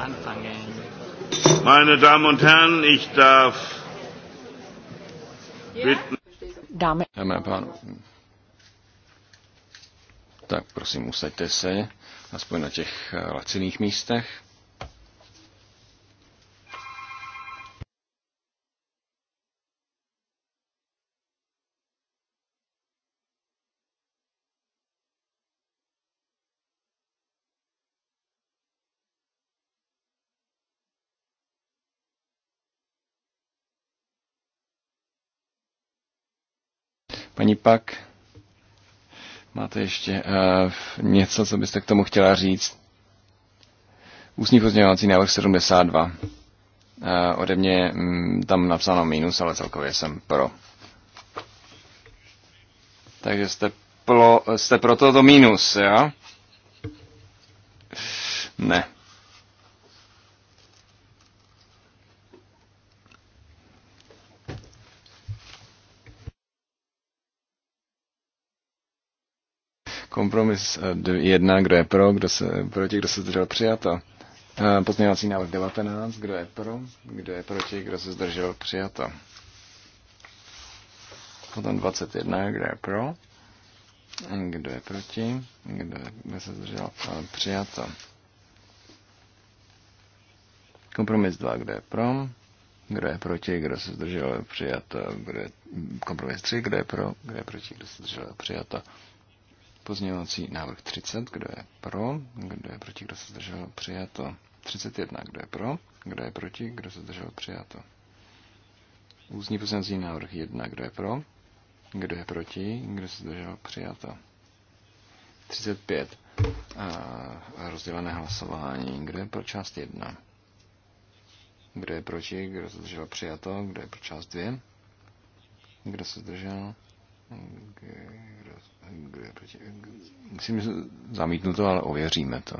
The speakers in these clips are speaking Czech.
anfangen. Meine Damen und Herren, ich darf bitten. Dámy a pánu. Tak prosím, usaďte se, aspoň na těch eh, laciných místech. Paní Pak, máte ještě uh, něco, co byste k tomu chtěla říct? Ústní pozměňovací návrh 72. Uh, eh, ode mě um, tam napsáno minus, ale celkově jsem pro. Takže jste, plo, jste pro toto minus, jo? Ne. Kompromis eh, jedna, kdo je pro, kdo se, proti, kdo se zdržel přijato. Eh, pozměňovací návrh 19, kdo je pro, kdo je proti, kdo se zdržel přijato. Potom 21, kdo je pro, kdo je proti, kdo, je, kdo se zdržel eh, přijato. Kompromis 2, kdo je pro, kdo je proti, kdo se zdržel přijato, kdo je, kompromis 3, kdo je pro, kdo je proti, kdo se zdržel přijato. Pozměňovací návrh 30, kdo je pro, kdo je proti, kdo se zdržel, přijato. 31, kdo je pro, kdo je proti, kdo se zdržel, přijato. Úzní pozměňovací návrh 1, kdo je pro, kdo je proti, kdo se zdržel, přijato. 35. A rozdělené hlasování. Kdo je pro část 1? Kdo je proti? Kdo se zdržel přijato? Kdo je pro část 2? Kdo se zdržel? Myslím, že to, ale ověříme to.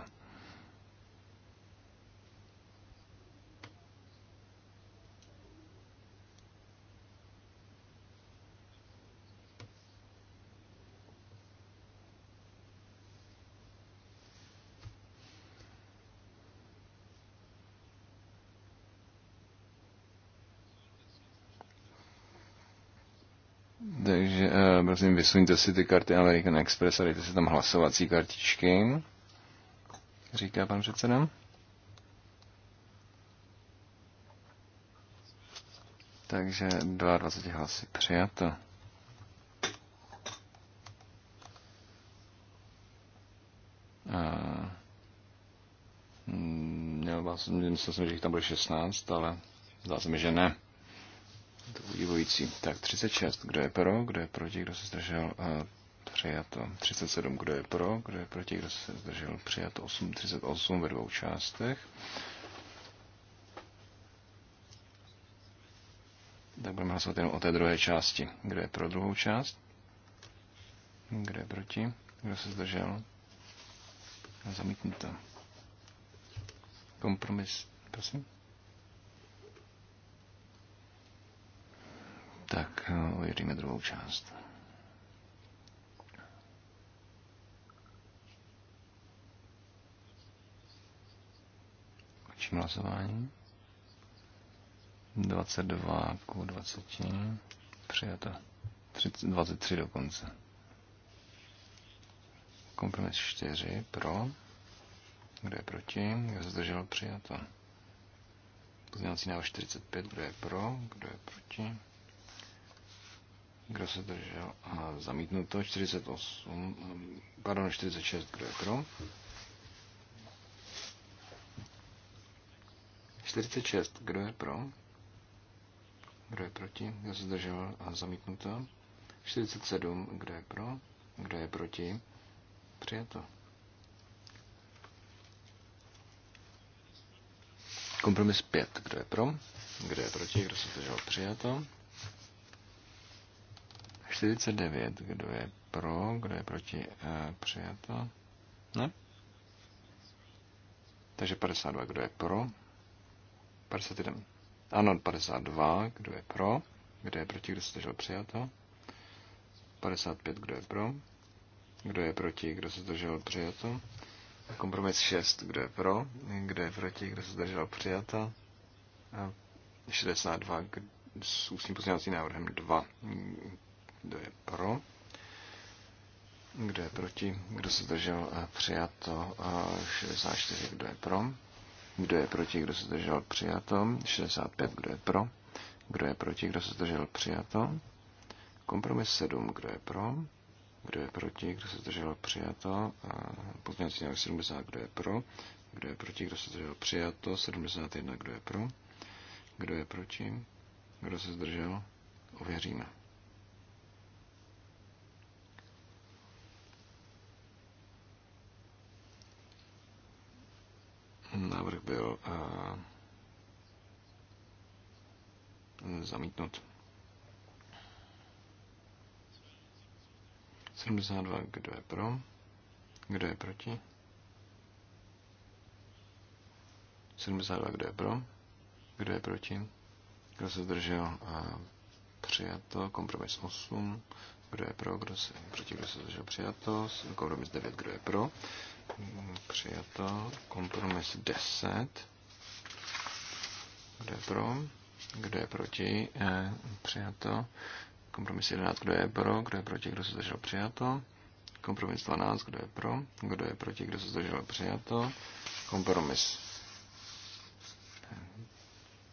prosím, vysuňte si ty karty American Express a dejte si tam hlasovací kartičky, říká pan předseda. Takže 22 hlasy přijato. A... Měl vás, myslel jsem, že jich tam bude 16, ale zdá se mi, že ne vývojící. Tak 36, kdo je pro, kdo je proti, kdo se zdržel, přijato 37, kdo je pro, kdo je proti, kdo se zdržel, přijato 8, 38 ve dvou částech. Tak budeme hlasovat jenom o té druhé části. Kdo je pro druhou část? Kdo je proti? Kdo se zdržel? Zamítnuto. Kompromis, prosím. ověříme eh, druhou část. Končím hlasování. 22 k 20. Přijata. 23 dokonce. Kompromis 4 pro. Kdo je proti? Kdo se zdržel? Přijato. Pozměnací návrh 45. Kdo je pro? Kdo je proti? Kdo se držel? A zamítnuto 48, um, pardon, 46, kdo je pro? 46, kdo je pro? Kdo je proti? Kdo se zdržel? A zamítnuto. 47, kdo je pro? Kdo je proti? Přijato. Kompromis 5, kdo je pro? Kdo je proti? Kdo se zdržel? Přijato. 49, kdo je pro, kdo je proti, eh, přijato. Ne? Takže 52, kdo je pro? 51. Ano, 52, kdo je pro? Kdo je proti, kdo se zdržel přijato? 55, kdo je pro? Kdo je proti, kdo se zdržel přijato? Kompromis 6, kdo je pro? Kdo je proti, kdo se zdržel přijato? 62, eh, s ústním pozměňovacím návrhem 2. Kdo je pro? Kdo je proti? Kdo se držel eh, Přijato 64. Eh, kdo je pro? Kdo je proti? Kdo se držel Přijato 65. Kdo je pro? Kdo je proti? Kdo se držel Přijato. Kompromis 7. Kdo je pro? Kdo je proti? Kdo se držel Přijato. Eh, pozměňovací návrh 70. Kdo je pro? Kdo je proti? Kdo se držel Přijato. 71. Kdo je pro? Kdo je proti? Kdo se zdržel? Ověříme. Návrh byl eh, zamítnut. 72, kdo je pro, kdo je proti. 72, kdo je pro, kdo je proti, kdo se zdržel a eh, přijato, kompromis 8, kdo je pro, kdo se proti, kdo se zdržel přijato, kompromis 9, kdo je pro, Přijato. Kompromis 10. Kdo je pro? Kdo je proti? e, Přijato. Kompromis 11. Kdo je pro? Kdo je proti? Kdo se zdržel? Přijato. Kompromis 12. Kdo je pro? Kdo je proti? Kdo se zdržel? Přijato. Kompromis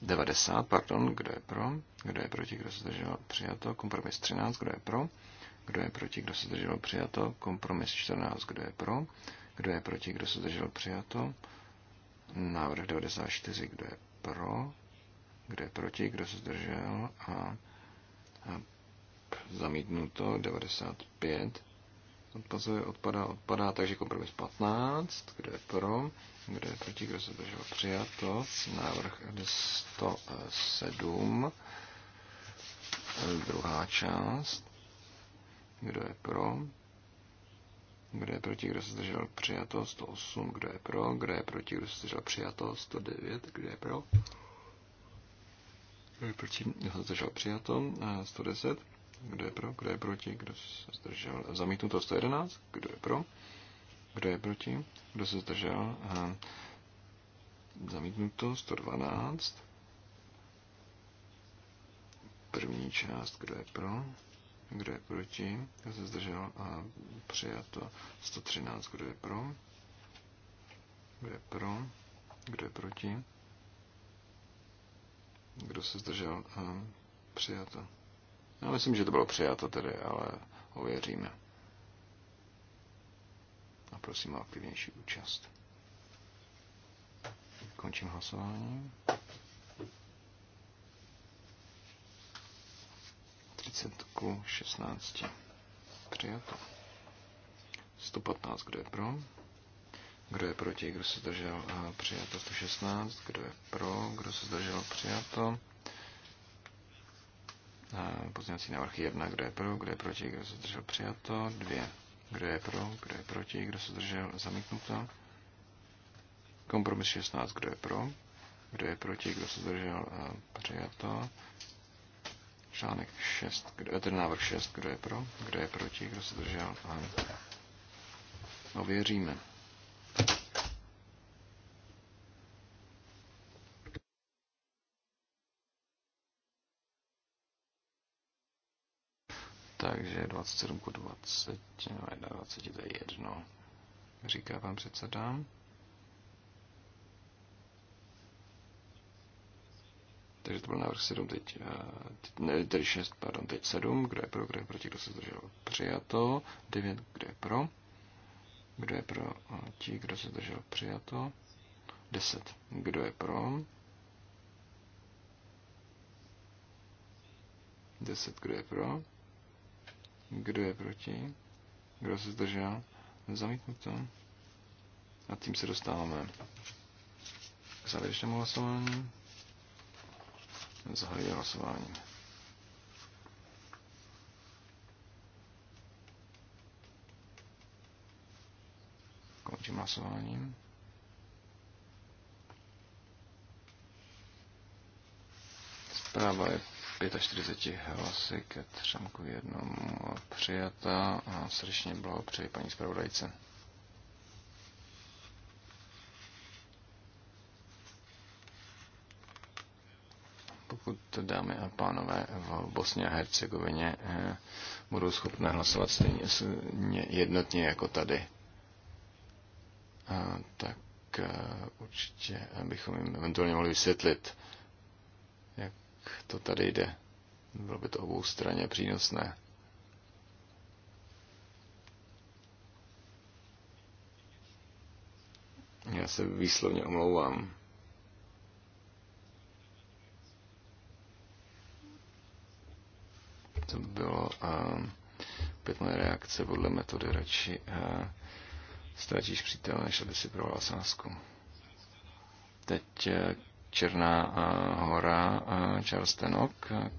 90, pardon, kdo je pro, kdo je proti, kdo se zdržel, přijato, kompromis 13, kdo je pro, kdo je proti, kdo se zdržel, přijato, kompromis 14, kdo je pro, kdo je proti? Kdo se zdržel? Přijato. Návrh 94. Kdo je pro? Kdo je proti? Kdo se zdržel? A, a zamítnuto 95. Odpazuje, odpadá, odpadá, takže kompromis 15. Kdo je pro? Kdo je proti? Kdo se zdržel? Přijato. Návrh 107. Druhá část. Kdo je pro? Kdo je proti, kdo se zdržel přijato? 108. Kdo je pro? Kdo je proti, kdo se zdržel přijato? 109. Kdo je pro? Kdo je proti, kdo se zdržel přijato? 110. Kdo je pro? Kdo je proti? Kdo se zdržel? Zamítnuto 111. Kdo je pro? Kdo je proti? Kdo se zdržel? Zamítnuto 112. První část. Kdo je pro? kdo je proti, kdo se zdržel a přijato 113, kdo je pro, kdo je pro, kdo je proti, kdo se zdržel a přijato. Já myslím, že to bylo přijato tedy, ale ověříme. A prosím o aktivnější účast. Končím hlasování. 30 k 16. Přijato. 115, kdo je pro? Kdo je proti, kdo se zdržel? Přijato 116. Kdo je pro, kdo se zdržel? Přijato. Pozměňovací návrh 1, kdo je pro, kdo je proti, kdo se zdržel? Přijato. 2, kdo je pro, kdo je proti, kdo se zdržel? Zamítnuto. Kompromis 16, kdo je pro, kdo je proti, kdo se zdržel? Přijato. Článek 6, kdo, ten návrh 6, kdo je pro, kdo je proti, kdo se držel. ano Ověříme. Takže 27 ku 20, no 21, to je jedno, říká vám předsedám. Takže to byl návrh 7, teď, eh, ne, tedy 6, pardon, teď 7, kdo je pro, kdo je proti, kdo se zdržel, přijato, 9, kdo je pro, kdo je pro, ti, kdo se zdržel, přijato, 10, kdo je pro, 10, kdo je pro, kdo je proti, kdo se zdržel, zamítnuto. A tím se dostáváme k závěrečnému hlasování. Zahajuji hlasování. Končím hlasováním. Zpráva je 45 hlasy ke třemku jednomu přijata a srdečně blahopřeji paní zpravodajce. pokud dámy a pánové v Bosně a Hercegovině eh, budou schopné hlasovat stejně jednotně jako tady, eh, tak eh, určitě bychom jim eventuálně mohli vysvětlit, jak to tady jde. Bylo by to obou straně přínosné. Já se výslovně omlouvám. to bylo eh, pětné reakce podle metody radši eh, ztratíš přítel, než aby si provala sásku. Teď eh, Černá hora Charles Tenok,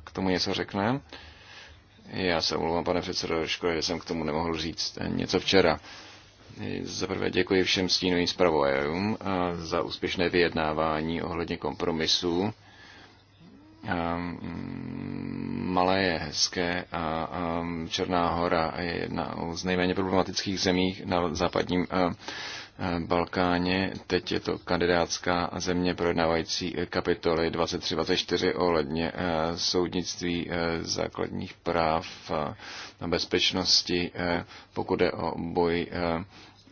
k tomu něco řekne. Já se omlouvám, pane předsedo, škoda, že jsem k tomu nemohl říct něco včera. Za prvé děkuji všem stínovým zpravodajům za úspěšné vyjednávání ohledně kompromisů. Ehm, mm, malé je hezké a Černá hora je jedna z nejméně problematických zemí na západním e, e, Balkáně. Teď je to kandidátská země projednávající kapitoly 23-24 ohledně e, soudnictví základních práv a bezpečnosti, pokud je o boj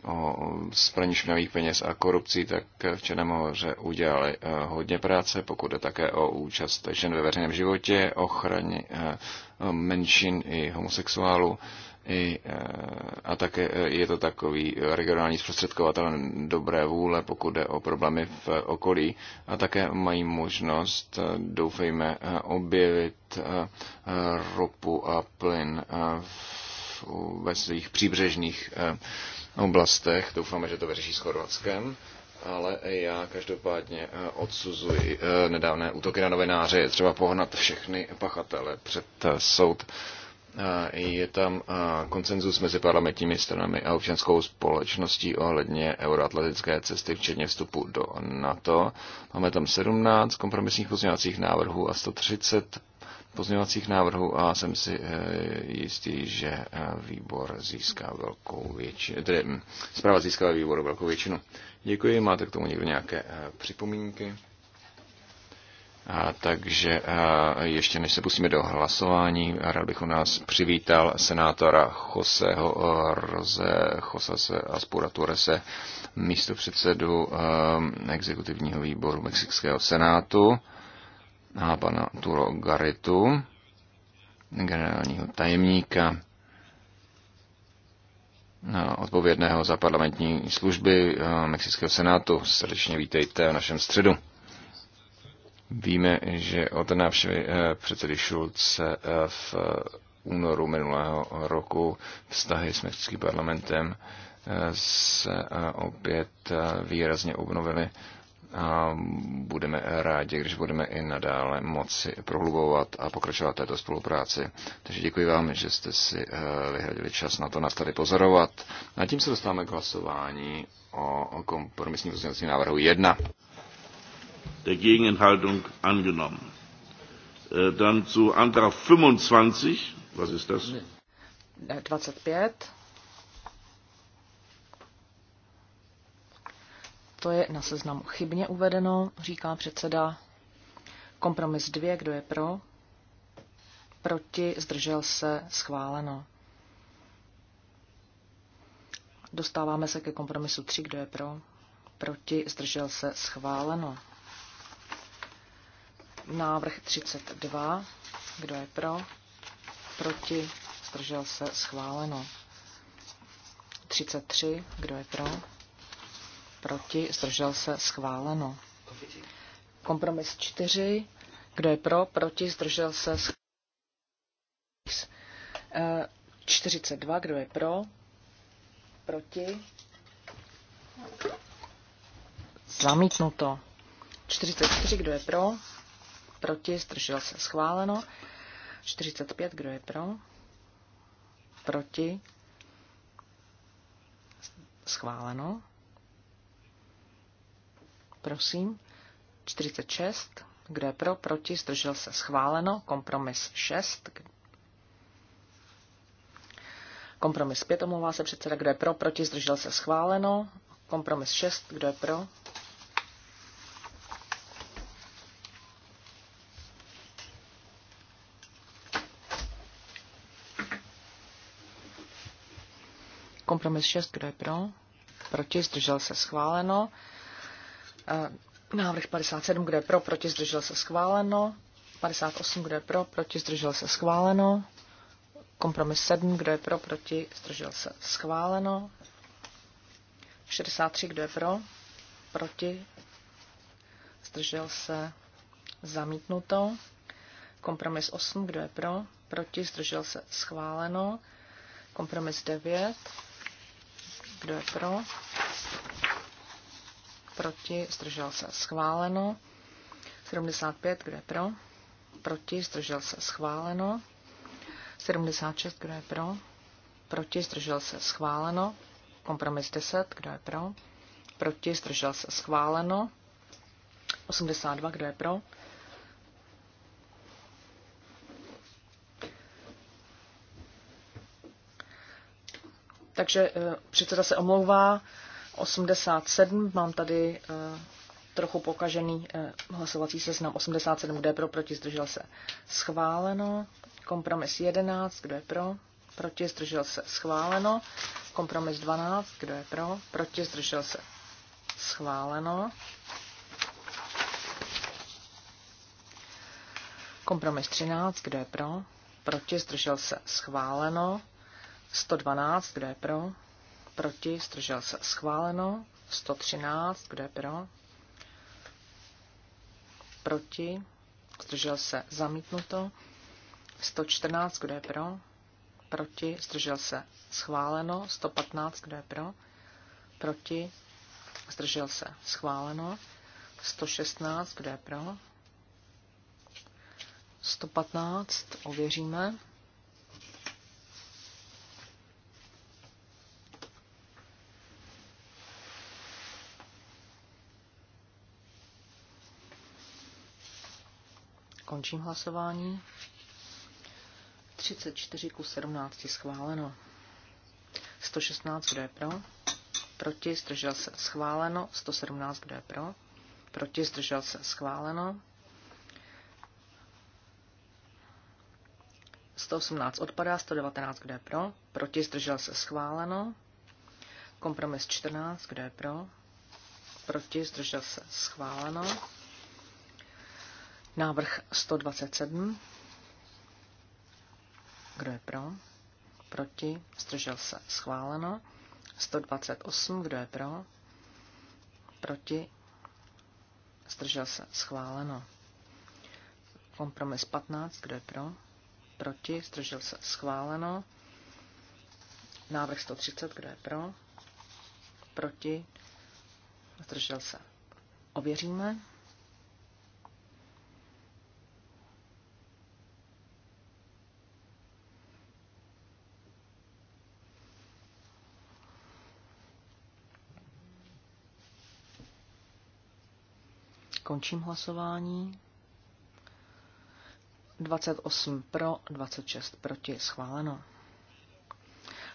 o spraní špinavých peněz a korupcí, tak v Černém hoře udělali eh, hodně práce, pokud je také o účast žen ve veřejném životě, ochraně eh, menšin i homosexuálů. I, eh, a také je to takový regionální zprostředkovatel dobré vůle, pokud jde o problémy v okolí. A také mají možnost, doufejme, objevit ropu a plyn v, ve svých příbřežných oblastech. Doufáme, že to vyřeší s Chorvatskem. Ale já každopádně eh, odsuzuji eh, nedávné útoky na novináře. Je třeba pohnat všechny pachatele před eh, soud. Je tam koncenzus mezi parlamentními stranami a občanskou společností ohledně euroatlantické cesty, včetně vstupu do NATO. Máme tam 17 kompromisních pozměňovacích návrhů a 130 pozměňovacích návrhů a jsem si eh, jistý, že eh, výbor získá velkou většinu, tedy hm, zpráva získala výboru velkou většinu. Děkuji, máte k tomu někdo nějaké eh, připomínky? A, takže a, ještě než se pustíme do hlasování, rád bych u nás přivítal senátora Joseho Roze, Josase Aspura Torese, místo předsedu a, exekutivního výboru Mexického senátu a pana Turo Garitu, generálního tajemníka no, odpovědného za parlamentní služby eh, Mexického senátu. Srdečně vítejte v našem středu. Víme, že od návštěvy eh, předsedy Šulce eh, v únoru minulého roku vztahy s Mexickým parlamentem se opět výrazně obnovily a budeme rádi, když budeme i nadále moci prohlubovat a pokračovat této spolupráci. Takže děkuji vám, že jste si eh, vyhradili čas na to nás tady pozorovat. A tím se dostáváme k hlasování o kompromisním pozměňovacím návrhu 1. Der Gegenenthaltung angenommen. Äh, dann zu Antrag 25. Was ist das? 25. To je na seznamu chybně uvedeno, říká předseda. Kompromis 2, kdo je pro? Proti, zdržel se, schváleno. Dostáváme se ke kompromisu 3, kdo je pro? Proti, zdržel se, schváleno. Návrh 32, kdo je pro? Proti, zdržel se, schváleno. 33, kdo je pro? proti, zdržel se, schváleno. Kompromis 4, kdo je pro, proti, zdržel se, schváleno. 42, kdo je pro, proti, zamítnuto. 44, kdo je pro, proti, zdržel se, schváleno. 45, kdo je pro, proti, schváleno. Prosím. 46. Kdo je pro? Proti? Zdržel se? Schváleno. Kompromis 6. Kompromis 5. Omlouvá se předseda. Kdo je pro? Proti? Zdržel se? Schváleno. Kompromis 6. Kdo je pro? Kompromis 6. Kdo je pro? Proti? Zdržel se? Schváleno. Eh, návrh 57, kde je pro, proti, zdržel se schváleno. 58, kde je pro, proti, zdržel se schváleno. Kompromis 7, kdo je pro, proti, zdržel se schváleno. 63, kdo je pro, proti, zdržel se zamítnuto. Kompromis 8, kdo je pro, proti, zdržel se schváleno. Kompromis 9, kdo je pro, proti, zdržel se schváleno. 75, kdo je pro, proti, zdržel se schváleno. 76, kdo je pro, proti, zdržel se schváleno. Kompromis 10, kdo je pro, proti, zdržel se schváleno. 82, kdo je pro, takže eh, předseda se omlouvá, 87, mám tady eh, trochu pokažený eh, hlasovací seznam 87, kde je pro, proti, zdržel se. Schváleno. Kompromis 11, kdo je pro, proti, zdržel se. Schváleno. Kompromis 12, kdo je pro, proti, zdržel se. Schváleno. Kompromis 13, kdo je pro, proti, zdržel se. Schváleno. 112, kdo je pro, proti, zdržel se schváleno, 113, kdo je pro, proti, zdržel se zamítnuto, 114, kdo je pro, proti, zdržel se schváleno, 115, kdo je pro, proti, zdržel se schváleno, 116, kdo je pro, 115, ověříme. Končím hlasování. 34 ku 17 schváleno. 116, kdo je pro? Proti, zdržel se, schváleno. 117, kdo je pro? Proti, zdržel se, schváleno. 118 odpadá, 119, kdo je pro? Proti, zdržel se, schváleno. Kompromis 14, kdo je pro? Proti, zdržel se, schváleno. Návrh 127. Kdo je pro? Proti? Zdržel se. Schváleno. 128. Kdo je pro? Proti? Zdržel se. Schváleno. Kompromis 15. Kdo je pro? Proti? Zdržel se. Schváleno. Návrh 130. Kdo je pro? Proti? Zdržel se. Ověříme. Končím hlasování. 28 pro, 26 proti, schváleno.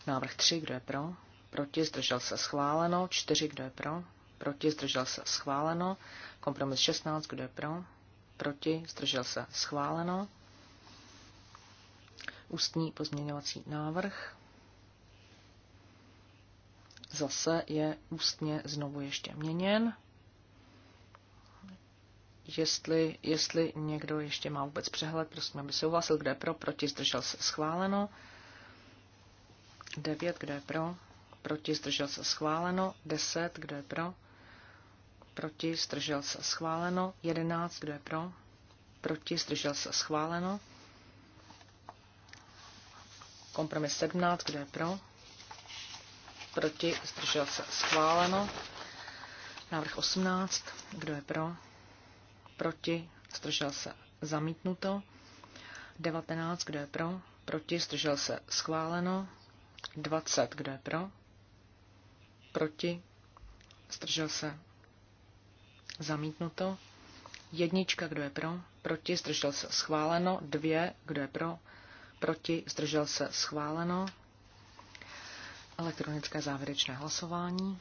Návrh 3, kdo je pro? Proti, zdržel se, schváleno. 4, kdo je pro? Proti, zdržel se, schváleno. Kompromis 16, kdo je pro? Proti, zdržel se, schváleno. Ústní pozměňovací návrh. Zase je ústně znovu ještě měněn. Jestli, jestli někdo ještě má vůbec přehled, prosím, aby souhlasil, kde je pro, proti, zdržel se schváleno. 9, kde je pro, proti, zdržel se schváleno. 10, kde je pro, proti, zdržel se schváleno. 11, kde je pro, proti, zdržel se schváleno. Kompromis 17, kde je pro, proti, zdržel se schváleno. Návrh 18, kdo je pro? proti, zdržel se zamítnuto, 19, kdo je pro, proti, zdržel se schváleno, 20, kdo je pro, proti, zdržel se zamítnuto, jednička, kdo je pro, proti, zdržel se schváleno, dvě, kdo je pro, proti, zdržel se schváleno, elektronické závěrečné hlasování.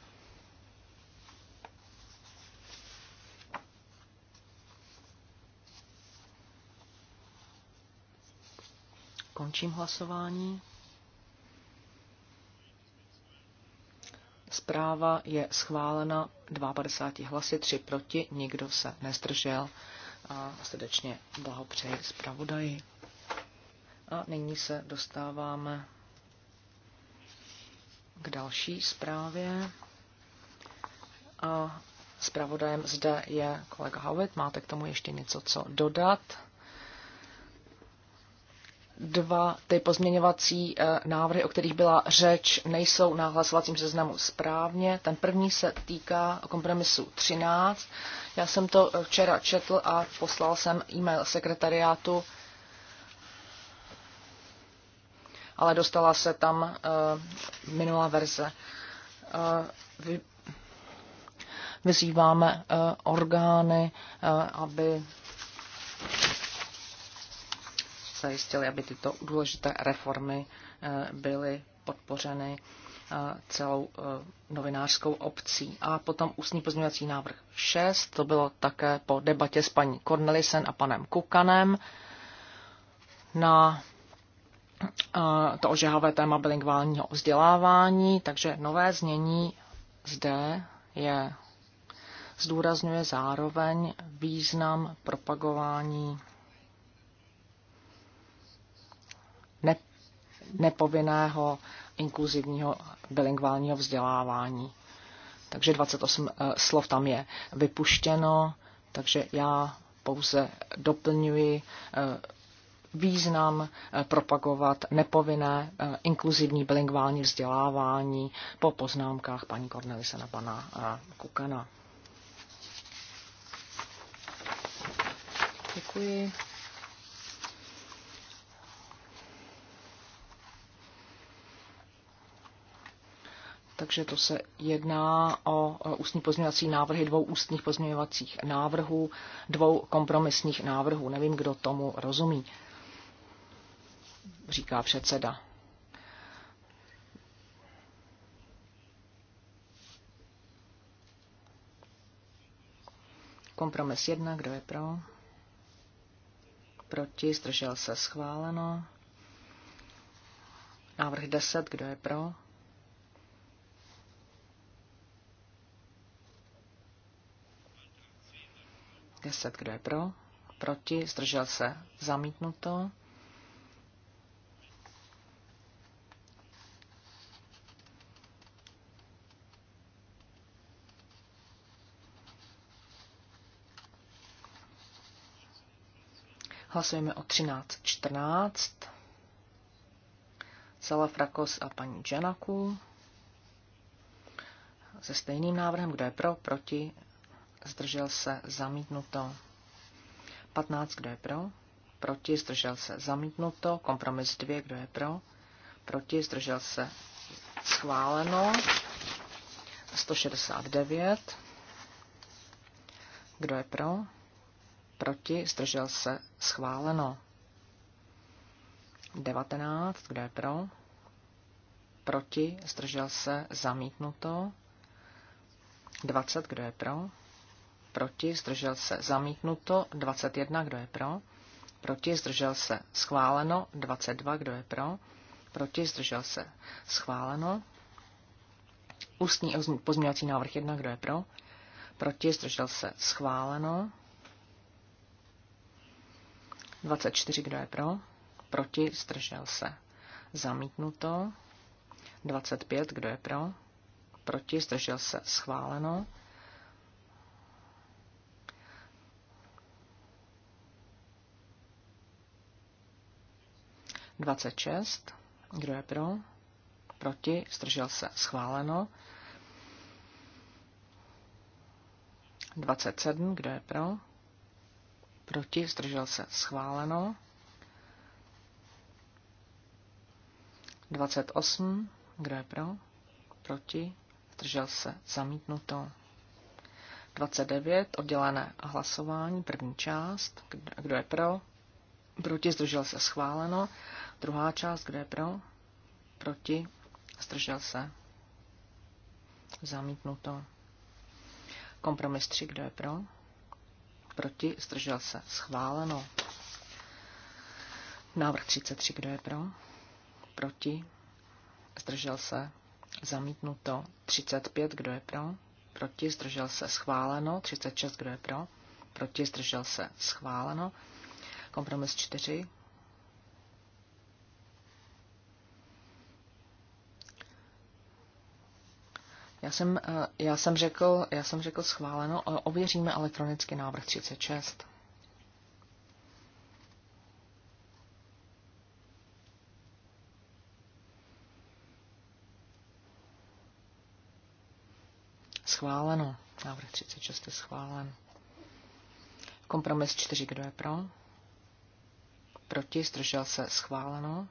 Končím hlasování. Zpráva je schválena 52 hlasy, 3 proti, nikdo se nezdržel a srdečně blahopřeji zpravodaji. A nyní se dostáváme k další zprávě. A zpravodajem zde je kolega Howitt. Máte k tomu ještě něco, co dodat? dva ty pozměňovací eh, návrhy, o kterých byla řeč, nejsou na hlasovacím seznamu správně. Ten první se týká kompromisu 13. Já jsem to eh, včera četl a poslal jsem e-mail sekretariátu, ale dostala se tam eh, minulá verze. Vyzýváme orgány, aby zajistili, aby tyto důležité reformy eh, byly podpořeny eh, celou eh, novinářskou obcí. A potom ústní pozměňovací návrh 6, to bylo také po debatě s paní Cornelisen a panem Kukanem na to ožehavé téma bilingválního vzdělávání, takže nové znění zde je zdůrazňuje zároveň význam propagování nepovinného inkluzivního bilingválního vzdělávání. Takže 28 eh, slov tam je vypuštěno, takže já pouze doplňuji eh, význam eh, propagovat nepovinné inkluzivní bilingvální vzdělávání po poznámkách paní Cornelise na pana Kukana. Děkuji. Takže to se jedná o ústní pozměňovací návrhy dvou ústních pozměňovacích návrhů, dvou kompromisních návrhů. Nevím, kdo tomu rozumí, říká předseda. Kompromis jedna, kdo je pro? Proti, zdržel se schváleno. Návrh 10, kdo je pro? 10, kdo je pro, proti, zdržel se, zamítnuto. Hlasujeme o 13.14. Frakos a paní Janaku se stejným návrhem, kdo je pro, proti, zdržel se, zamítnuto. 15, kdo je pro, proti, zdržel se, zamítnuto. Kompromis 2, kdo je pro, proti, zdržel se, schváleno. 169, kdo je pro, proti, zdržel se, schváleno. 19, kdo je pro, proti, zdržel se, zamítnuto. 20, kdo je pro, proti, zdržel se, zamítnuto, 21, kdo je pro, proti, zdržel se, schváleno, 22, kdo je pro, proti, zdržel se, schváleno, ústní pozměňovací návrh 1, kdo je pro, proti, zdržel se, schváleno, 24, kdo je pro, proti, zdržel se, zamítnuto, 25, kdo je pro, proti, zdržel se, schváleno, 26. Kdo je pro? Proti? Zdržel se? Schváleno. 27. Kdo je pro? Proti? Zdržel se? Schváleno. 28. Kdo je pro? Proti? Zdržel se? Zamítnuto. 29. Oddělené hlasování. První část. Kdo je pro? Proti zdržel se schváleno. Druhá část, kde je pro? Proti zdržel se zamítnuto. Kompromis 3, kdo je pro? Proti zdržel se schváleno. Návrh 33, kdo je pro? Proti zdržel se zamítnuto. 35, kdo je pro? Proti zdržel se schváleno. 36, kdo je pro? Proti zdržel se schváleno. Kompromis 4. Já jsem, eh, já jsem, řekl, já jsem řekl schváleno, ověříme elektronicky návrh 36. Schváleno. Návrh 36 je schválen. Kompromis 4, kdo je pro? proti, zdržel se schváleno.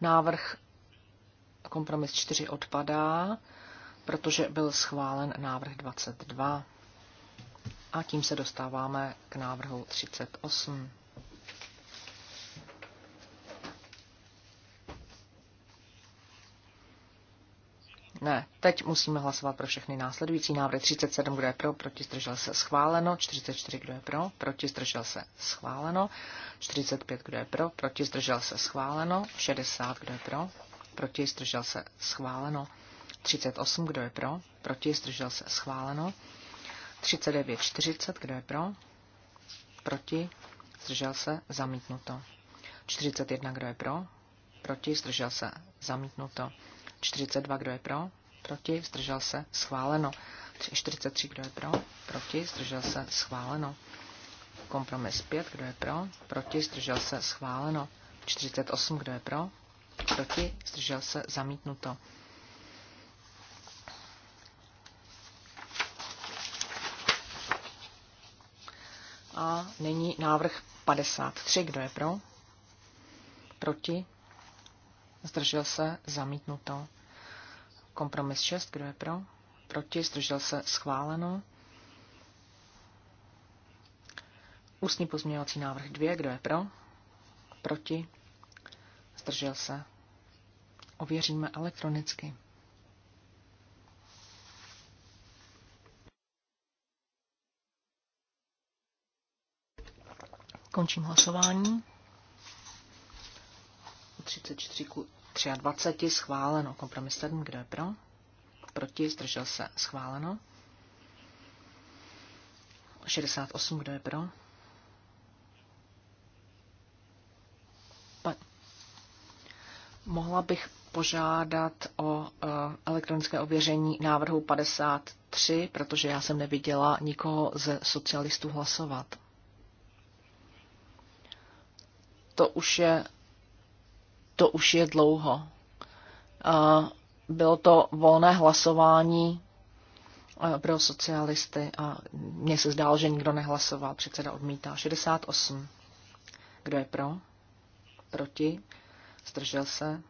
Návrh kompromis 4 odpadá, protože byl schválen návrh 22. A tím se dostáváme k návrhu 38. Ne, teď musíme hlasovat pro všechny následující návrhy. 37, kdo je pro, proti zdržel se schváleno. 44, kdo je pro, proti zdržel se schváleno. 45, kdo je pro, proti zdržel se schváleno. 60, kdo je pro, proti zdržel se schváleno. 38, kdo je pro, proti zdržel se schváleno. 39, 40, kdo je pro, proti zdržel se zamítnuto. 41, kdo je pro, proti zdržel se zamítnuto. 42, kdo je pro, proti, zdržel se, schváleno. 43, kdo je pro, proti, zdržel se, schváleno. Kompromis 5, kdo je pro, proti, zdržel se, schváleno. 48, kdo je pro, proti, zdržel se, zamítnuto. A nyní návrh 53, kdo je pro, proti, zdržel se, zamítnuto. Kompromis 6, kdo je pro? Proti, zdržel se, schváleno. Ústní pozměňovací návrh 2, kdo je pro? Proti, zdržel se. Ověříme elektronicky. Končím hlasování. 34 23 schváleno. Kompromis 7, kdo je pro? Proti, zdržel se, schváleno. 68, kdo je pro? Pa... Mohla bych požádat o eh, elektronické ověření návrhu 53, protože já jsem neviděla nikoho ze socialistů hlasovat. To už je to už je dlouho. Bylo to volné hlasování eh, pro socialisty a mně se zdálo, že nikdo nehlasoval. Předseda odmítá. 68. Kdo je pro? Proti? Zdržel se?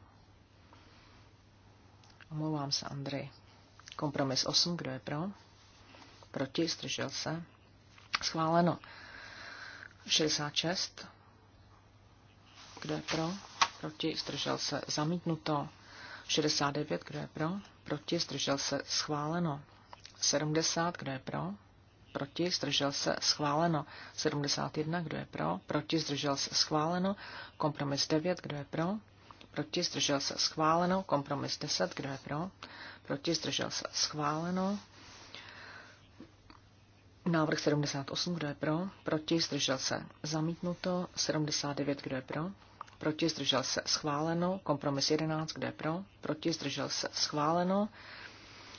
Omlouvám se, Andrej. Kompromis 8. Kdo je pro? Proti? Zdržel se? Schváleno. 66. Kdo je pro? proti, zdržel se, zamítnuto. 69, kdo je pro, proti, zdržel se, schváleno. 70, kdo je pro, proti, zdržel se, schváleno. 71, kdo je pro, proti, zdržel se, schváleno. Kompromis 9, kdo je pro, proti, zdržel se, schváleno. Kompromis 10, kdo je pro, proti, zdržel se, schváleno. Návrh 78, kdo je pro, proti, zdržel se, zamítnuto. 79, kdo je pro, proti, zdržel se, schváleno. Kompromis 11, kdo je pro, proti, zdržel se, schváleno.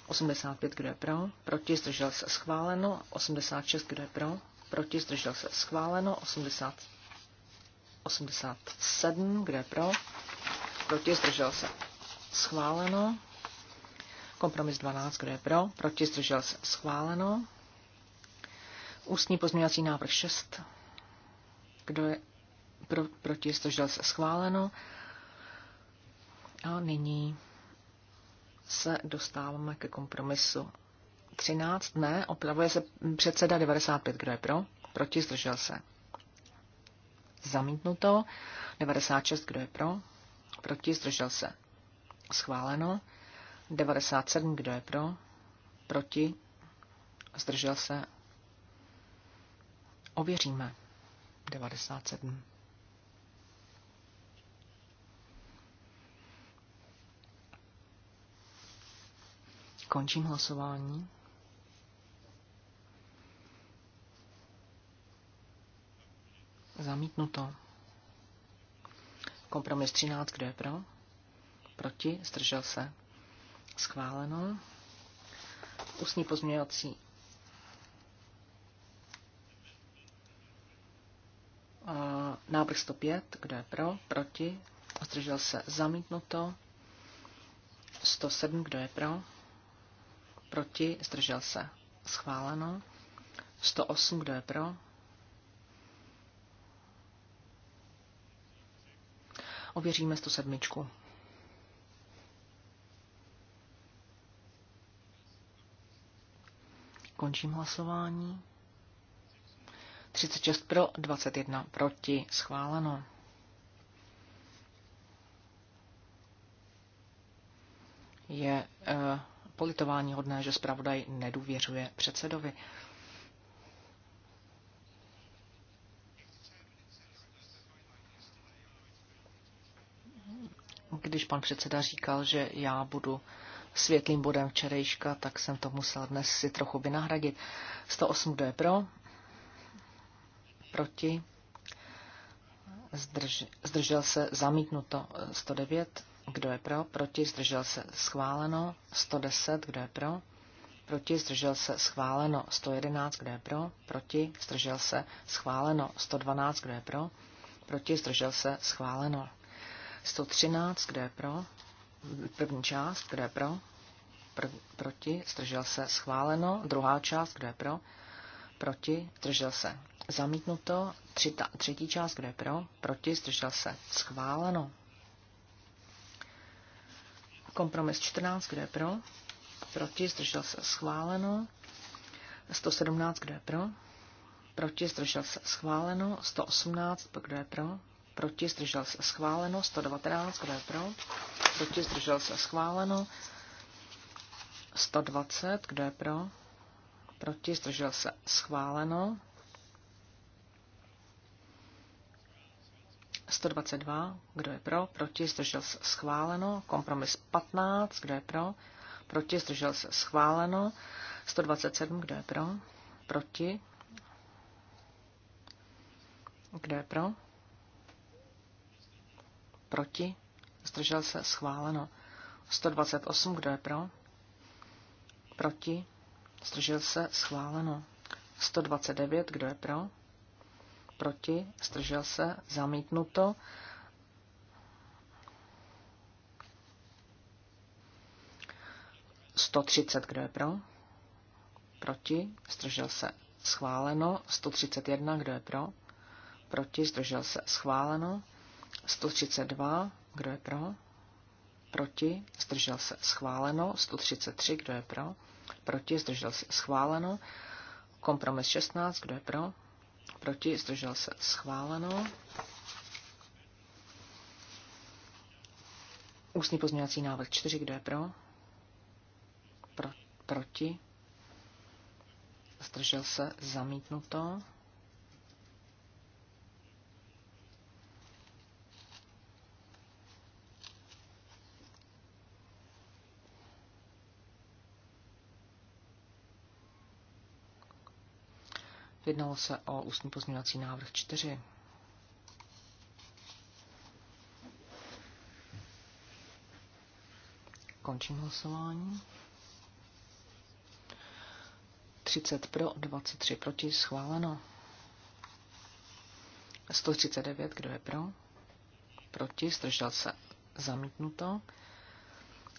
85, kdo je pro, proti, zdržel se, schváleno. 86, kdo je pro, proti, zdržel se, schváleno. 80, 87, kdo je pro, proti, zdržel se, schváleno. Kompromis 12, kdo je pro, proti, zdržel se, schváleno. Ústní pozměňovací návrh 6. Kdo je pro, proti, zdržel se schváleno. A nyní se dostáváme ke kompromisu 13. Ne, opravuje se předseda 95, kdo je pro, proti, zdržel se. Zamítnuto. 96, kdo je pro, proti, zdržel se. Schváleno. 97, kdo je pro, proti, zdržel se. Ověříme. 97. Končím hlasování. Zamítnuto. Kompromis 13, kdo je pro? Proti, zdržel se. Schváleno. Ústní pozměňovací eh, Návrh 105, kdo je pro, proti, zdržel se, zamítnuto. 107, kdo je pro, Proti? Zdržel se. Schváleno. 108. Kdo je pro? Ověříme 107. Končím hlasování. 36 pro, 21 proti. Schváleno. Je uh, politování hodné, že zpravodaj nedůvěřuje předsedovi. Když pan předseda říkal, že já budu světlým bodem včerejška, tak jsem to musel dnes si trochu vynahradit. 108D pro, proti, zdrž, zdržel se zamítnuto 109 kdo je pro? Proti? Zdržel se? Schváleno. 110. Kdo je pro? Proti? Zdržel se? Schváleno. 111. Kdo je pro? Proti? Zdržel se? Schváleno. 112. Kdo je pro? Proti? Zdržel se? Schváleno. 113. Kdo je pro? První část. Kdo je pro? Pr- proti? Zdržel se? Schváleno. Druhá část. Kdo je pro? Proti? Zdržel se? Zamítnuto. Tři třetí část. Kdo je pro? Proti? Zdržel se? Schváleno. Kompromis 14, kdo je pro? Proti, zdržel se schváleno. 117, kdo je pro? Proti, zdržel se schváleno. 118, kdo je pro? Proti, zdržel se schváleno. 119, kdo je pro? Proti, zdržel se schváleno. 120, kdo je pro? Proti, zdržel se schváleno. 122, kdo je pro, proti, zdržel se schváleno. Kompromis 15, kdo je pro, proti, zdržel se schváleno. 127, kdo je pro, proti, kdo je pro, proti, zdržel se schváleno. 128, kdo je pro, proti, zdržel se schváleno. 129, kdo je pro, proti, zdržel se, zamítnuto. Sto třicet, kdo je pro? Proti, zdržel se, schváleno. Sto třicet jedna, kdo je pro? Proti, zdržel se, schváleno. Sto třicet dva, kdo je pro? Proti, zdržel se, schváleno. Sto třicet tři, kdo je pro? Proti, zdržel se, schváleno. Kompromis 16, kdo je pro? proti, zdržel se schváleno. Ústní pozměňovací návrh 4, kdo je pro? pro proti, zdržel se zamítnuto. Jednalo se o ústní pozměňovací návrh 4. Končím hlasování. 30 pro, 23 proti, schváleno. 139, kdo je pro? Proti, zdržel se, zamítnuto.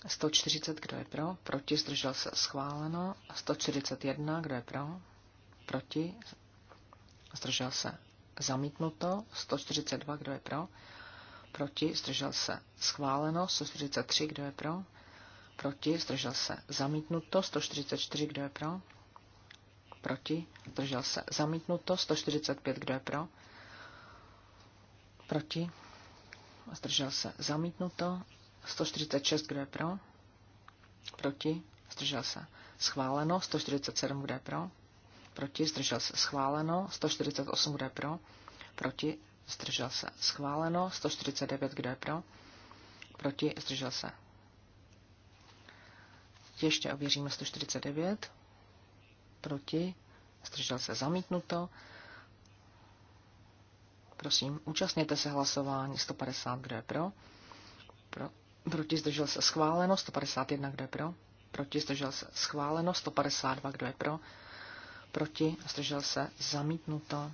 140, kdo je pro? Proti, zdržel se, schváleno. 141, kdo je pro? proti, zdržel se zamítnuto, 142, kdo je pro, proti, zdržel se schváleno, 143, kdo je pro, proti, zdržel se zamítnuto, 144, kdo je pro, proti, zdržel se zamítnuto, 145, kdo je pro, proti, zdržel se zamítnuto, 146, kdo je pro, proti, zdržel se schváleno, 147, kdo je pro, proti, zdržel se schváleno, 148, kdo je pro, proti, zdržel se schváleno, 149, kdo je pro, proti, zdržel se. Ještě ověříme 149, proti, zdržel se zamítnuto. Prosím, účastněte se hlasování 150, kdo je pro, pro proti, zdržel se schváleno, 151, kdo je pro, proti, zdržel se schváleno, 152, kdo je pro, proti, zdržel se, zamítnuto.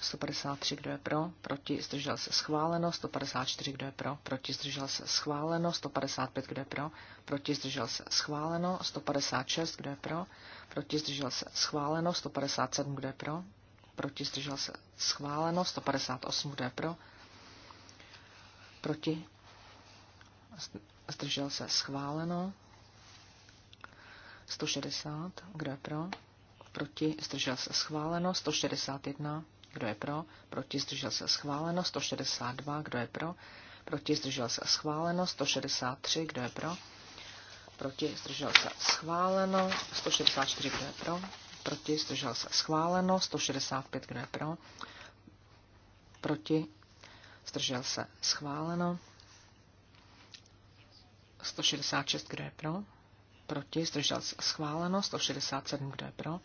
153, kdo je pro, proti, zdržel se, schváleno. 154, kdo je pro, proti, zdržel se, schváleno. 155, kdo je pro, proti, zdržel se, schváleno. 156, kdo je pro, proti, zdržel se, schváleno. 157, kdo je pro, proti, zdržel se, schváleno. 158, kdo je pro, proti, zdržel se, schváleno. 160, kdo je pro? Proti, zdržel se schváleno. 161, kdo je pro? Proti, zdržel se schváleno. 162, kdo je pro? Proti, zdržel se schváleno. 163, kdo je pro? Proti, zdržel se schváleno. 164, kdo je pro? Proti, zdržel se schváleno. 165, kdo je pro? Proti, zdržel se schváleno. 166, kdo je pro? proti, zdržel se schváleno, 167, kdo je pro,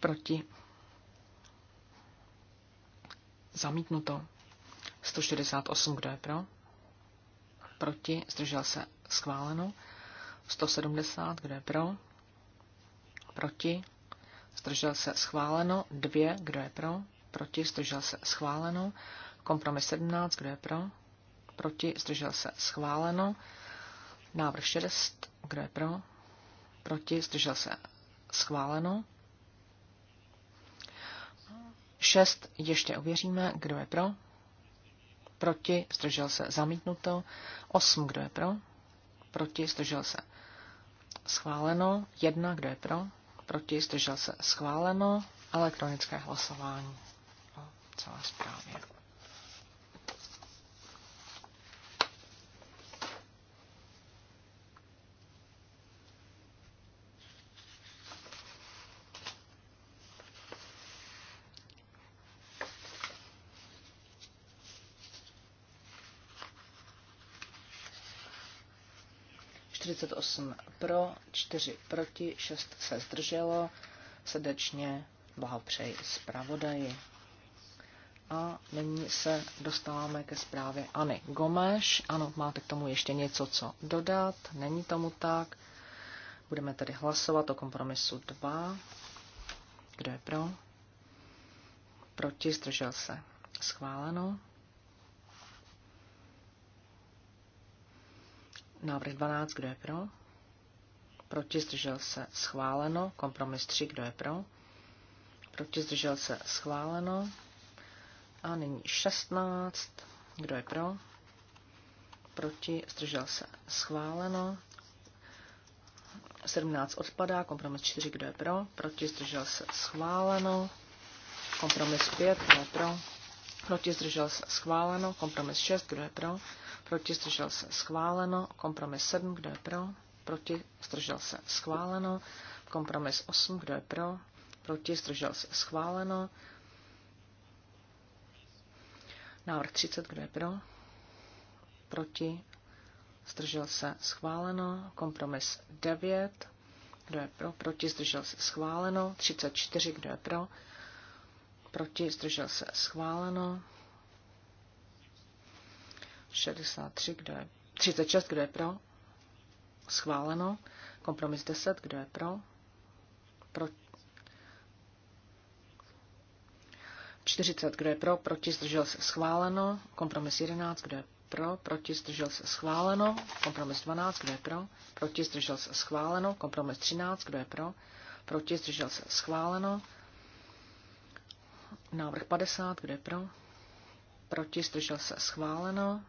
proti, zamítnuto, 168, kdo je pro, proti, zdržel se schváleno, 170, kdo je pro, proti, zdržel se schváleno, 2, kdo je pro, proti, zdržel se schváleno, kompromis 17, kdo je pro, proti, zdržel se schváleno, Návrh 6. Kdo je pro? Proti? Zdržel se. Schváleno. 6. Ještě ověříme. Kdo je pro? Proti? Zdržel se. Zamítnuto. 8. Kdo je pro? Proti? Zdržel se. Schváleno. 1. Kdo je pro? Proti? Zdržel se. Schváleno. Elektronické hlasování o celé zprávě. 48 pro, 4 proti, 6 se zdrželo. Srdečně blahopřeji zpravodaji. A nyní se dostáváme ke Ani. Gomeš. Ano, máte k tomu ještě něco, co dodat. Není tomu tak. Budeme tedy hlasovat o kompromisu 2. Kdo je pro? Proti, zdržel se. Schváleno. Návrh 12, kdo je pro? Proti zdržel se schváleno. Kompromis 3, kdo je pro? Proti zdržel se schváleno. A nyní 16, kdo je pro? Proti zdržel se schváleno. 17 odpadá, kompromis 4, kdo je pro? Proti zdržel se schváleno. Kompromis 5, kdo je pro? Proti zdržel se schváleno. Kompromis 6, kdo je pro? proti, zdržel se, schváleno. Kompromis 7, kdo je pro, proti, zdržel se, schváleno. Kompromis 8, kdo je pro, proti, zdržel se, schváleno. Návrh 30, kdo je pro, proti, zdržel se, schváleno. Kompromis 9, kdo je pro, proti, zdržel se, schváleno. 34, kdo je pro, proti, zdržel se, schváleno. 63, kdo je, 36, kdo je pro, schváleno. Kompromis 10, kdo je pro, pro 40, kdo je pro, proti, zdržel se, schváleno. Kompromis 11, kdo je pro, proti, zdržel se, schváleno. Kompromis 12, kdo je pro, proti, zdržel se, schváleno. Kompromis 13, kdo je pro, proti, zdržel se, schváleno. Návrh 50, kdo je pro, proti, zdržel se, schváleno.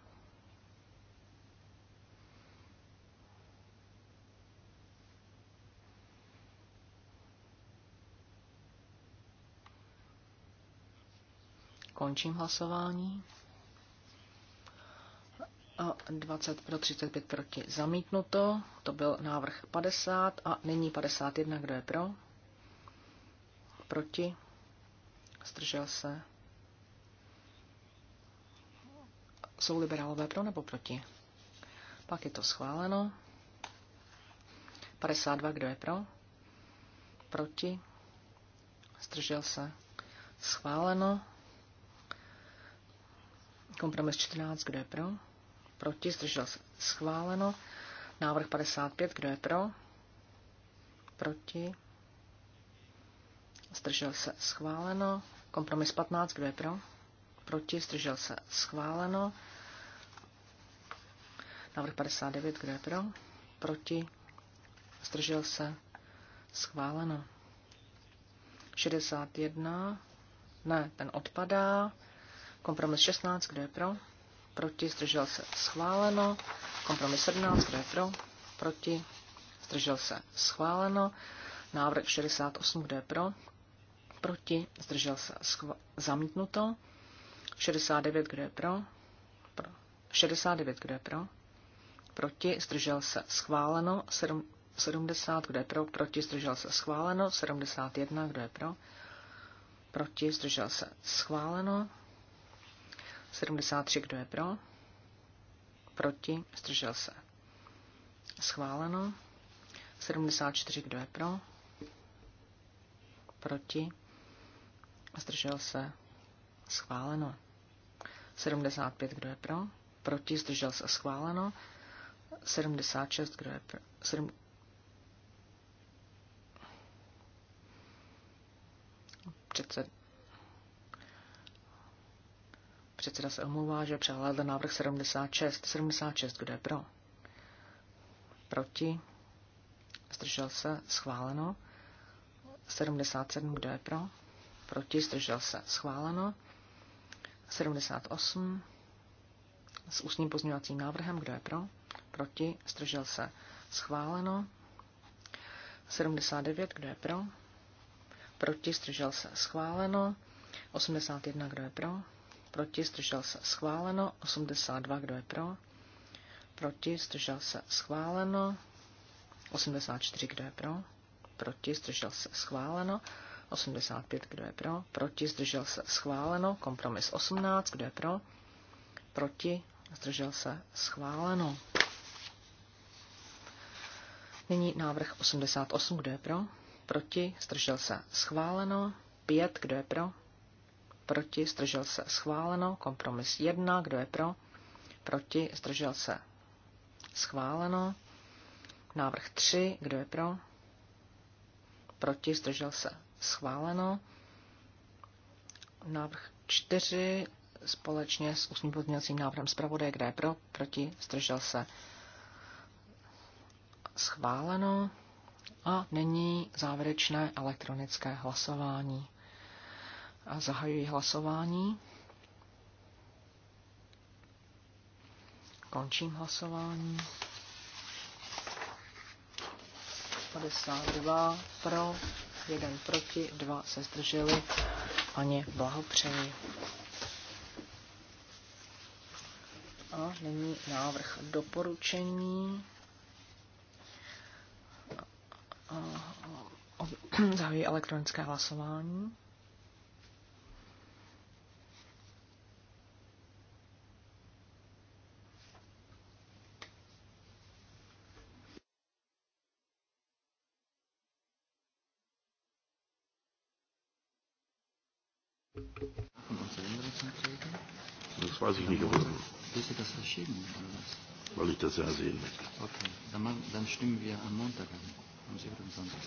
Končím hlasování. 20 pro 35 proti zamítnuto, to byl návrh 50 a nyní 51, kdo je pro? Proti? Zdržel se? Jsou liberálové pro nebo proti? Pak je to schváleno. 52, kdo je pro? Proti? Zdržel se? Schváleno. Kompromis 14, kdo je pro? Proti, zdržel se schváleno. Návrh 55, kdo je pro? Proti. Zdržel se schváleno. Kompromis 15, kdo je pro? Proti, zdržel se schváleno. Návrh 59, kdo je pro? Proti. Zdržel se schváleno. 61, ne, ten odpadá. Kompromis 16, kdo je pro? Proti, zdržel se, schváleno. Kompromis 17, kdo je pro? Proti, zdržel se, schváleno. Návrh 68, kdo je pro? Proti, zdržel se, zamítnuto. 69, kdo je pro? pro? 69, kdo je pro? Proti, zdržel se, schváleno. 7, 70, kdo je pro? Proti, zdržel se, schváleno. 71, kdo je pro? Proti, zdržel se, schváleno. 73, kdo je pro? Proti? Zdržel se. Schváleno. 74, kdo je pro? Proti? Zdržel se. Schváleno. 75, kdo je pro? Proti? Zdržel se. Schváleno. 76, kdo je pro? 7... Předsed, Předseda se omlouvá, že přehlédl návrh 76. 76, kdo je pro? Proti? Zdržel se? Schváleno. 77, kdo je pro? Proti? Zdržel se? Schváleno. 78 s ústním pozměňovacím návrhem, kdo je pro? Proti? Zdržel se? Schváleno. 79, kdo je pro? Proti? Zdržel se? Schváleno. 81, kdo je pro? proti, zdržel se schváleno, 82, kdo je pro, proti, zdržel se schváleno, 84, kdo je pro, proti, zdržel se schváleno, 85, kdo je pro, proti, zdržel se schváleno, kompromis 18, kdo je pro, proti, zdržel se schváleno. Nyní návrh 88, kdo je pro, proti, zdržel se schváleno, 5, kdo je pro, proti, zdržel se, schváleno. Kompromis 1, kdo je pro, proti, zdržel se, schváleno. Návrh 3, kdo je pro, proti, zdržel se, schváleno. Návrh 4, společně s ústním pozměňovacím návrhem zpravodaje, kdo je pro, proti, zdržel se, schváleno. A nyní závěrečné elektronické hlasování a zahajuji hlasování. Končím hlasování. 52 pro, 1 proti, 2 se zdrželi. Paně, blahopřeji. A nyní návrh doporučení. Zahajuji elektronické hlasování. Das weiß ich nicht. Ob willst bitte das verschieben oder was? Weil ich das ja sehen möchte. Okay, dann, dann stimmen wir am Montag an. Am 27.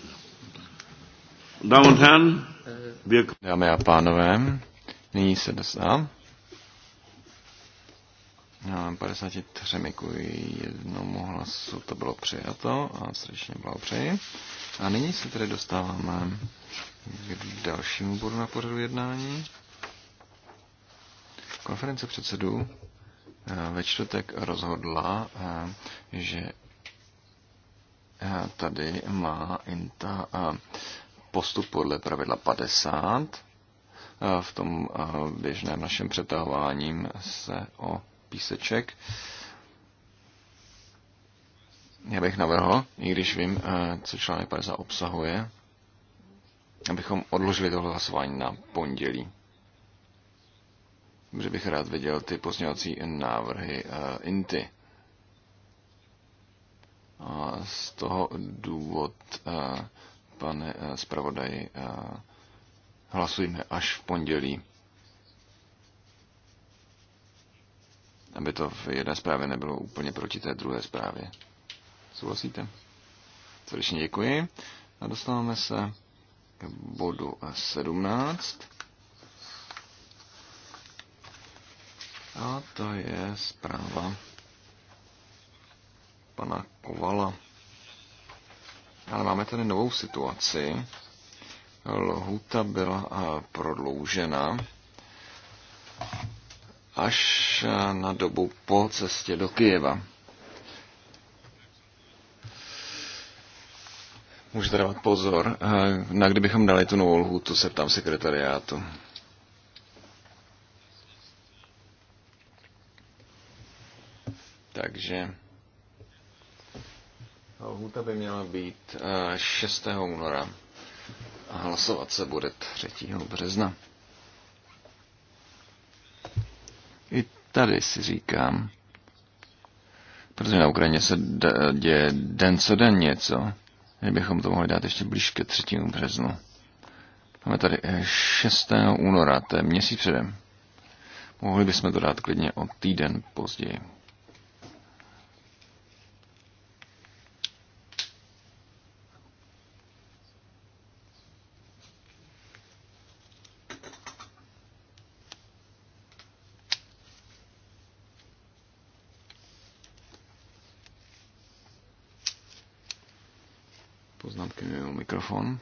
Damen und Herren, wir... Dámy a pánové, nyní se dostávám. Na 53 miku jednomu hlasu to bylo přijato a srdečně blahopřeji. A nyní se tedy dostáváme k dalšímu bodu na pořadu jednání. Konference předsedů eh, ve čtvrtek rozhodla, eh, že eh, tady má INTA postup podle pravidla 50. V tom běžném našem přetahováním se o píseček. Já bych navrhl, i když vím, co článek 50 obsahuje, abychom odložili to hlasování na pondělí že bych rád viděl ty pozněvací návrhy eh, INTY. A z toho důvod, eh, pane eh, zpravodaji, hlasujme až v pondělí. Aby to v jedné zprávě nebylo úplně proti té druhé zprávě. Souhlasíte? Srdečně děkuji. A dostáváme se k bodu 17. A to je zpráva pana Kovala. Ale máme tady novou situaci. Lhuta byla prodloužena až na dobu po cestě do Kyjeva. Můžete dávat pozor. Na kdybychom dali tu novou lhutu, se ptám sekretariátu. Takže lhůta by měla být 6. Eh, února a hlasovat se bude 3. března. I tady si říkám, protože na Ukrajině se děje den co den něco, že bychom to mohli dát ještě blíž ke 3. březnu. Máme tady 6. Eh, února, to je měsíc předem. Mohli bychom to dát klidně o týden později. Mikrofon.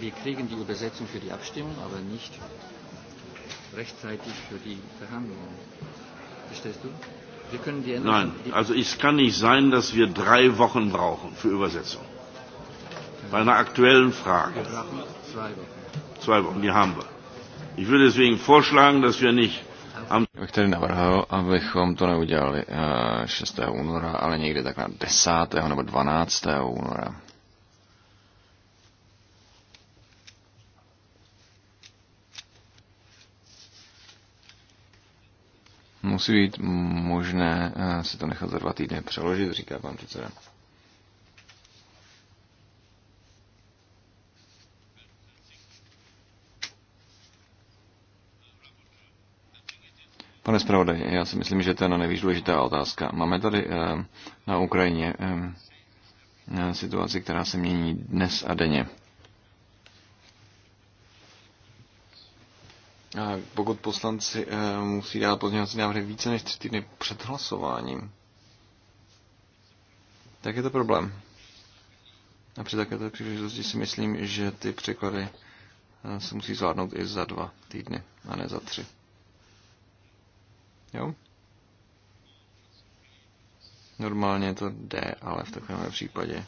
Wir, kriegen die Übersetzung für die Abstimmung, aber nicht rechtzeitig für die Verhandlungen. Verstehst du? Wir können die Nein, also es kann nicht sein, dass wir drei Wochen brauchen für Übersetzung. Bei einer aktuellen Frage. Wir brauchen zwei Wochen. Zwei Wochen, die haben wir. Ich würde deswegen vorschlagen, dass wir nicht já bych tady navrhl, abychom to neudělali 6. Eh, února, ale někdy tak na 10. nebo 12. února. Musí být možné eh, si to nechat za dva týdny přeložit, říká pan předseda. Pane zpravodaj, já si myslím, že to je na nejvíc důležitá otázka. Máme tady eh, na Ukrajině eh, situaci, která se mění dnes a denně. A pokud poslanci eh, musí dát pozměňovací návrhy více než tři týdny před hlasováním, tak je to problém. A při takovéto příležitosti si myslím, že ty překlady eh, se musí zvládnout i za dva týdny, a ne za tři. Jo? Normálně to jde, ale v takovém případě,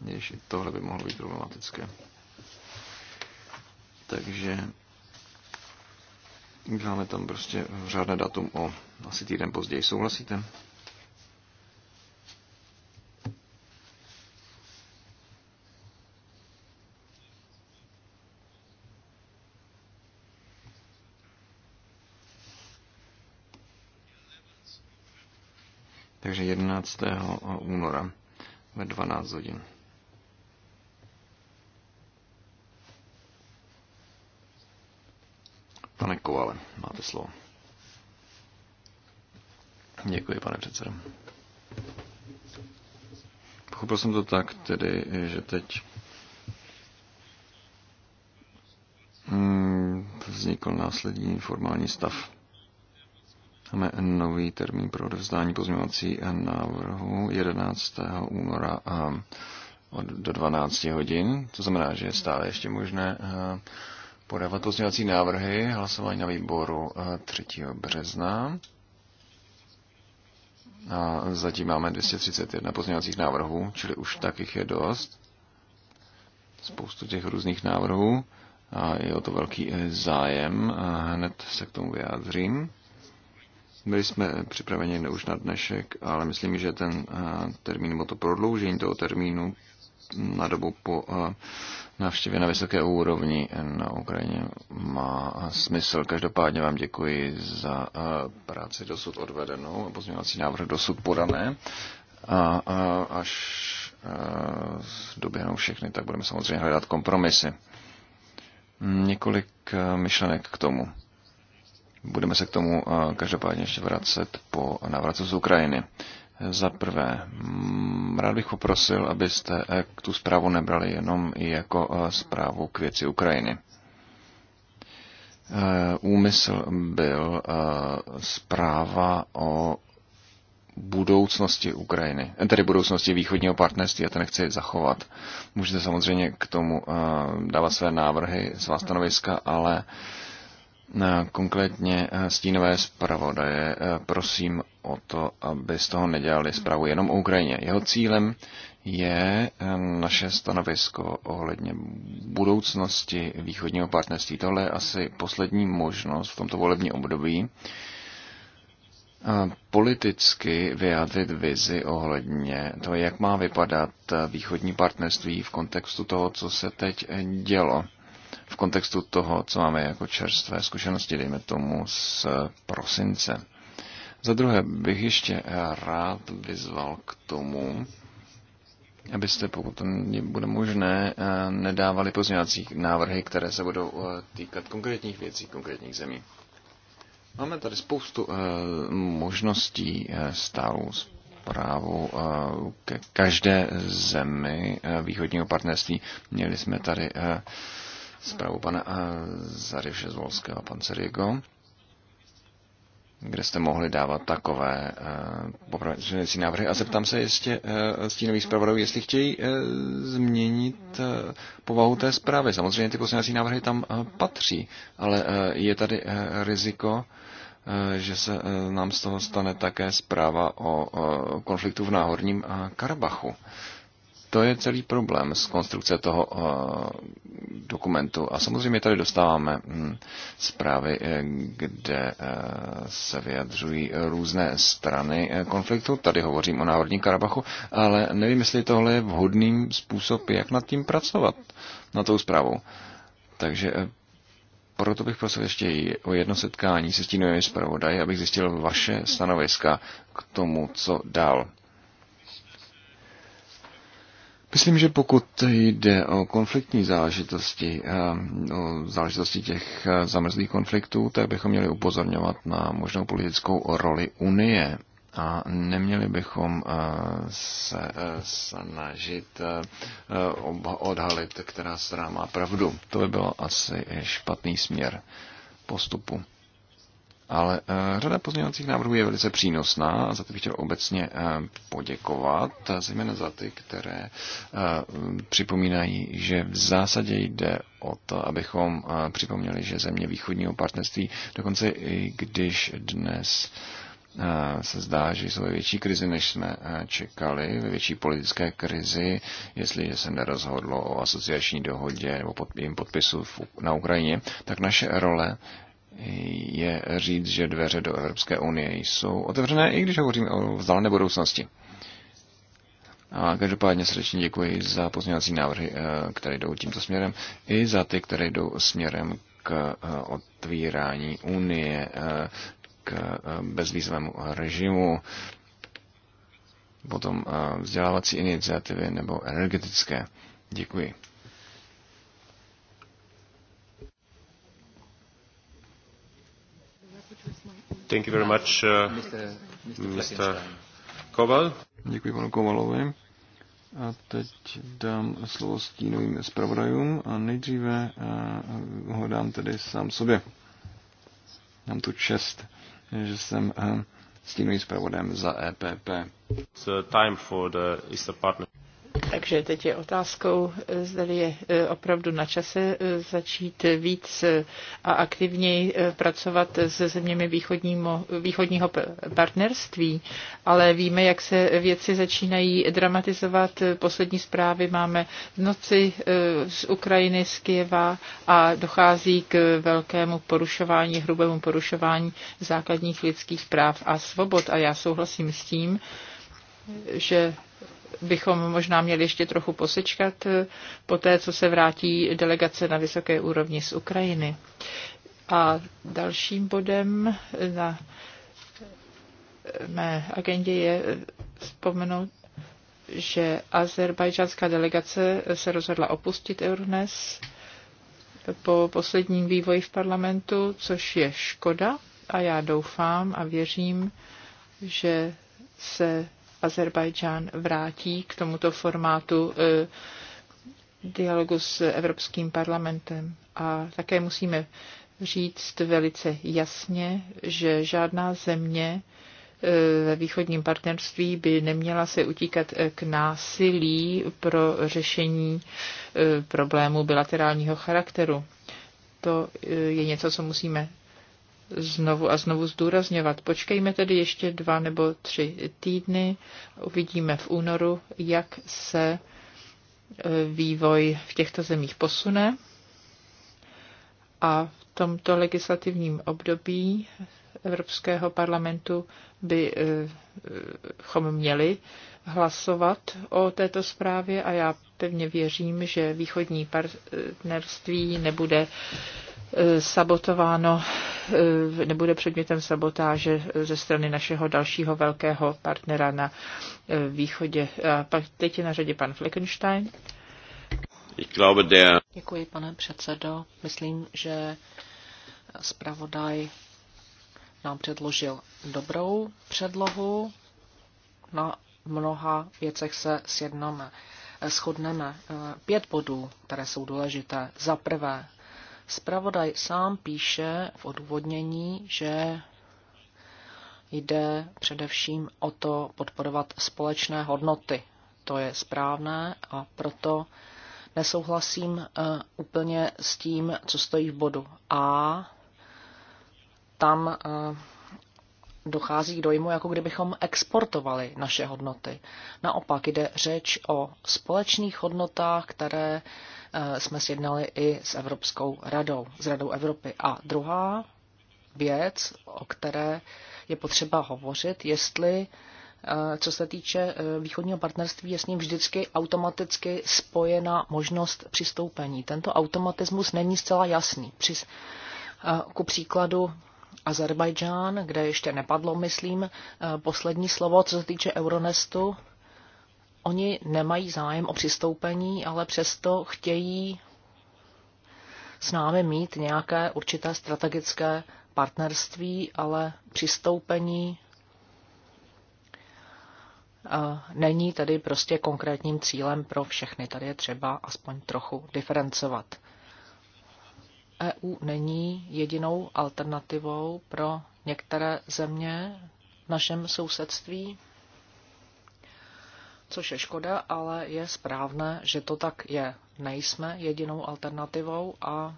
když tohle by mohlo být problematické. Takže dáme tam prostě řádné datum o asi týden později. Souhlasíte? Takže 11. února ve 12 hodin. Pane Kovale, máte slovo. Děkuji, pane předsedo. Pochopil jsem to tak, tedy, že teď mm, vznikl následní formální stav. Máme nový termín pro odevzdání pozměňovací návrhu 11. února eh, do 12 hodin. To znamená, že je stále ještě možné eh, podávat pozměňovací návrhy, hlasování na výboru 3. Eh, března. A zatím máme 231 pozměňovacích návrhů, čili už takých je dost. Spoustu těch různých návrhů. A je o to velký eh, zájem. A hned se k tomu vyjádřím. Byli jsme připraveni už na dnešek, ale myslím, že ten eh, termín nebo to prodloužení toho termínu na dobu po eh, návštěvě na vysoké úrovni na Ukrajině má smysl. Každopádně vám děkuji za eh, práci dosud odvedenou a pozměňovací návrh dosud podané. A, a až eh, doběhnou všechny, tak budeme samozřejmě hledat kompromisy. Několik myšlenek k tomu. Budeme se k tomu každopádně ještě vracet po návratu z Ukrajiny. Za prvé, mm, rád bych poprosil, abyste eh, tu zprávu nebrali jenom i jako eh, zprávu k věci Ukrajiny. Eh, úmysl byl zpráva o budoucnosti Ukrajiny, tedy budoucnosti východního partnerství, a ten chci zachovat. Můžete samozřejmě k tomu dávat své návrhy, svá stanoviska, ale konkrétně stínové zpravodaje prosím o to, aby z toho nedělali zprávu jenom o Ukrajině. Jeho cílem je eh, naše stanovisko ohledně budoucnosti východního partnerství. Tohle je asi poslední možnost v tomto volebním období eh, politicky vyjádřit vizi ohledně toho, jak má vypadat eh, východní partnerství v kontextu toho, co se teď dělo v kontextu toho, co máme jako čerstvé zkušenosti, dejme tomu z prosince. Za druhé bych ještě eh, rád vyzval k tomu, abyste, pokud to bude možné, eh, nedávali pozměňovací návrhy, které se budou eh, týkat konkrétních věcí, konkrétních zemí. Máme tady spoustu možností stálou zprávu ke každé zemi východního partnerství. Měli jsme tady zprávu pana Zaryše Zvolského a pan Seriego kde jste mohli dávat takové eh, popravenecí návrhy. A zeptám se ještě eh, stínových zpravodajů, jestli chtějí eh, změnit povahu té zprávy. Samozřejmě ty poslanecí návrhy tam patří, ale je tady riziko, že se nám z toho stane také zpráva o konfliktu v Náhorním Karabachu. To je celý problém z konstrukce toho eh, dokumentu. A samozřejmě tady dostáváme hm, zprávy, eh, kde eh, se vyjadřují různé strany konfliktu. Tady hovořím o národní Karabachu, ale nevím, jestli tohle je vhodný způsob, jak nad tím pracovat, na tou zprávou. Takže proto bych prosil ještě o jedno setkání se stínovými zpravodaji, abych zjistil vaše stanoviska k tomu, co dál. Myslím, že pokud jde o konfliktní záležitosti, ehm, o záležitosti těch eh, zamrzlých konfliktů, tak bychom měli upozorňovat na možnou politickou roli Unie a neměli bychom eh, se eh, snažit odhalit, která strana má pravdu. To by byl asi špatný směr postupu. Ale eh, řada pozměňovacích návrhů je velice přínosná a za to bych chtěl obecně eh, poděkovat, eh, zejména za ty, které připomínají, že v zásadě jde o to, abychom připomněli, že země východního partnerství, dokonce i když dnes se zdá, že jsou ve větší krizi, než jsme čekali, ve větší politické krizi, jestliže se nerozhodlo o asociační dohodě nebo pod, jim podpisu na Ukrajině, tak naše role je říct, že dveře do Evropské unie jsou otevřené, i když hovoříme o vzdálené budoucnosti. A každopádně srdečně děkuji za pozměňovací návrhy, eh, které jdou tímto směrem, i za ty, které jdou směrem k eh, otvírání Unie, eh, k bezvýzovému režimu, potom vzdělávací iniciativy nebo energetické. Děkuji. Thank you very much, uh, Mr. Koval. Děkuji panu Kovalovi. A teď dám slovo stínovým zpravodajům a nejdříve uh, ho dám tedy sám sobě. Mám tu čest, že jsem uh, stínovým zpravodajem za EPP. It's eh, time for the Easter partner. Takže teď je otázkou, zda je eh, opravdu na čase eh, začít víc eh, a aktivněji pracovat se zeměmi východního partnerství, ale víme, jak se věci začínají dramatizovat. Poslední zprávy máme v noci z Ukrajiny, z Kyjeva a dochází k velkému porušování, hrubému porušování základních lidských práv a svobod. A já souhlasím s tím, že bychom možná měli ještě trochu posečkat eh, po té, co se vrátí delegace na vysoké úrovni z Ukrajiny. A dalším bodem eh, na mé agendě je eh, vzpomenout, že azerbajdžánská delegace se rozhodla opustit Eurones po posledním vývoji v parlamentu, což je škoda a já doufám a věřím, že se Azerbajdžán vrátí k tomuto formátu e, dialogu s Evropským parlamentem. A také musíme říct velice jasně, že žádná země e, ve východním partnerství by neměla se utíkat e, k násilí pro řešení problémů bilaterálního charakteru. To je něco, co musíme znovu a znovu zdůrazňovat. Počkejme tedy ještě dva nebo tři týdny, uvidíme v únoru, jak se e, vývoj v těchto zemích posune. A v tomto legislativním období Evropského parlamentu bychom e, měli hlasovat o této zprávě a já pevně věřím, že východní partnerství nebude sabotováno, eh, nebude předmětem sabotáže ze strany našeho dalšího velkého partnera na eh, východě. A pak teď je na řadě pan Fleckenstein. Děkuji, pane předsedo. Myslím, že zpravodaj nám předložil dobrou předlohu. Na mnoha věcech se sjednáme shodneme. Eh, pět bodů, které jsou důležité. Za prvé, Spravodaj sám píše v odůvodnění, že jde především o to podporovat společné hodnoty. To je správné a proto nesouhlasím e, úplně s tím, co stojí v bodu A. Tam e, dochází k dojmu, jako kdybychom exportovali naše hodnoty. Naopak jde řeč o společných hodnotách, které Eh, jsme sjednali i s Evropskou radou, s Radou Evropy. A druhá věc, o které je potřeba hovořit, jestli eh, co se týče eh, východního partnerství, je s ním vždycky automaticky spojena možnost přistoupení. Tento automatismus není zcela jasný. Při, ku příkladu Azerbajdžán, kde ještě nepadlo, myslím, poslední slovo, co se týče Euronestu, Oni nemají zájem o přistoupení, ale přesto chtějí s námi mít nějaké určité strategické partnerství, ale přistoupení eh, není tedy prostě konkrétním cílem pro všechny. Tady je třeba aspoň trochu diferencovat. EU není jedinou alternativou pro některé země v našem sousedství což je škoda, ale je správné, že to tak je. Nejsme jedinou alternativou a,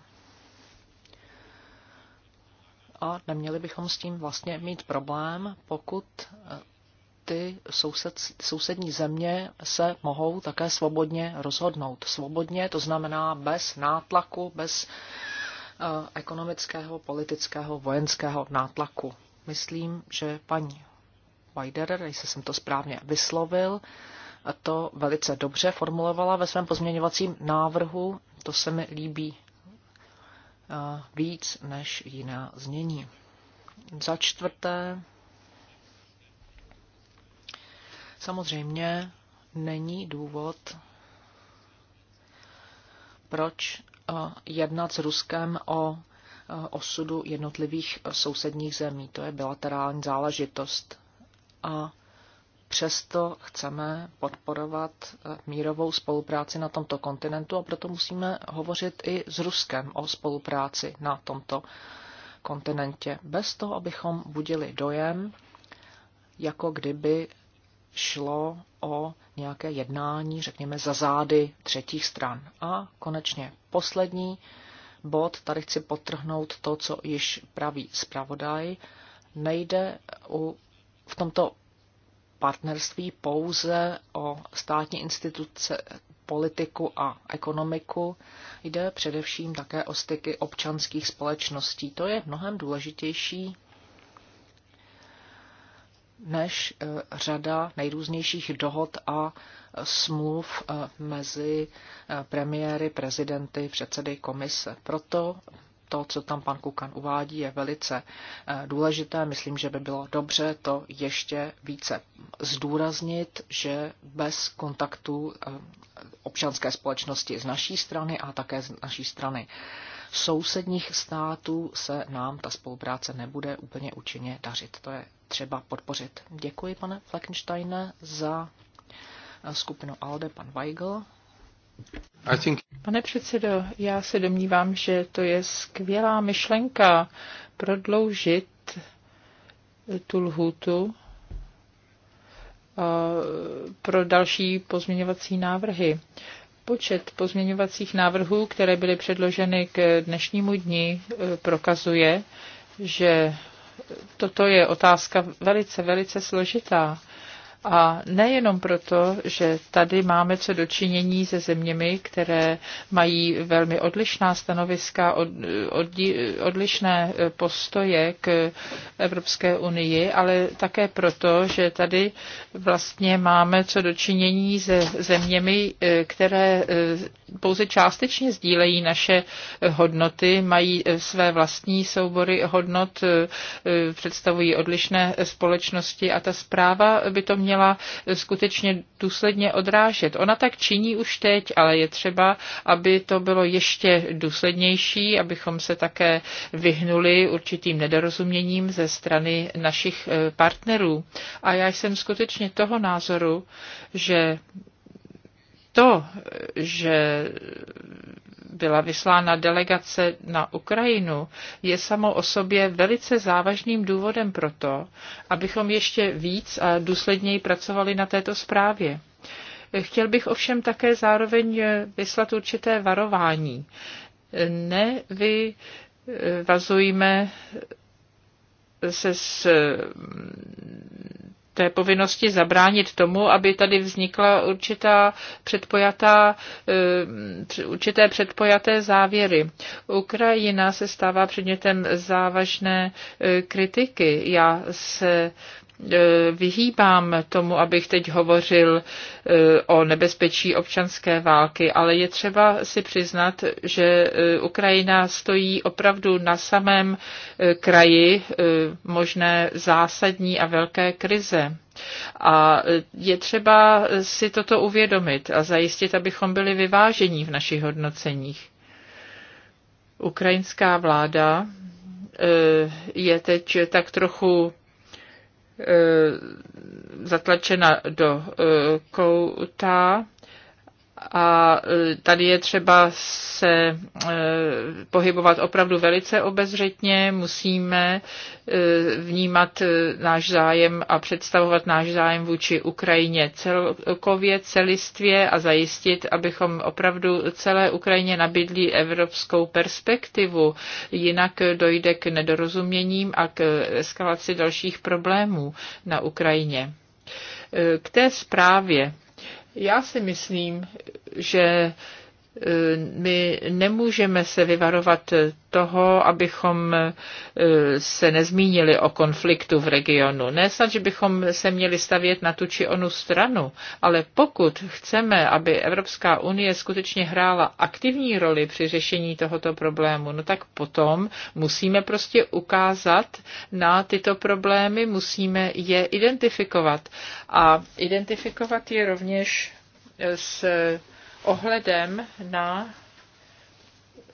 a neměli bychom s tím vlastně mít problém, pokud eh, ty soused, sousední země se mohou také svobodně rozhodnout. Svobodně, to znamená bez nátlaku, bez eh, ekonomického, politického, vojenského nátlaku. Myslím, že paní Weider, jestli jsem to správně vyslovil, to velice dobře formulovala ve svém pozměňovacím návrhu. To se mi líbí eh, víc než jiná znění. Za čtvrté, samozřejmě není důvod, proč eh, jednat s Ruskem o eh, osudu jednotlivých sousedních zemí. To je bilaterální záležitost. A Přesto chceme podporovat eh, mírovou spolupráci na tomto kontinentu a proto musíme hovořit i s Ruskem o spolupráci na tomto kontinentě. Bez toho, abychom budili dojem, jako kdyby šlo o nějaké jednání, řekněme, za zády třetích stran. A konečně poslední bod, tady chci potrhnout to, co již praví zpravodaj. Nejde u, v tomto partnerství pouze o státní instituce, politiku a ekonomiku, jde především také o styky občanských společností. To je mnohem důležitější než eh, řada nejrůznějších dohod a smluv eh, mezi eh, premiéry, prezidenty, předsedy komise. Proto to, co tam pan Kukan uvádí, je velice eh, důležité. Myslím, že by bylo dobře to ještě více zdůraznit, že bez kontaktu eh, občanské společnosti z naší strany a také z naší strany sousedních států se nám ta spolupráce nebude úplně účinně dařit. To je třeba podpořit. Děkuji, pane Fleckensteine, za eh, skupinu ALDE, pan Weigl. Pane předsedo, já se domnívám, že to je skvělá myšlenka prodloužit eh, tu lhůtu eh, pro další pozměňovací návrhy. Počet pozměňovacích návrhů, které byly předloženy k dnešnímu dni, eh, prokazuje, že toto je otázka velice, velice složitá. A nejenom proto, že tady máme co dočinění se zeměmi, které mají velmi odlišná stanoviska, od, od, odlišné postoje k Evropské unii, ale také proto, že tady vlastně máme co dočinění se zeměmi, eh, které eh, pouze částečně sdílejí naše hodnoty, mají eh, své vlastní soubory hodnot, představují odlišné společnosti a ta zpráva by to měla měla skutečně důsledně odrážet. Ona tak činí už teď, ale je třeba, aby to bylo ještě důslednější, abychom se také vyhnuli určitým nedorozuměním ze strany našich eh, partnerů. A já jsem skutečně toho názoru, že to, že byla vyslána delegace na Ukrajinu, je samo o sobě velice závažným důvodem pro to, abychom ještě víc a důsledněji pracovali na této zprávě. Chtěl bych ovšem také zároveň vyslat určité varování. Nevyvazujme se s té povinnosti zabránit tomu, aby tady vznikla určitá předpojatá, eh, určité předpojaté závěry. Ukrajina se stává předmětem závažné eh, kritiky. Já se E, vyhýbám tomu, abych teď hovořil e, o nebezpečí občanské války, ale je třeba si přiznat, že e, Ukrajina stojí opravdu na samém kraji možné zásadní a velké krize. A je třeba si toto uvědomit a zajistit, abychom byli vyvážení v našich hodnoceních. Ukrajinská vláda je teď tak trochu E, zatlačena do e, kouta a e, tady je třeba se e, pohybovat opravdu velice obezřetně, musíme e, vnímat náš zájem a představovat náš zájem vůči Ukrajině celkově, celistvě a zajistit, abychom opravdu celé Ukrajině nabídli evropskou perspektivu. Jinak dojde k nedorozuměním a k eskalaci dalších problémů na Ukrajině. K té zprávě já si myslím, že Eh, my nemůžeme se vyvarovat toho, abychom eh, se nezmínili o konfliktu v regionu. Ne snad, že bychom se měli stavět na tu či onu stranu, ale pokud chceme, aby Evropská unie skutečně hrála aktivní roli při řešení tohoto problému, no tak potom musíme prostě ukázat na tyto problémy, musíme je identifikovat. A identifikovat je rovněž s ohledem na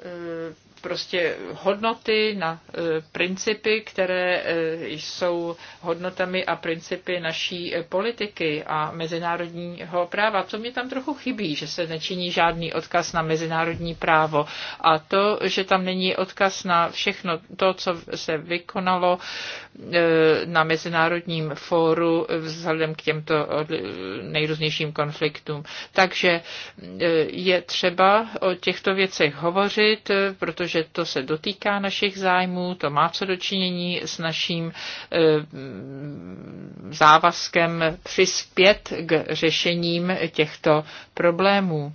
eh, prostě hodnoty, na e, principy, které e, jsou hodnotami a principy naší e, politiky a mezinárodního práva. Co mě tam trochu chybí, že se nečiní žádný odkaz na mezinárodní právo a to, že tam není odkaz na všechno to, co se vykonalo na mezinárodním fóru vzhledem k těmto nejrůznějším konfliktům. Takže je třeba o těchto věcech hovořit, protože protože to se dotýká našich zájmů, to má co dočinění s naším eh, mm, závazkem přispět k řešením těchto problémů.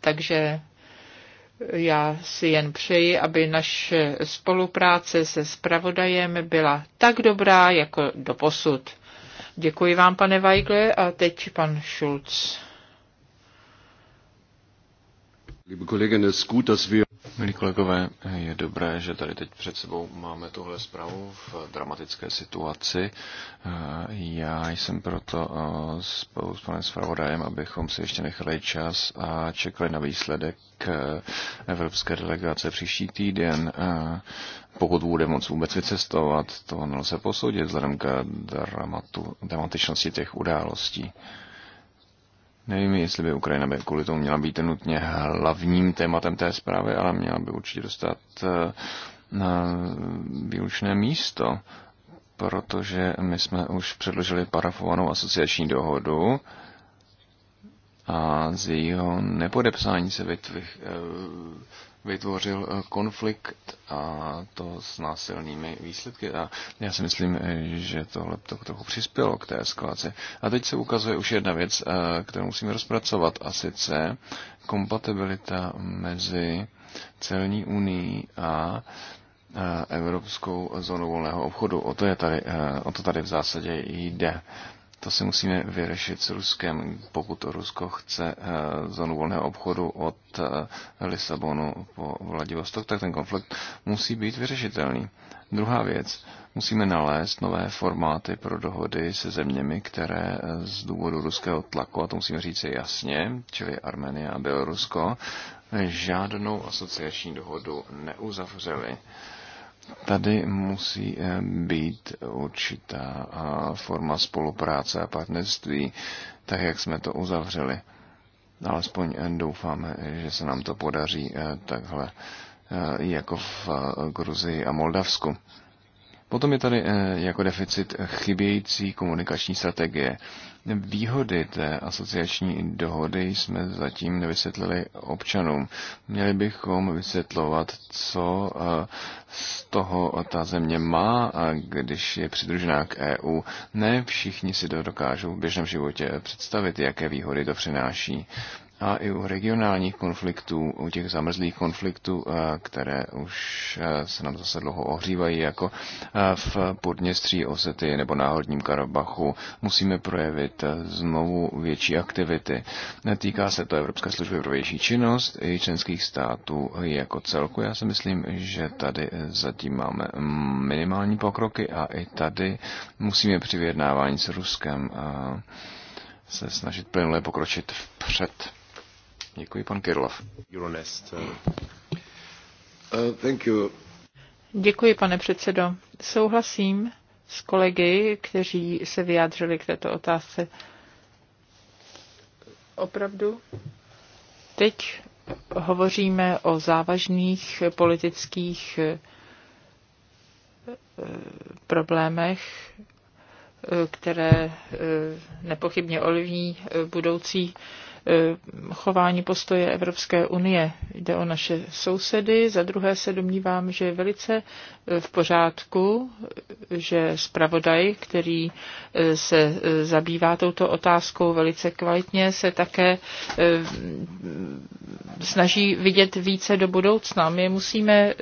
Takže já si jen přeji, aby naše spolupráce se spravodajem byla tak dobrá jako doposud. Děkuji vám, pane Weigle, a teď pan Schulz. Liebe Kolleginnen, es ist gut, dass wir Milí kolegové, je dobré, že tady teď před sebou máme tuhle zprávu v dramatické situaci. Já jsem proto eh, spolu s panem zpravodajem, abychom si ještě nechali čas a čekali na výsledek eh, evropské delegace příští týden. Eh, pokud bude moc vůbec vycestovat, to nelze posoudit vzhledem k dramatu, dramatičnosti těch událostí. Nevím, jestli by Ukrajina by kvůli tomu měla být nutně hlavním tématem té zprávy, ale měla by určitě dostat eh, na výlučné místo, protože my jsme už předložili parafovanou asociační dohodu a z jejího nepodepsání se vytvých eh, vytvořil eh, konflikt a to s násilnými výsledky. A já si myslím, eh, že tohle to trochu přispělo k té eskalaci. A teď se ukazuje už jedna věc, eh, kterou musíme rozpracovat, a sice kompatibilita mezi celní unii a Evropskou zónu volného obchodu. O to, je tady, o to tady v zásadě jde to si musíme vyřešit s Ruskem, pokud Rusko chce eh, zónu volného obchodu od eh, Lisabonu po Vladivostok, tak ten konflikt musí být vyřešitelný. Druhá věc, musíme nalézt nové formáty pro dohody se zeměmi, které eh, z důvodu ruského tlaku, a to musíme říct jasně, čili Armenie a Bělorusko, žádnou asociační dohodu neuzavřeli. Tady musí eh, být určitá eh, forma spolupráce a partnerství, tak jak jsme to uzavřeli. Alespoň eh, doufáme, že se nám to podaří takhle jako v Gruzii a Moldavsku. Potom je tady eh, jako deficit chybějící komunikační strategie. Výhody té asociační dohody jsme zatím nevysvětlili občanům. Měli bychom vysvětlovat, co eh, z toho ta země má, když je přidružená k EU. Ne všichni si to dokážou v běžném životě představit, jaké výhody to přináší a i u regionálních konfliktů, u těch zamrzlých konfliktů, eh, které už eh, se nám zase dlouho ohřívají, jako eh, v Podněstří Osety nebo Náhodním Karabachu, musíme projevit znovu větší aktivity. Týká se to Evropské služby pro větší činnost i členských států jako celku. Já si myslím, že tady zatím máme mm, minimální pokroky a i tady musíme při vyjednávání s Ruskem se snažit plynule pokročit vpřed. Děkuji, pan Kirlov. Euronest. Uh, uh, Děkuji, pane předsedo. Souhlasím s kolegy, kteří se vyjádřili k této otázce. Opravdu teď hovoříme o závažných politických eh, problémech, eh, které eh, nepochybně ovlivní budoucí Eh, chování postoje Evropské unie. Jde o naše sousedy. Za druhé se domnívám, že je velice eh, v pořádku, eh, že zpravodaj, který se zabývá touto otázkou velice kvalitně, se také snaží vidět více do budoucna. My musíme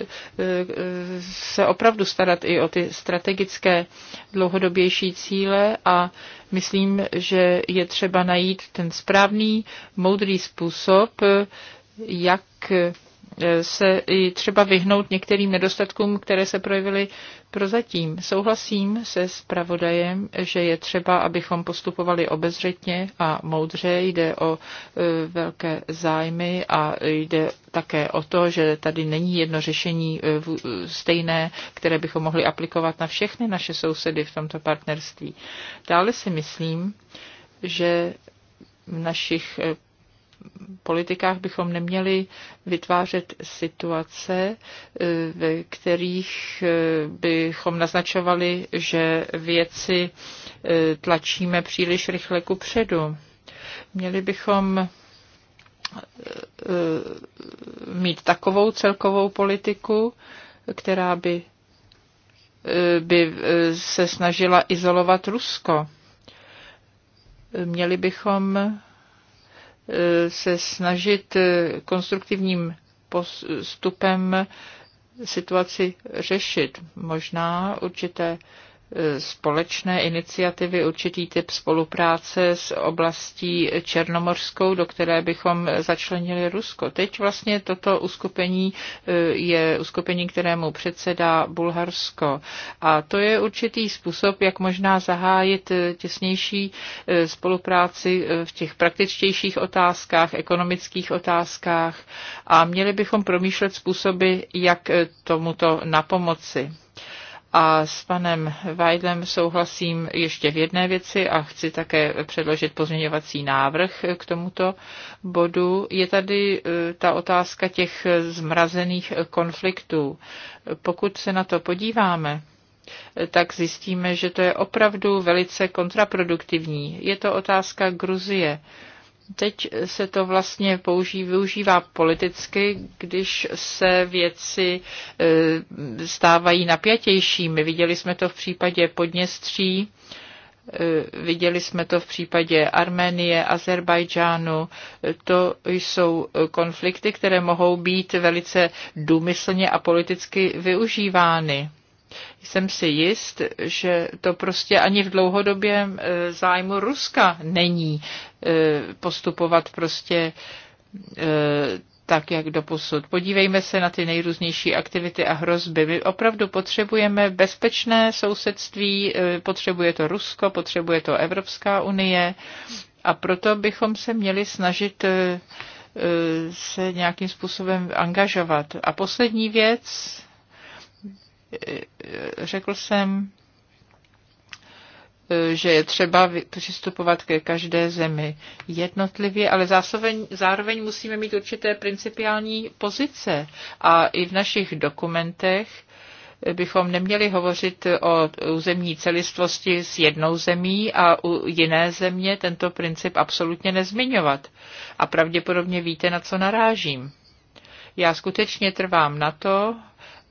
se opravdu starat i o ty strategické dlouhodobější cíle a Myslím, že je třeba najít ten správný, moudrý způsob, jak E, se i třeba vyhnout některým nedostatkům, které se projevily prozatím. Souhlasím se s pravodajem, že je třeba, abychom postupovali obezřetně a moudře. Jde o e, velké zájmy a jde také o to, že tady není jedno řešení e, stejné, které bychom mohli aplikovat na všechny naše sousedy v tomto partnerství. Dále si myslím, že v našich politikách bychom neměli vytvářet situace, eh, ve kterých eh, bychom naznačovali, že věci eh, tlačíme příliš rychle ku předu. Měli bychom mít takovou celkovou politiku, která by, by se snažila izolovat Rusko. Měli bychom se snažit eh, konstruktivním postupem situaci řešit. Možná určité společné iniciativy, určitý typ spolupráce s oblastí Černomorskou, do které bychom začlenili Rusko. Teď vlastně toto uskupení eh, je uskupení, kterému předsedá Bulharsko. A to je určitý způsob, jak možná zahájit eh, těsnější eh, spolupráci v těch praktičtějších otázkách, ekonomických otázkách a měli bychom promýšlet způsoby, jak tomuto napomoci. A s panem Weidlem souhlasím ještě v jedné věci a chci také předložit pozměňovací návrh k tomuto bodu. Je tady e, ta otázka těch zmrazených konfliktů. Pokud se na to podíváme, tak zjistíme, že to je opravdu velice kontraproduktivní. Je to otázka Gruzie teď se to vlastně použí, využívá politicky, když se věci e, stávají napjatějšími. viděli jsme to v případě Podněstří, e, viděli jsme to v případě Arménie, Azerbajdžánu. E, to jsou konflikty, které mohou být velice důmyslně a politicky využívány jsem si jist, že to prostě ani v dlouhodobém e, zájmu Ruska není e, postupovat prostě e, tak, jak doposud. Podívejme se na ty nejrůznější aktivity a hrozby. My opravdu potřebujeme bezpečné sousedství, potřebuje to Rusko, potřebuje to Evropská unie a proto bychom se měli snažit se nějakým způsobem angažovat. A poslední věc, řekl jsem, eh, že je třeba přistupovat ke každé zemi jednotlivě, ale zároveň, zároveň musíme mít určité principiální pozice. A i v našich dokumentech bychom neměli hovořit o územní celistvosti s jednou zemí a u jiné země tento princip absolutně nezmiňovat. A pravděpodobně víte, na co narážím. Já skutečně trvám na to,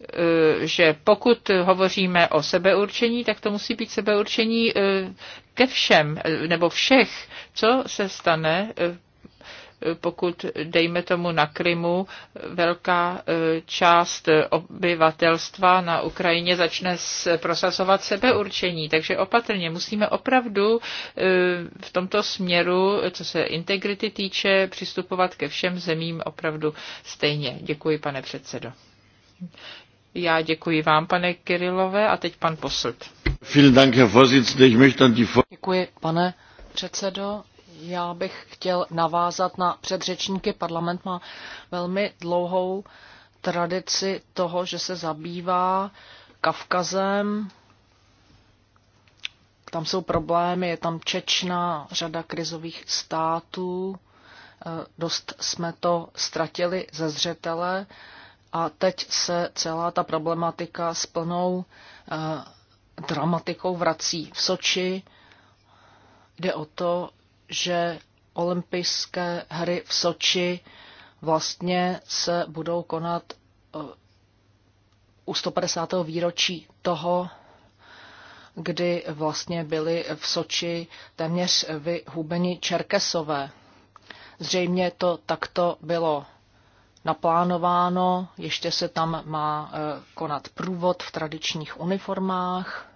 Eh, že pokud hovoříme o sebeurčení, tak to musí být sebeurčení eh, ke všem eh, nebo všech. Co se stane, pokud, dejme tomu, na Krymu velká část obyvatelstva na Ukrajině začne prosazovat sebeurčení. Takže opatrně musíme opravdu v tomto směru, co se integrity týče, přistupovat ke všem zemím opravdu stejně. Děkuji, pane předsedo. Já děkuji vám, pane Kirilové, a teď pan Posled. Děkuji, pane předsedo. Já bych chtěl navázat na předřečníky. Parlament má velmi dlouhou tradici toho, že se zabývá Kavkazem. Tam jsou problémy, je tam Čečna, řada krizových států. Eh, dost jsme to ztratili ze zřetele. A teď se celá ta problematika s plnou eh, dramatikou vrací v Soči. Jde o to, že olympijské hry v Soči vlastně se budou konat eh, u 150. výročí toho, kdy vlastně byli v Soči téměř vyhubeni Čerkesové. Zřejmě to takto bylo naplánováno. Ještě se tam má e, konat průvod v tradičních uniformách.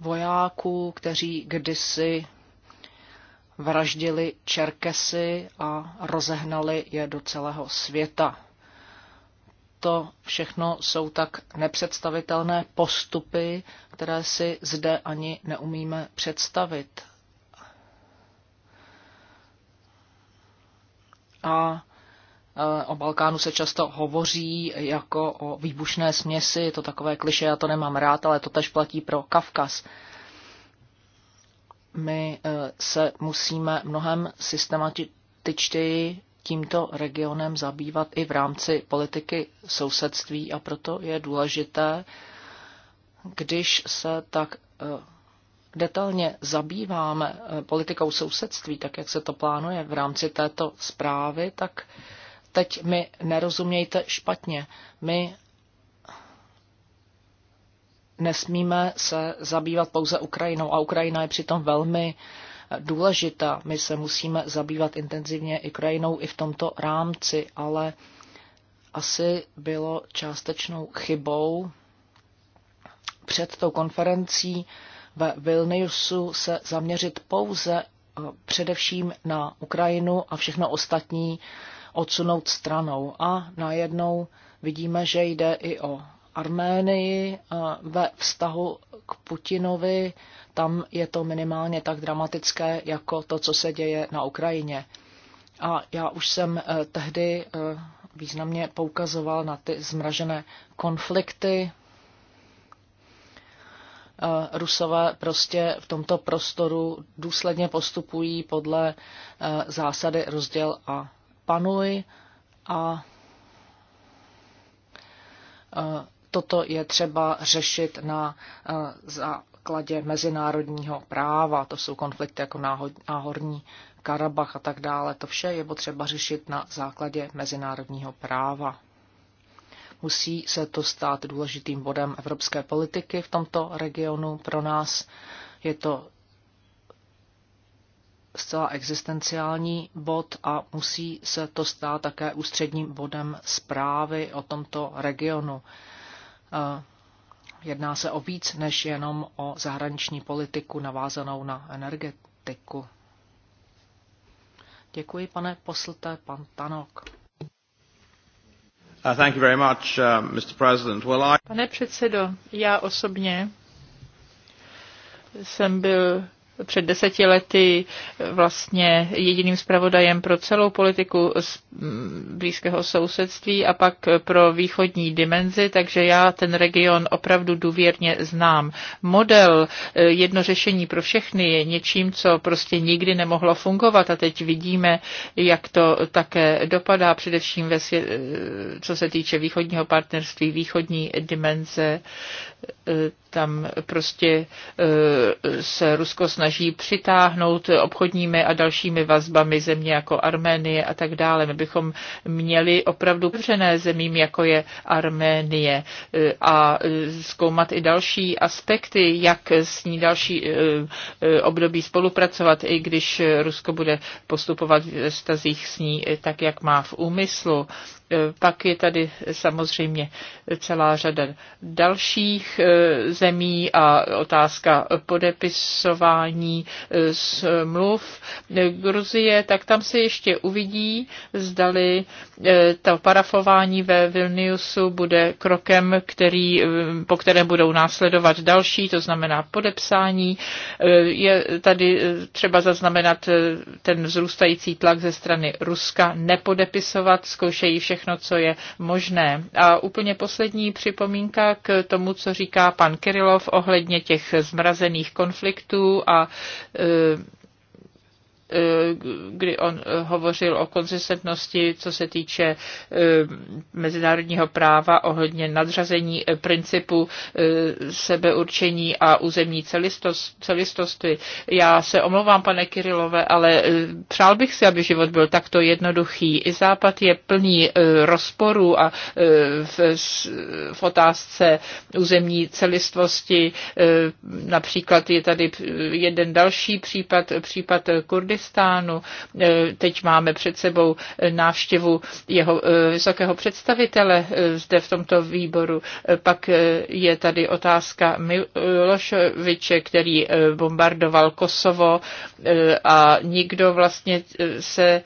vojáků, kteří kdysi vraždili Čerkesy a rozehnali je do celého světa. To všechno jsou tak nepředstavitelné postupy, které si zde ani neumíme představit. A e, o Balkánu se často hovoří jako o výbušné směsi, je to takové kliše, já to nemám rád, ale to tež platí pro Kavkaz. My e, se musíme mnohem systematičtěji tímto regionem zabývat i v rámci politiky sousedství a proto je důležité, když se tak e, detailně zabýváme eh, politikou sousedství, tak jak se to plánuje v rámci této zprávy, tak teď mi nerozumějte špatně. My nesmíme se zabývat pouze Ukrajinou a Ukrajina je přitom velmi eh, důležitá. My se musíme zabývat intenzivně i Ukrajinou i v tomto rámci, ale asi bylo částečnou chybou před tou konferencí ve Vilniusu se zaměřit pouze eh, především na Ukrajinu a všechno ostatní odsunout stranou. A najednou vidíme, že jde i o Arménii eh, ve vztahu k Putinovi. Tam je to minimálně tak dramatické, jako to, co se děje na Ukrajině. A já už jsem eh, tehdy významně poukazoval na ty zmražené konflikty Rusové prostě v tomto prostoru důsledně postupují podle e, zásady rozděl a panuj a e, toto je třeba řešit na e, základě mezinárodního práva. To jsou konflikty jako náhorní Karabach a tak dále. To vše je potřeba řešit na základě mezinárodního práva. Musí se to stát důležitým bodem evropské politiky v tomto regionu pro nás. Je to zcela existenciální bod a musí se to stát také ústředním bodem zprávy o tomto regionu. Eh, jedná se o víc než jenom o zahraniční politiku navázanou na energetiku. Děkuji, pane poslte, pan Tanok. Pane předsedo, já osobně jsem byl před deseti lety vlastně jediným zpravodajem pro celou politiku blízkého sousedství a pak pro východní dimenzi, takže já ten region opravdu důvěrně znám. Model eh, jedno řešení pro všechny je něčím, co prostě nikdy nemohlo fungovat a teď vidíme, jak to také dopadá, především ve svě- eh, co se týče východního partnerství, východní dimenze eh, tam prostě eh, se Rusko snaží přitáhnout obchodními a dalšími vazbami země jako Arménie a tak dále. My bychom měli opravdu přené zemím, jako je Arménie eh, a eh, zkoumat i další aspekty, jak s ní další období spolupracovat, i když Rusko bude postupovat v stazích s ní tak, jak má v úmyslu. Pak je tady samozřejmě celá řada dalších zemí a otázka podepisování e, smluv e, Gruzie, tak tam se ještě uvidí, zdali e, to parafování ve Vilniusu bude krokem, který, po kterém budou následovat další, to znamená podepsání. Je tady třeba zaznamenat ten vzrůstající tlak ze strany Ruska nepodepisovat, zkoušejí všechno, co je možné. A úplně poslední připomínka k tomu, co říká pan Ke Kirilov ohledně těch zmrazených konfliktů a e, kdy on eh, hovořil o konzistentnosti, co se týče eh, mezinárodního práva ohledně nadřazení eh, principu sebeurčení a územní celistosti. Já se omlouvám, pane Kirilové, ale přál bych si, aby život byl takto jednoduchý. I Západ je plný rozporů a v, v otázce územní celistvosti. Například je tady jeden další případ, případ Kurdy Afganistánu. E, teď máme před sebou návštěvu jeho e, vysokého představitele e, zde v tomto výboru. Pak je tady otázka Miloševiče, který bombardoval Kosovo a nikdo vlastně se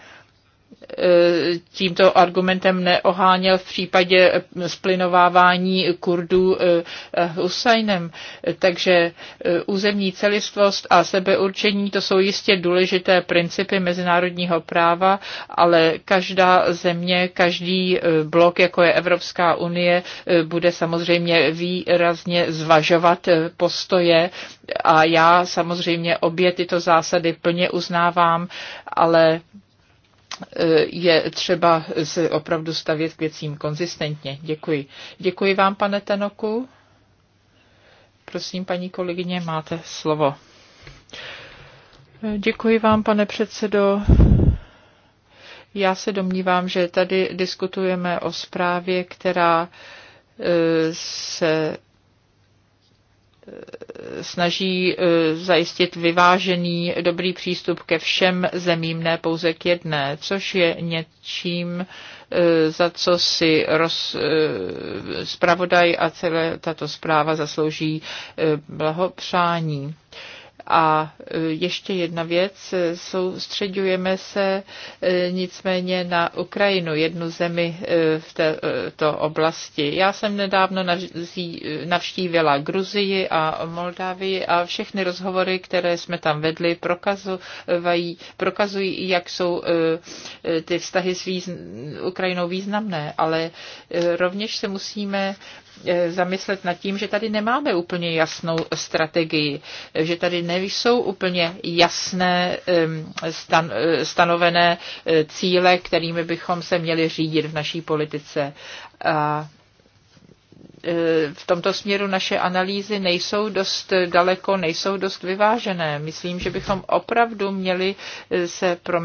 Eh, tímto argumentem neoháněl v případě eh, splinovávání Kurdů eh, Husajnem. Takže územní celistvost a sebeurčení to jsou jistě důležité principy mezinárodního práva, ale každá země, každý blok, jako je Evropská unie, bude samozřejmě výrazně zvažovat postoje a já samozřejmě obě tyto zásady plně uznávám, ale Eh, je třeba se opravdu stavět k věcím konzistentně. Děkuji. Děkuji vám, pane Tenoku. Prosím, paní kolegyně, máte slovo. Eh, děkuji vám, pane předsedo. Já se domnívám, že tady diskutujeme o zprávě, která eh, se snaží eh, zajistit vyvážený, dobrý přístup ke všem zemím, ne pouze k jedné, což je něčím, eh, za co si roz, spravodaj eh, a celé tato zpráva zaslouží blahopřání. A e, ještě jedna věc, soustředujeme se e, nicméně na Ukrajinu, jednu zemi e, v této oblasti. Já jsem nedávno navštívila Gruzii a Moldávii a všechny rozhovory, které jsme tam vedli, prokazují, prokazují jak jsou ty vztahy s výz... Ukrajinou významné, ale rovněž se musíme E, zamyslet nad tím, že tady nemáme úplně jasnou strategii, že tady nejsou úplně jasné stan, e, stanovené e, cíle, kterými bychom se měli řídit v naší politice. A E, v tomto směru naše analýzy nejsou dost daleko, nejsou dost vyvážené. Myslím, že bychom opravdu měli e, se pro,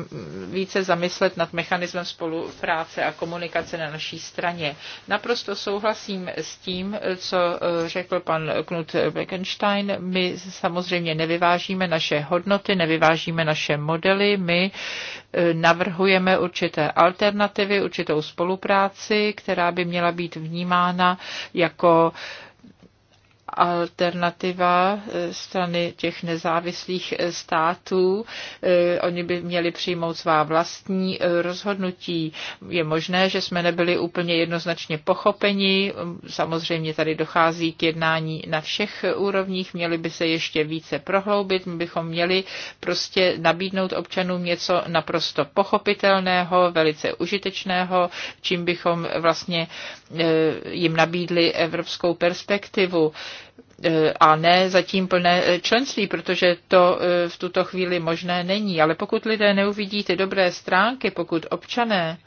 více zamyslet nad mechanismem spolupráce a komunikace na naší straně. Naprosto souhlasím s tím, e, co řekl pan Knut Beckenstein. My samozřejmě nevyvážíme naše hodnoty, nevyvážíme naše modely, my E, navrhujeme určité alternativy, určitou spolupráci, která by měla být vnímána jako alternativa eh, strany těch nezávislých eh, států. Eh, oni by měli přijmout svá vlastní rozhodnutí. Je možné, že jsme nebyli úplně jednoznačně pochopeni. Mm, samozřejmě tady dochází k jednání na všech úrovních. Měli by se ještě více prohloubit. My bychom měli prostě nabídnout občanům něco naprosto pochopitelného, velice užitečného, čím bychom vlastně Eh, jim nabídli evropskou perspektivu eh, a ne zatím plné eh, členství, protože to v tuto chvíli možné není. Ale pokud lidé neuvidí ty dobré stránky, pokud občané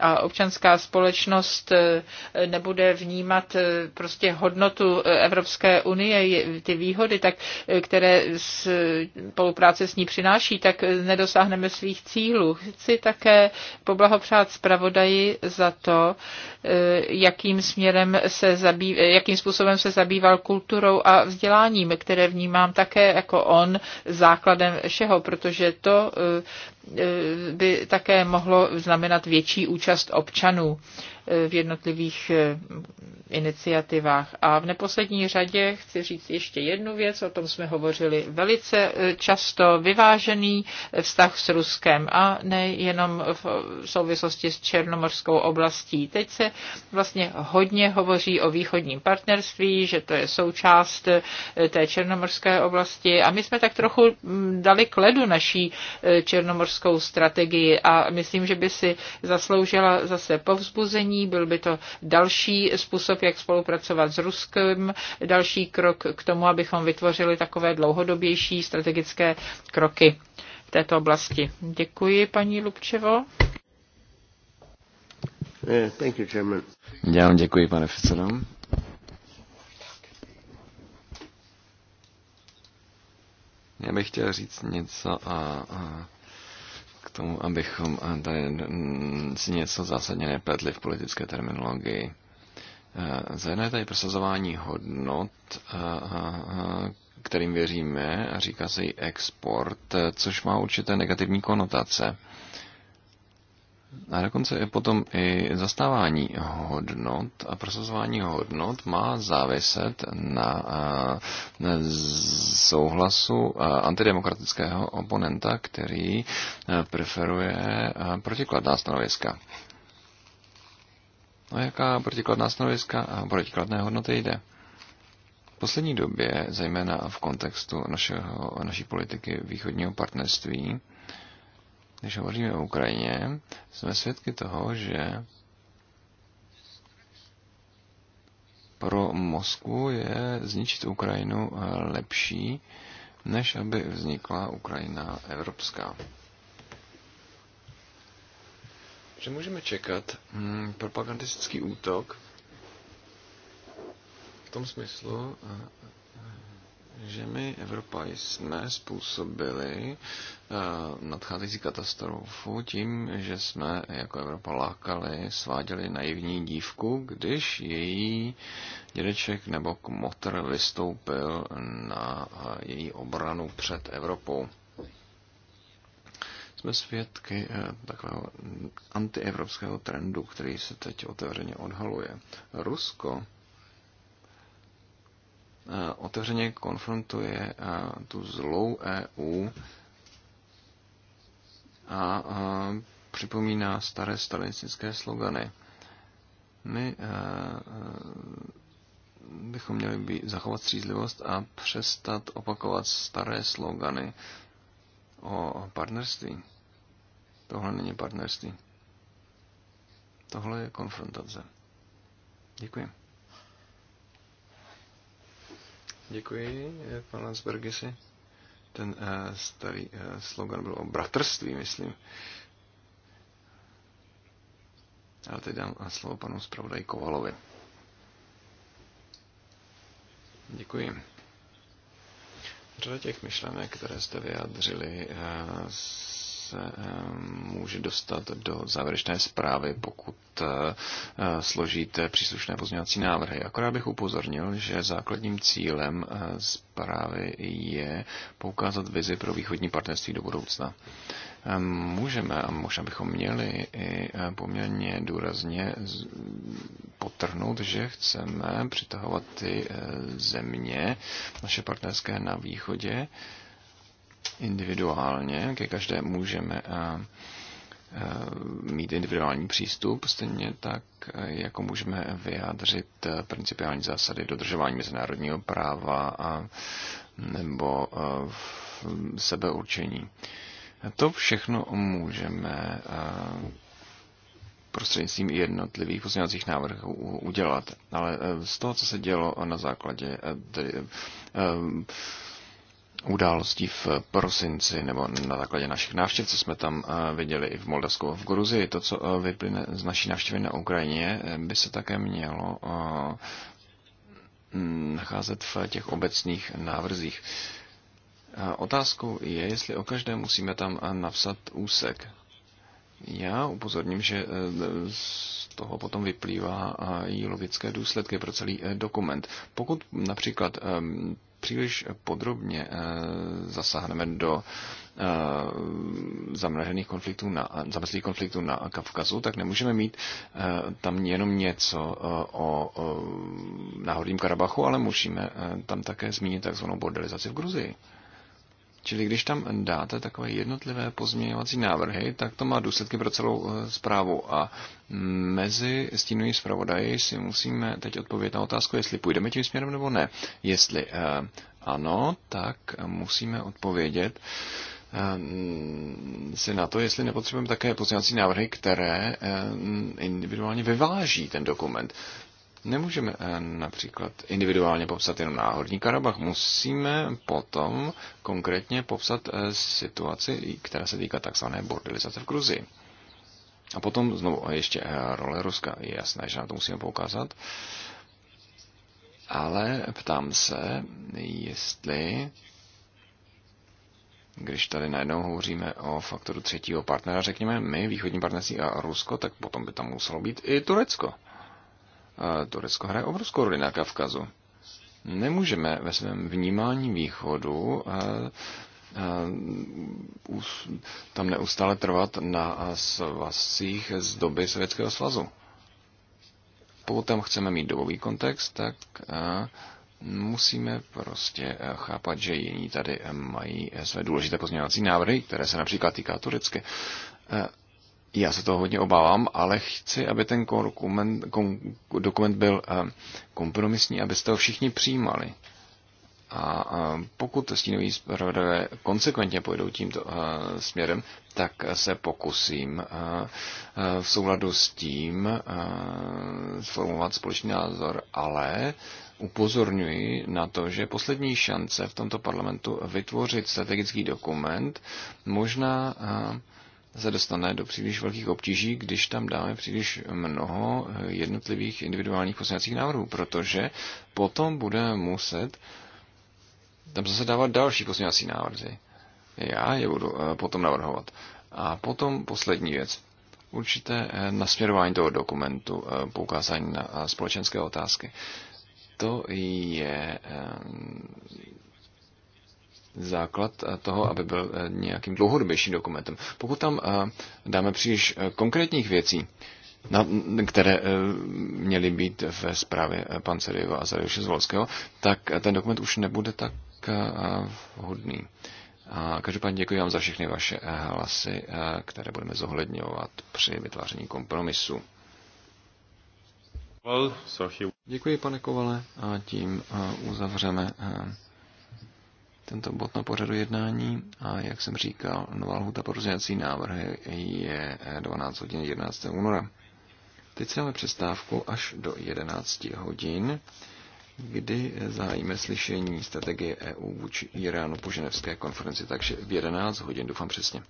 a občanská společnost eh, nebude vnímat eh, prostě hodnotu eh, Evropské unie, ty výhody, tak, které spolupráce s ní přináší, tak nedosáhneme svých cílů. Chci také poblahopřát zpravodaji za to, jakým směrem se zabýv, jakým způsobem se zabýval kulturou a vzděláním, které vnímám také jako on základem všeho, protože to by také mohlo znamenat větší účast občanů v jednotlivých eh, iniciativách. A v neposlední řadě chci říct ještě jednu věc, o tom jsme hovořili velice eh, často, vyvážený eh, vztah s Ruskem a nejenom v souvislosti s Černomorskou oblastí. Teď se vlastně hodně hovoří o východním partnerství, že to je součást té černomorské oblasti a my jsme tak trochu mm, dali k ledu naší černomorskou strategii a myslím, že by si zasloužila zase povzbuzení řešení, byl by to další způsob, jak spolupracovat s Ruskem, další krok k tomu, abychom vytvořili takové dlouhodobější strategické kroky v této oblasti. Děkuji, paní Lubčevo. Já vám děkuji, pane předsedo. Já bych chtěl říct něco a, a k tomu, abychom eh, tady si něco zásadně nepletli v politické terminologii. Eh, za jedno je tady prosazování hodnot, eh, kterým věříme, a říká se i export, což má určité negativní konotace. A dokonce i potom i zastávání hodnot a prosazování hodnot má záviset na souhlasu antidemokratického oponenta, který preferuje protikladná stanoviska. O jaká protikladná stanoviska a protikladné hodnoty jde? V poslední době, zejména v kontextu našeho, naší politiky východního partnerství, když hovoříme o Ukrajině, jsme svědky toho, že pro Moskvu je zničit Ukrajinu lepší, než aby vznikla Ukrajina evropská. Že můžeme čekat hmm, propagandistický útok v tom smyslu, že my, Evropa, jsme způsobili eh, nadcházející katastrofu tím, že jsme jako Evropa lákali, sváděli naivní dívku, když její dědeček nebo kmotr vystoupil na eh, její obranu před Evropou. Jsme svědky eh, takového antievropského trendu, který se teď otevřeně odhaluje. Rusko Eh, otevřeně konfrontuje eh, tu zlou EU a eh, připomíná staré stalinistické slogany. My bychom měli být, zachovat střízlivost a přestat opakovat staré slogany o partnerství. Tohle není partnerství. Tohle je konfrontace. Děkuji. Děkuji, eh, pan Lansbergisi. Ten uh, starý uh, slogan byl o bratrství, myslím. Ale teď dám slovo panu zpravodaji Kovalovi. Děkuji. Řada těch myšlenek, které jste vyjádřili, se eh, může dostat do závěrečné zprávy, pokud eh, složíte příslušné pozměňovací návrhy. Akorát bych upozornil, že základním cílem eh, zprávy je poukázat vizi pro východní partnerství do budoucna. Můžeme a možná bychom měli i poměrně důrazně potrhnout, že chceme přitahovat ty země, naše partnerské na východě, individuálně, ke každé můžeme mít individuální přístup, stejně tak, jako můžeme vyjádřit e, principiální zásady dodržování mezinárodního práva a, nebo e, sebeurčení. To všechno můžeme e, prostřednictvím jednotlivých pozměňovacích návrhů udělat. Ale z toho, co se dělo na základě tedy, událostí v prosinci, nebo na základě našich návštěv, co jsme tam eh, viděli i v Moldavsku v Gruzii. To, co eh, vyplyne z naší návštěvy na Ukrajině, by se také mělo eh, mm, nacházet v těch obecných návrzích. Otázkou je, jestli o každé musíme tam napsat úsek. Já upozorním, že z toho potom vyplývá i logické důsledky pro celý dokument. Pokud například příliš podrobně eh, zasáhneme do eh, zamražených konfliktů na, zamrzlých konfliktů na Kavkazu, tak nemůžeme mít eh, tam jenom něco o, náhodním Karabachu, ale musíme tam také zmínit takzvanou bordelizaci v Gruzii. Čili když tam dáte takové jednotlivé pozměňovací návrhy, tak to má důsledky pro celou eh, zprávu. A mezi stínují zpravodaji si musíme teď odpovědět na otázku, jestli půjdeme tím směrem nebo ne. Jestli eh, ano, tak musíme odpovědět eh, si na to, jestli nepotřebujeme také pozměňovací návrhy, které individuálně vyváží ten dokument. Nemůžeme eh, například individuálně popsat jenom náhodní Karabach. Musíme potom konkrétně popsat eh, situaci, která se týká takzvané bordelizace v Gruzii. A potom znovu ještě eh, role Ruska. Je jasné, že na to musíme poukázat. Ale ptám se, jestli když tady najednou hovoříme o faktoru třetího partnera, řekněme my, východní partnerství a Rusko, tak potom by tam muselo být i Turecko. Turecko hraje obrovskou roli na Kavkazu. Nemůžeme ve svém vnímání východu eh, eh, tam neustále trvat na svazcích z doby Sovětského svazu. Pokud tam chceme mít dobový kontext, tak eh, musíme prostě chápat, že jiní tady mají své důležité pozměňovací návrhy, které se například týká Turecky. Já se toho hodně obávám, ale chci, aby ten dokument, dokument byl eh, kompromisní, abyste ho všichni přijímali. A pokud stínoví zpravodajové konsekventně pojdou tímto eh, směrem, tak se pokusím eh, v souladu s tím sformulovat společný názor, ale upozorňuji na to, že poslední šance v tomto parlamentu vytvořit strategický dokument možná se dostane do příliš velkých obtíží, když tam dáme příliš mnoho eh, jednotlivých individuálních poslaneckých návrhů, protože potom bude muset tam zase dávat další pozměňovací návrhy. Já je budu eh, potom navrhovat. A potom poslední věc. Určité eh, nasměrování toho dokumentu, poukázání na společenské otázky. To je základ eh, toho, aby byl eh, nějakým dlouhodobějším dokumentem. Pokud tam eh, dáme příliš konkrétních věcí, na, které měly být ve zprávě Pancerejeva a Zarejoše Zvolského, tak ten dokument už nebude tak vhodný. A každopádně děkuji vám za všechny vaše hlasy, které budeme zohledňovat při vytváření kompromisu. Děkuji, pane Kovale, a tím uzavřeme tento bod na pořadu jednání a jak jsem říkal, nová lhuta pro návrhy je 12 hodin 11. února. Teď si dáme přestávku až do 11 hodin, kdy zahájíme slyšení strategie EU vůči Iránu po ženevské konferenci, takže v 11 hodin doufám přesně.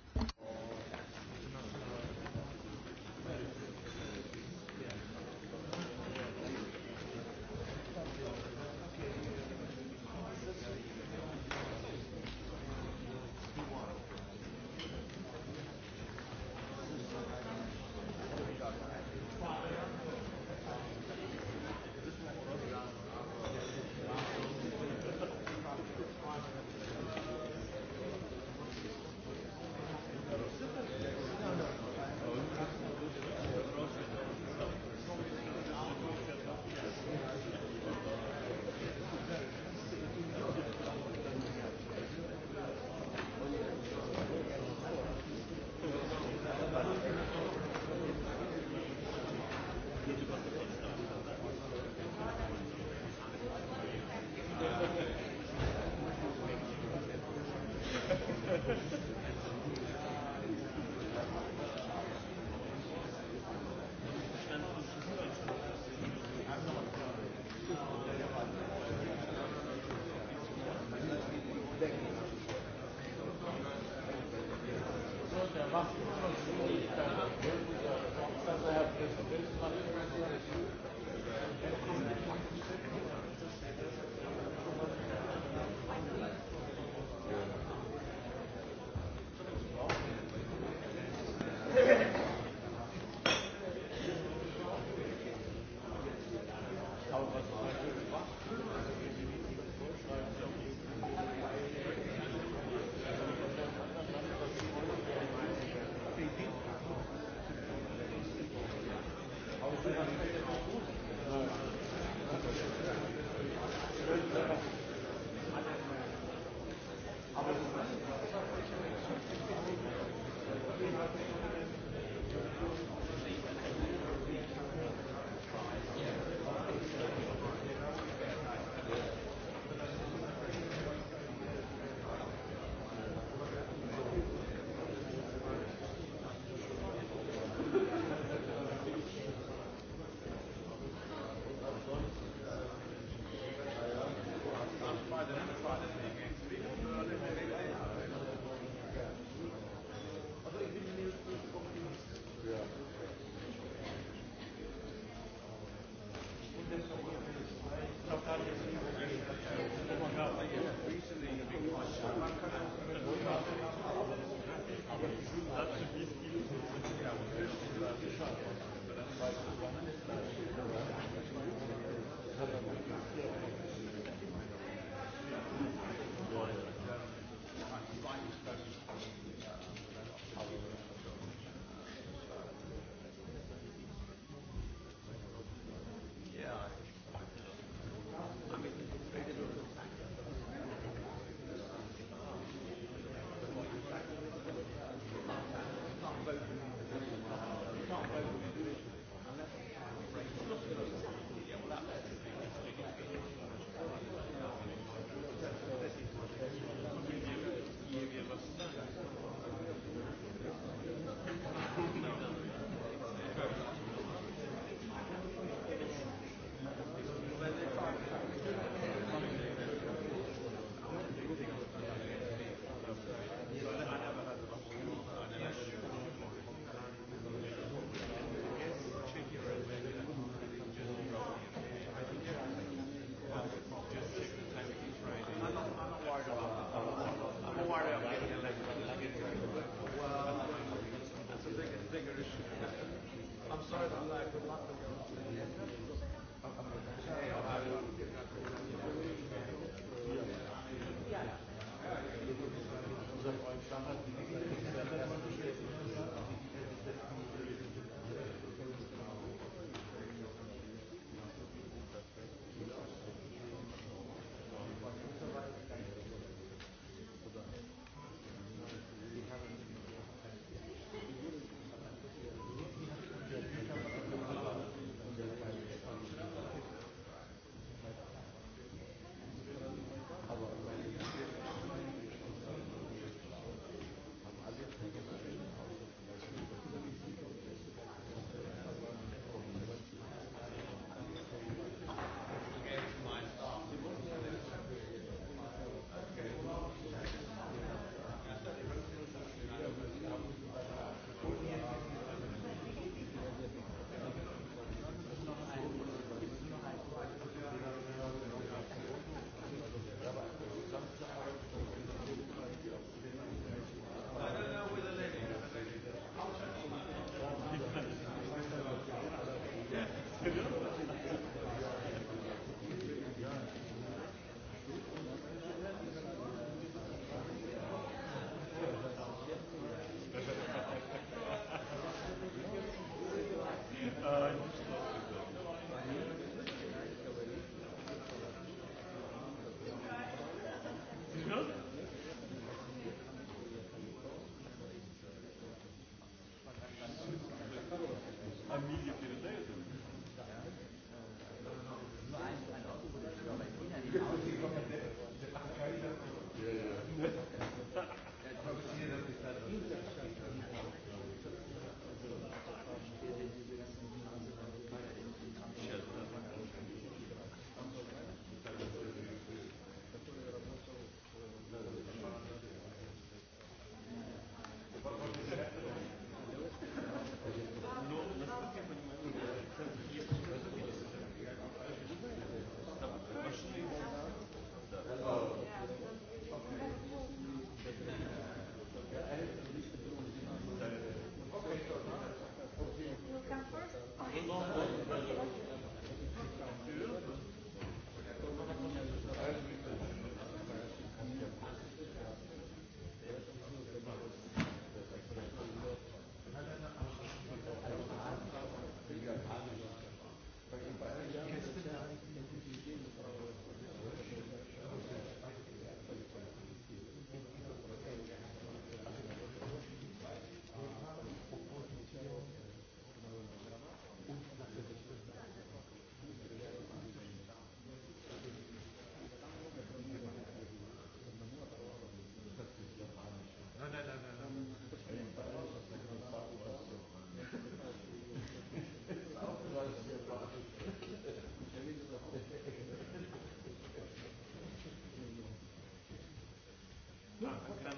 Děkujeme.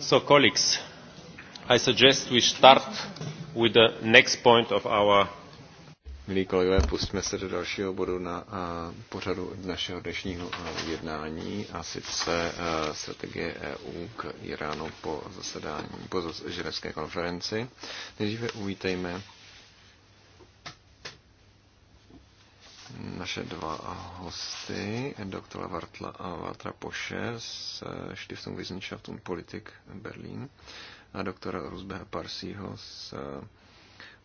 So, colleagues, I suggest we start with the next point of our... Milí kolegové, pustíme se do dalšího bodu na a, pořadu našeho dnešního a, jednání a sice a, strategie EU k Iránu po zasedání, po ženevské konferenci. Nejdříve uvítejme naše dva hosty, doktora Vartla a Vartra Poše z Stiftung Wissenschaft und Politik Berlin a doktora Rusbeha Parsího z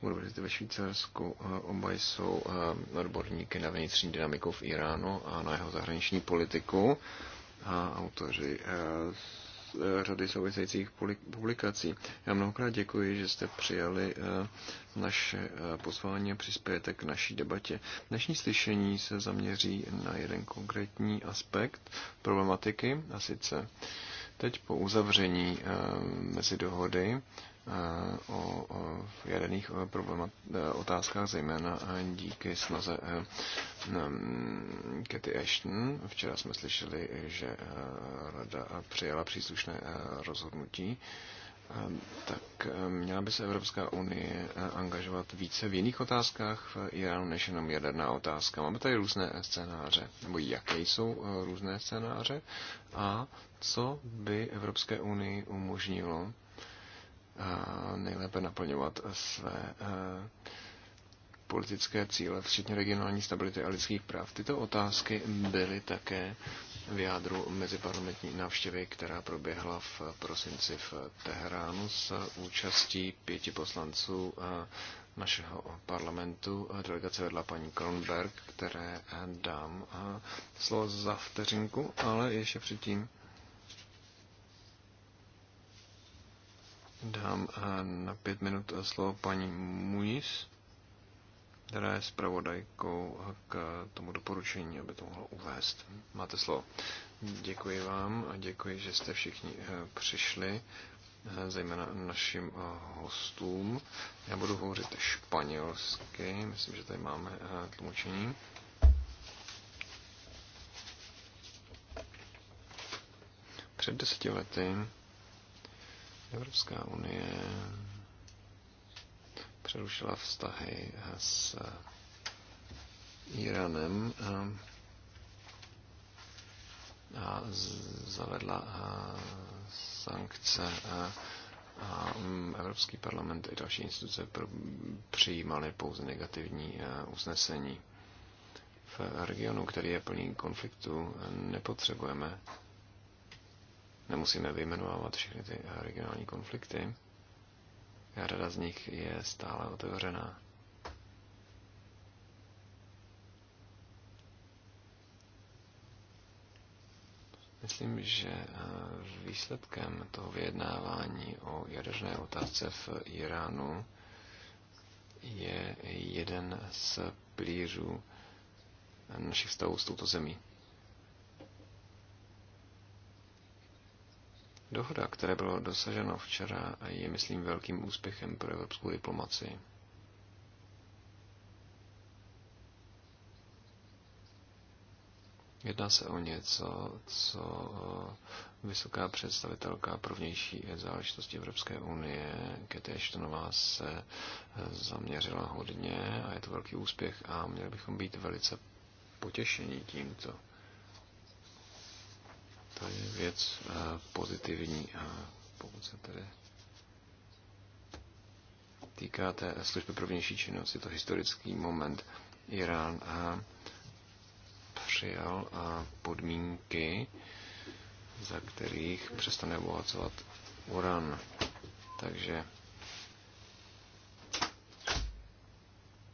univerzity ve Švýcarsku. Oba jsou eh, odborníky na vnitřní dynamiku v Iránu a na jeho zahraniční politiku a autoři eh, Eh, řady souvisejících publikací. Já mnohokrát děkuji, že jste přijali eh, naše eh, pozvání a přispějete k naší debatě. Dnešní slyšení se zaměří na jeden konkrétní aspekt problematiky, a sice teď po uzavření mezi dohody Eh, o jaderných eh, eh, otázkách, zejména díky snaze Katy mm, Ashton. Včera jsme slyšeli, že rada přijala příslušné rozhodnutí tak měla by se Evropská unie angažovat více v jiných otázkách v Iránu než jenom jaderná otázka. Máme tady různé scénáře, nebo jaké jsou různé scénáře a co by Evropské unii umožnilo nejlépe naplňovat své eh, politické cíle, včetně regionální stability a lidských práv. Tyto otázky byly také v jádru meziparlamentní návštěvy, která proběhla v prosinci v Teheránu s účastí pěti poslanců eh, našeho parlamentu. Delegace vedla paní Kronberg, které eh, dám slovo za vteřinku, ale ještě předtím dám eh, na pět minut eh, slovo paní Muniz, která je zpravodajkou eh, k tomu doporučení, aby to mohlo uvést. Máte slovo. Děkuji vám a děkuji, že jste všichni přišli, zejména našim hostům. Já budu hovořit španělsky, myslím, že tady máme tlumočení. Před deseti lety Evropská unie přerušila vztahy s Iránem a zavedla sankce a mm, Evropský parlament i další instituce přijímaly pouze negativní usnesení. V regionu, který je plný konfliktu, nepotřebujeme Nemusíme vyjmenovávat všechny ty eh, regionální konflikty. Rada z nich je stále otevřená. Myslím, že eh, výsledkem toho vyjednávání o jaderné otázce v Iránu je jeden z plířů našich vztahů s touto zemí. Dohoda, které bylo dosaženo včera, je, myslím, velkým úspěchem pro evropskou diplomaci. Jedná se o něco, co eh, vysoká představitelka pro vnější záležitosti Evropské unie, Katy Ashtonová, se eh, zaměřila hodně a je to velký úspěch a měli bychom být velice potěšení tímto to je věc eh, pozitivní, a pokud se tedy týká té služby pro vnější činnost, je to historický moment. Irán a eh, přijal a eh, podmínky, za kterých přestane obohacovat uran. Takže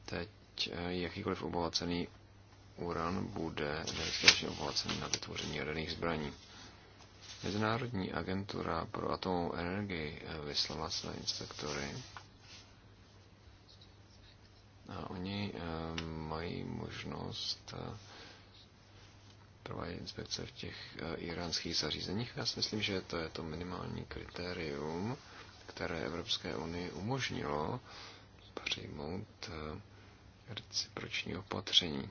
teď jakýkoliv obohacený uran bude dostatečně obohacený na vytvoření jaderných zbraní. Mezinárodní agentura pro atomovou energii eh, vyslala své inspektory a oni eh, mají možnost eh, provádět inspekce v těch iránských zařízeních. Já si myslím, že to je to minimální kritérium, které Evropské unii umožnilo přijmout reciproční opatření.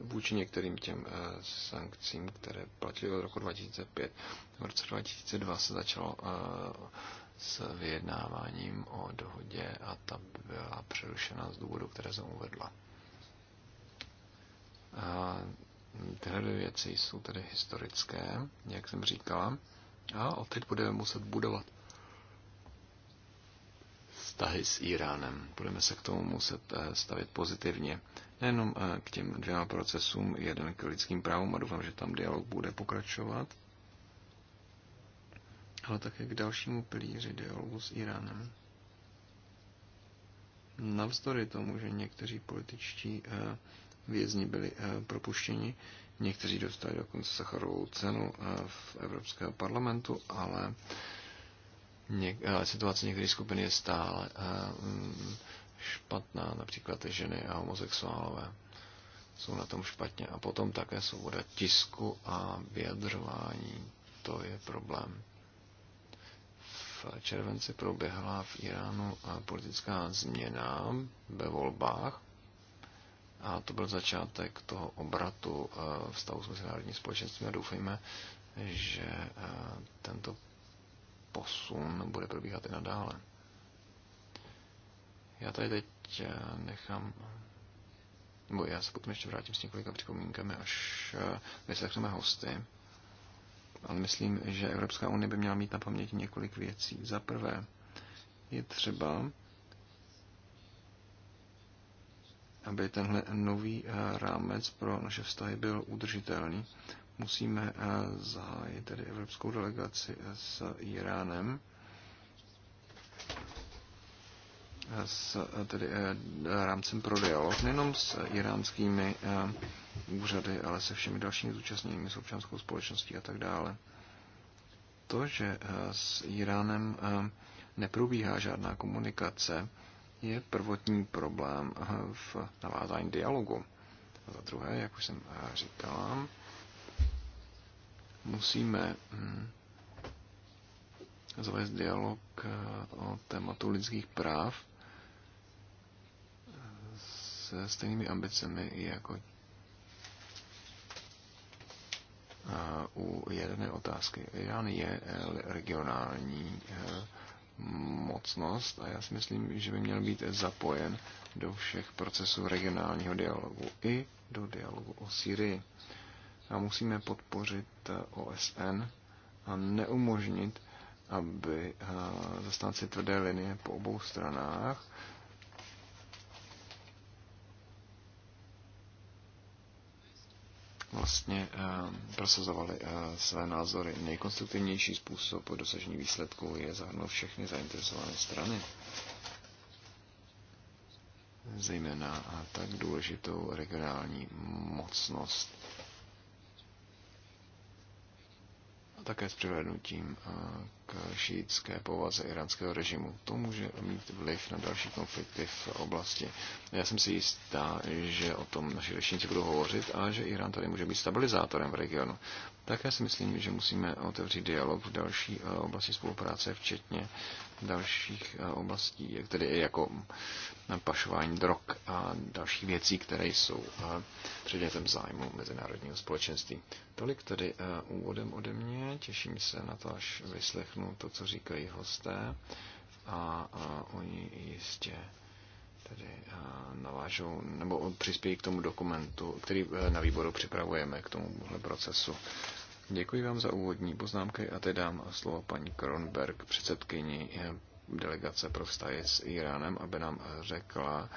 vůči některým těm eh, sankcím, které platily od roku 2005. V roce 2002 se začalo eh, s vyjednáváním o dohodě a ta byla přerušena z důvodu, které jsem uvedla. A tyhle dvě věci jsou tedy historické, jak jsem říkala, a odteď budeme muset budovat vztahy s Iránem. Budeme se k tomu muset eh, stavit pozitivně. Nejenom eh, k těm dvěma procesům, jeden k lidským právům a doufám, že tam dialog bude pokračovat, ale také k dalšímu pilíři dialogu s Iránem. Navzdory tomu, že někteří političtí eh, vězni byli propuštěni, někteří dostali dokonce Sacharovou cenu v Evropského parlamentu, ale něk- eh, situace některých skupin je stále eh, mm, špatná, například ženy a homosexuálové jsou na tom špatně. A potom také svoboda tisku a vyjadřování, to je problém. V červenci proběhla v Iránu eh, politická změna ve volbách a to byl začátek toho obratu vztahu s mezinárodním společenstvím a doufejme, že tento posun bude probíhat i nadále. Já tady teď eh, nechám, nebo já se potom ještě vrátím s několika připomínkami, až eh, vyslechneme hosty. Ale myslím, že Evropská unie by měla mít na paměti několik věcí. Za prvé, je třeba, aby tenhle nový eh, rámec pro naše vztahy byl udržitelný, musíme eh, zahájit tedy evropskou delegaci eh, s Iránem. Eh, s tedy rámcem pro dialog, nejenom s iránskými úřady, ale se všemi dalšími zúčastněnými, s občanskou společností a tak dále. To, že s Iránem neprobíhá žádná komunikace, je prvotní problém v navázání dialogu. A za druhé, jak už jsem říkal musíme hm, zavést dialog eh, o tématu lidských práv se stejnými ambicemi jako eh, u jedné otázky. Irán je eh, regionální mocnost a já si myslím, že by měl být zapojen do všech procesů regionálního dialogu i do dialogu o Syrii a musíme podpořit eh, OSN a neumožnit, aby eh, zastánci tvrdé linie po obou stranách vlastně eh, prosazovali své názory. Nejkonstruktivnější způsob dosažení výsledků je zahrnout všechny zainteresované strany zejména a tak důležitou regionální mocnost také s přihlednutím eh, k šítské povaze iránského režimu. To může mít vliv na další konflikty v oblasti. Já jsem si jistá, že o tom naši řečníci budou hovořit a že Irán tady může být stabilizátorem v regionu. Také si myslím, že musíme otevřít dialog v další eh, oblasti spolupráce, včetně dalších eh, oblastí, tedy jako pašování drog a dalších věcí, které jsou eh, předmětem zájmu mezinárodního společenství. Tolik tedy úvodem ode mě, těším se na to, až vyslechnu vezmu to, co říkají hosté a, a oni jistě tedy navážou nebo přispějí k tomu dokumentu, který e, na výboru připravujeme k tomuhle procesu. Děkuji vám za úvodní poznámky a teď dám slovo paní Kronberg, předsedkyni e, delegace pro vztahy s Iránem, aby nám e, řekla,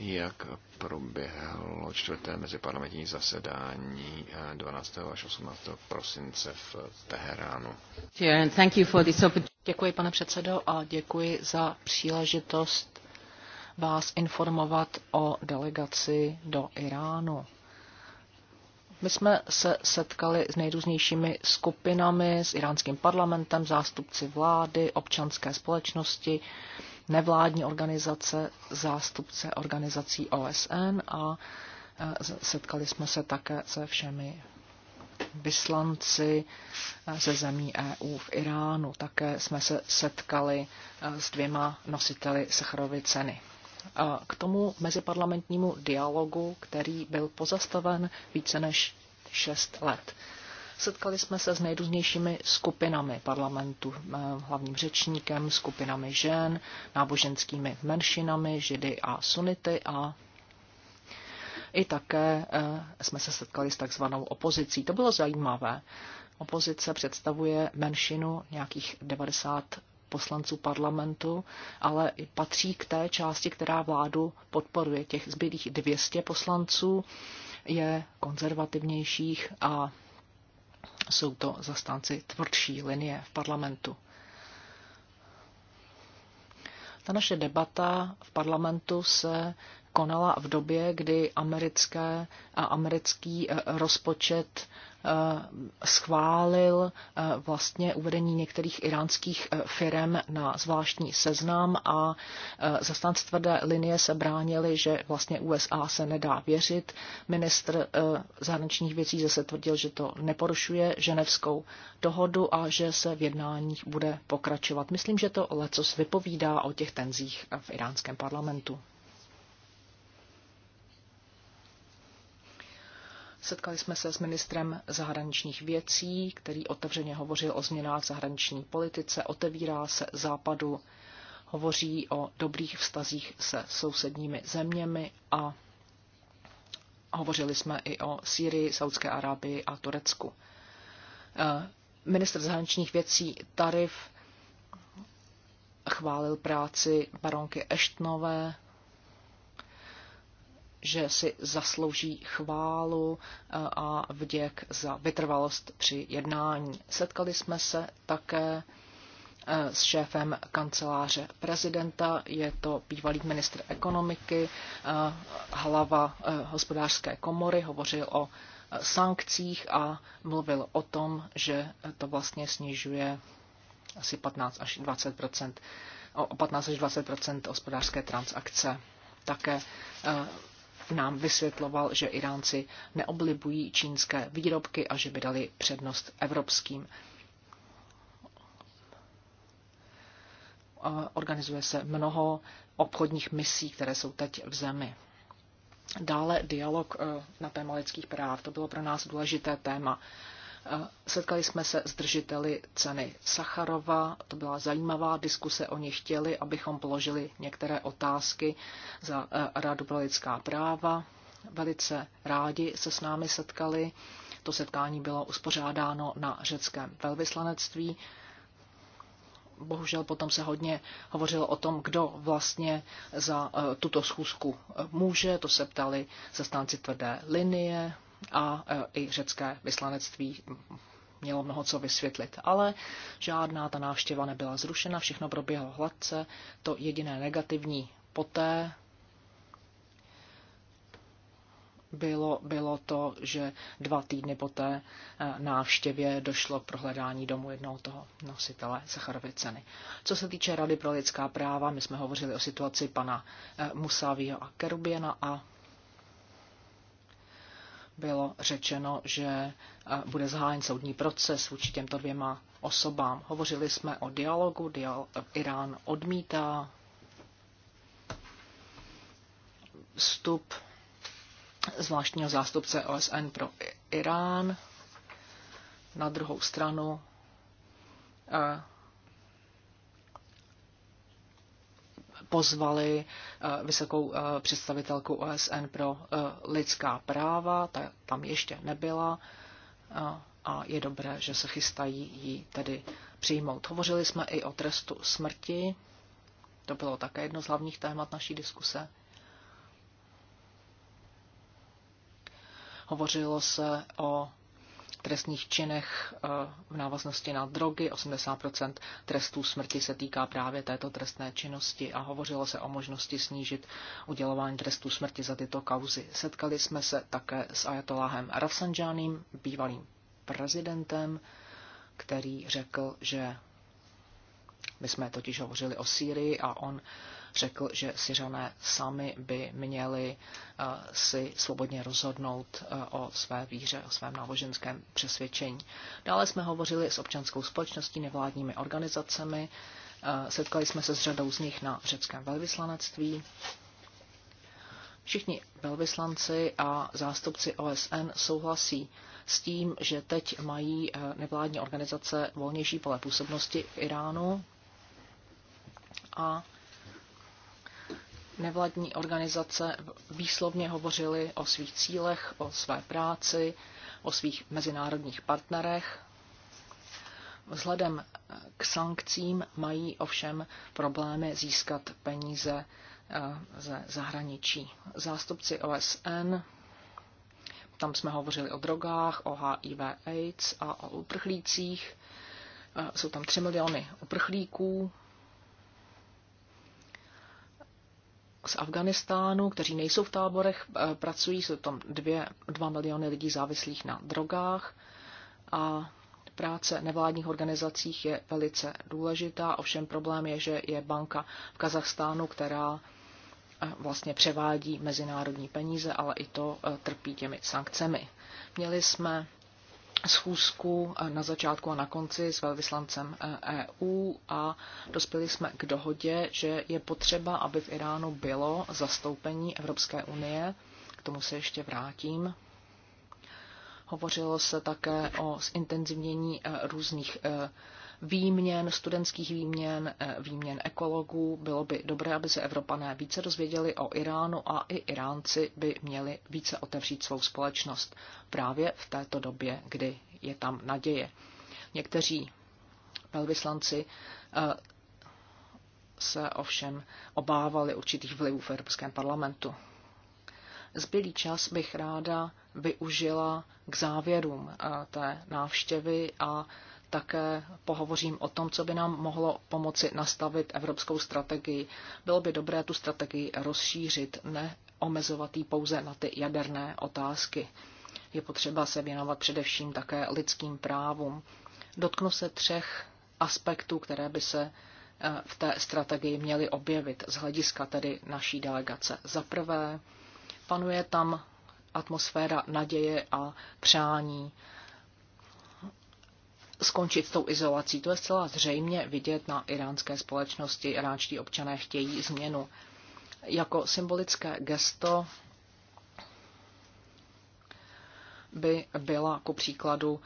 jak proběhlo čtvrté meziparlamentní zasedání 12. Eh, až 18. prosince v Teheránu. Děkuji, pane předsedo, a děkuji za příležitost vás informovat o delegaci do Iránu. My jsme se setkali s nejrůznějšími skupinami, s iránským parlamentem, zástupci vlády, občanské společnosti, nevládní organizace, zástupce organizací OSN a e, setkali jsme se také se všemi vyslanci e, ze zemí EU v Iránu. Také jsme se setkali e, s dvěma nositeli Sacharovy ceny. K tomu meziparlamentnímu dialogu, který byl pozastaven více než šest let. Setkali jsme se s nejrůznějšími skupinami parlamentu, eh, hlavním řečníkem, skupinami žen, náboženskými menšinami, židy a sunity a i také eh, jsme se setkali s takzvanou opozicí. To bylo zajímavé. Opozice představuje menšinu nějakých 90 poslanců parlamentu, ale patří k té části, která vládu podporuje. Těch zbylých 200 poslanců je konzervativnějších a jsou to zastánci tvrdší linie v parlamentu. Ta naše debata v parlamentu se konala v době, kdy americké, a americký e, rozpočet e, schválil e, vlastně uvedení některých iránských firm na zvláštní seznam a zastánci tvrdé linie se bránili, že vlastně USA se nedá věřit. Ministr zahraničních věcí zase tvrdil, že to neporušuje ženevskou dohodu a že se v jednáních bude pokračovat. Myslím, že to lecos vypovídá o těch tenzích v iránském parlamentu. Setkali jsme se s ministrem zahraničních věcí, který otevřeně hovořil o změnách v zahraniční politice, otevírá se západu, hovoří o dobrých vztazích se sousedními zeměmi a hovořili jsme i o Sýrii, Saudské Arábii a Turecku. Eh, Minister zahraničních věcí Tarif chválil práci baronky Eštnové, že si zaslouží chválu eh, a vděk za vytrvalost při jednání. Setkali jsme se také eh, s šéfem kanceláře prezidenta, je to bývalý ministr ekonomiky, eh, hlava hospodářské komory, hovořil o sankcích a mluvil o tom, že to vlastně snižuje asi 15 až 20 o 15 až 20 hospodářské transakce. Také nám vysvětloval, že Iránci neoblibují čínské výrobky a že by dali přednost evropským. Organizuje se mnoho obchodních misí, které jsou teď v zemi. Dále dialog eh, na téma lidských práv. To bylo pro nás důležité téma. Setkali jsme se s držiteli ceny Sacharova, to byla zajímavá diskuse, oni chtěli, abychom položili některé otázky za eh, Radu pro lidská práva. Velice rádi se s námi setkali. To setkání bylo uspořádáno na řeckém velvyslanectví. Bohužel potom se hodně hovořilo o tom, kdo vlastně za eh, tuto schůzku může. To se ptali zastánci tvrdé linie, a e, i řecké vyslanectví mělo mnoho co vysvětlit, ale žádná ta návštěva nebyla zrušena, všechno proběhlo hladce, to jediné negativní poté bylo, bylo to, že dva týdny poté e, návštěvě došlo k prohledání domu jednoho toho nositele Sacharovy ceny. Co se týče Rady pro lidská práva, my jsme hovořili o situaci pana e, Musavího a Kerubiena a bylo řečeno, že e, bude zahájen soudní proces vůči těmto dvěma osobám. Hovořili jsme o dialogu, dial- Irán odmítá vstup zvláštního zástupce OSN pro Irán. Na druhou stranu e, pozvali eh, vysokou eh, představitelku OSN pro eh, lidská práva, ta tam ještě nebyla a je dobré, že se chystají ji tedy přijmout. Hovořili jsme i o trestu smrti, to bylo také jedno z hlavních témat naší diskuse. Hovořilo se o trestných činech eh, v návaznosti na drogy. 80 trestů smrti se týká právě této trestné činnosti a hovořilo se o možnosti snížit udělování trestů smrti za tyto kauzy. Setkali jsme se také s ayatollahem Rafsanjánem, bývalým prezidentem, který řekl, že my jsme totiž hovořili o Sýrii a on řekl, že Syřané sami by měli eh, si svobodně rozhodnout eh, o své víře, o svém náboženském přesvědčení. Dále jsme hovořili s občanskou společností, nevládními organizacemi, eh, setkali jsme se s řadou z nich na řeckém velvyslanectví. Všichni velvyslanci a zástupci OSN souhlasí s tím, že teď mají nevládní organizace volnější pole působnosti v Iránu a nevladní organizace výslovně hovořily o svých cílech, o své práci, o svých mezinárodních partnerech. Vzhledem k sankcím mají ovšem problémy získat peníze eh, ze zahraničí. Zástupci OSN, tam jsme hovořili o drogách, o HIV AIDS a o uprchlících. Eh, jsou tam 3 miliony uprchlíků, z Afganistánu, kteří nejsou v táborech, eh, pracují, jsou tam dvě, dva miliony lidí závislých na drogách a práce nevládních organizacích je velice důležitá, ovšem problém je, že je banka v Kazachstánu, která eh, vlastně převádí mezinárodní peníze, ale i to eh, trpí těmi sankcemi. Měli jsme schůzku eh, na začátku a na konci s velvyslancem EU eh, e a dospěli jsme k dohodě, že je potřeba, aby v Iránu bylo zastoupení Evropské unie. K tomu se ještě vrátím. Hovořilo se také o zintenzivnění eh, různých výměn, studentských výměn, eh, výměn ekologů. Bylo by dobré, aby se Evropané více dozvěděli o Iránu a i Iránci by měli více otevřít svou společnost právě v této době, kdy je tam naděje. Někteří velvyslanci eh, se ovšem obávali určitých vlivů v Evropském parlamentu. Zbylý čas bych ráda využila k závěrům eh, té návštěvy a také pohovořím o tom, co by nám mohlo pomoci nastavit evropskou strategii. Bylo by dobré tu strategii rozšířit, ne omezovat ji pouze na ty jaderné otázky. Je potřeba se věnovat především také lidským právům. Dotknu se třech aspektů, které by se eh, v té strategii měly objevit z hlediska tedy naší delegace. Za prvé, panuje tam atmosféra naděje a přání skončit s tou izolací. To je zcela zřejmě vidět na iránské společnosti. Iránští občané chtějí změnu. Jako symbolické gesto by byla ku příkladu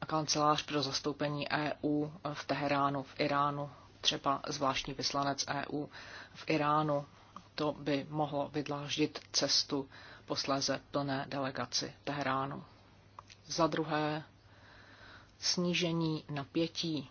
eh, kancelář pro zastoupení EU v Teheránu, v Iránu, třeba zvláštní vyslanec EU v Iránu. To by mohlo vydláždit cestu posléze plné delegaci Teheránu. Za druhé, snížení napětí.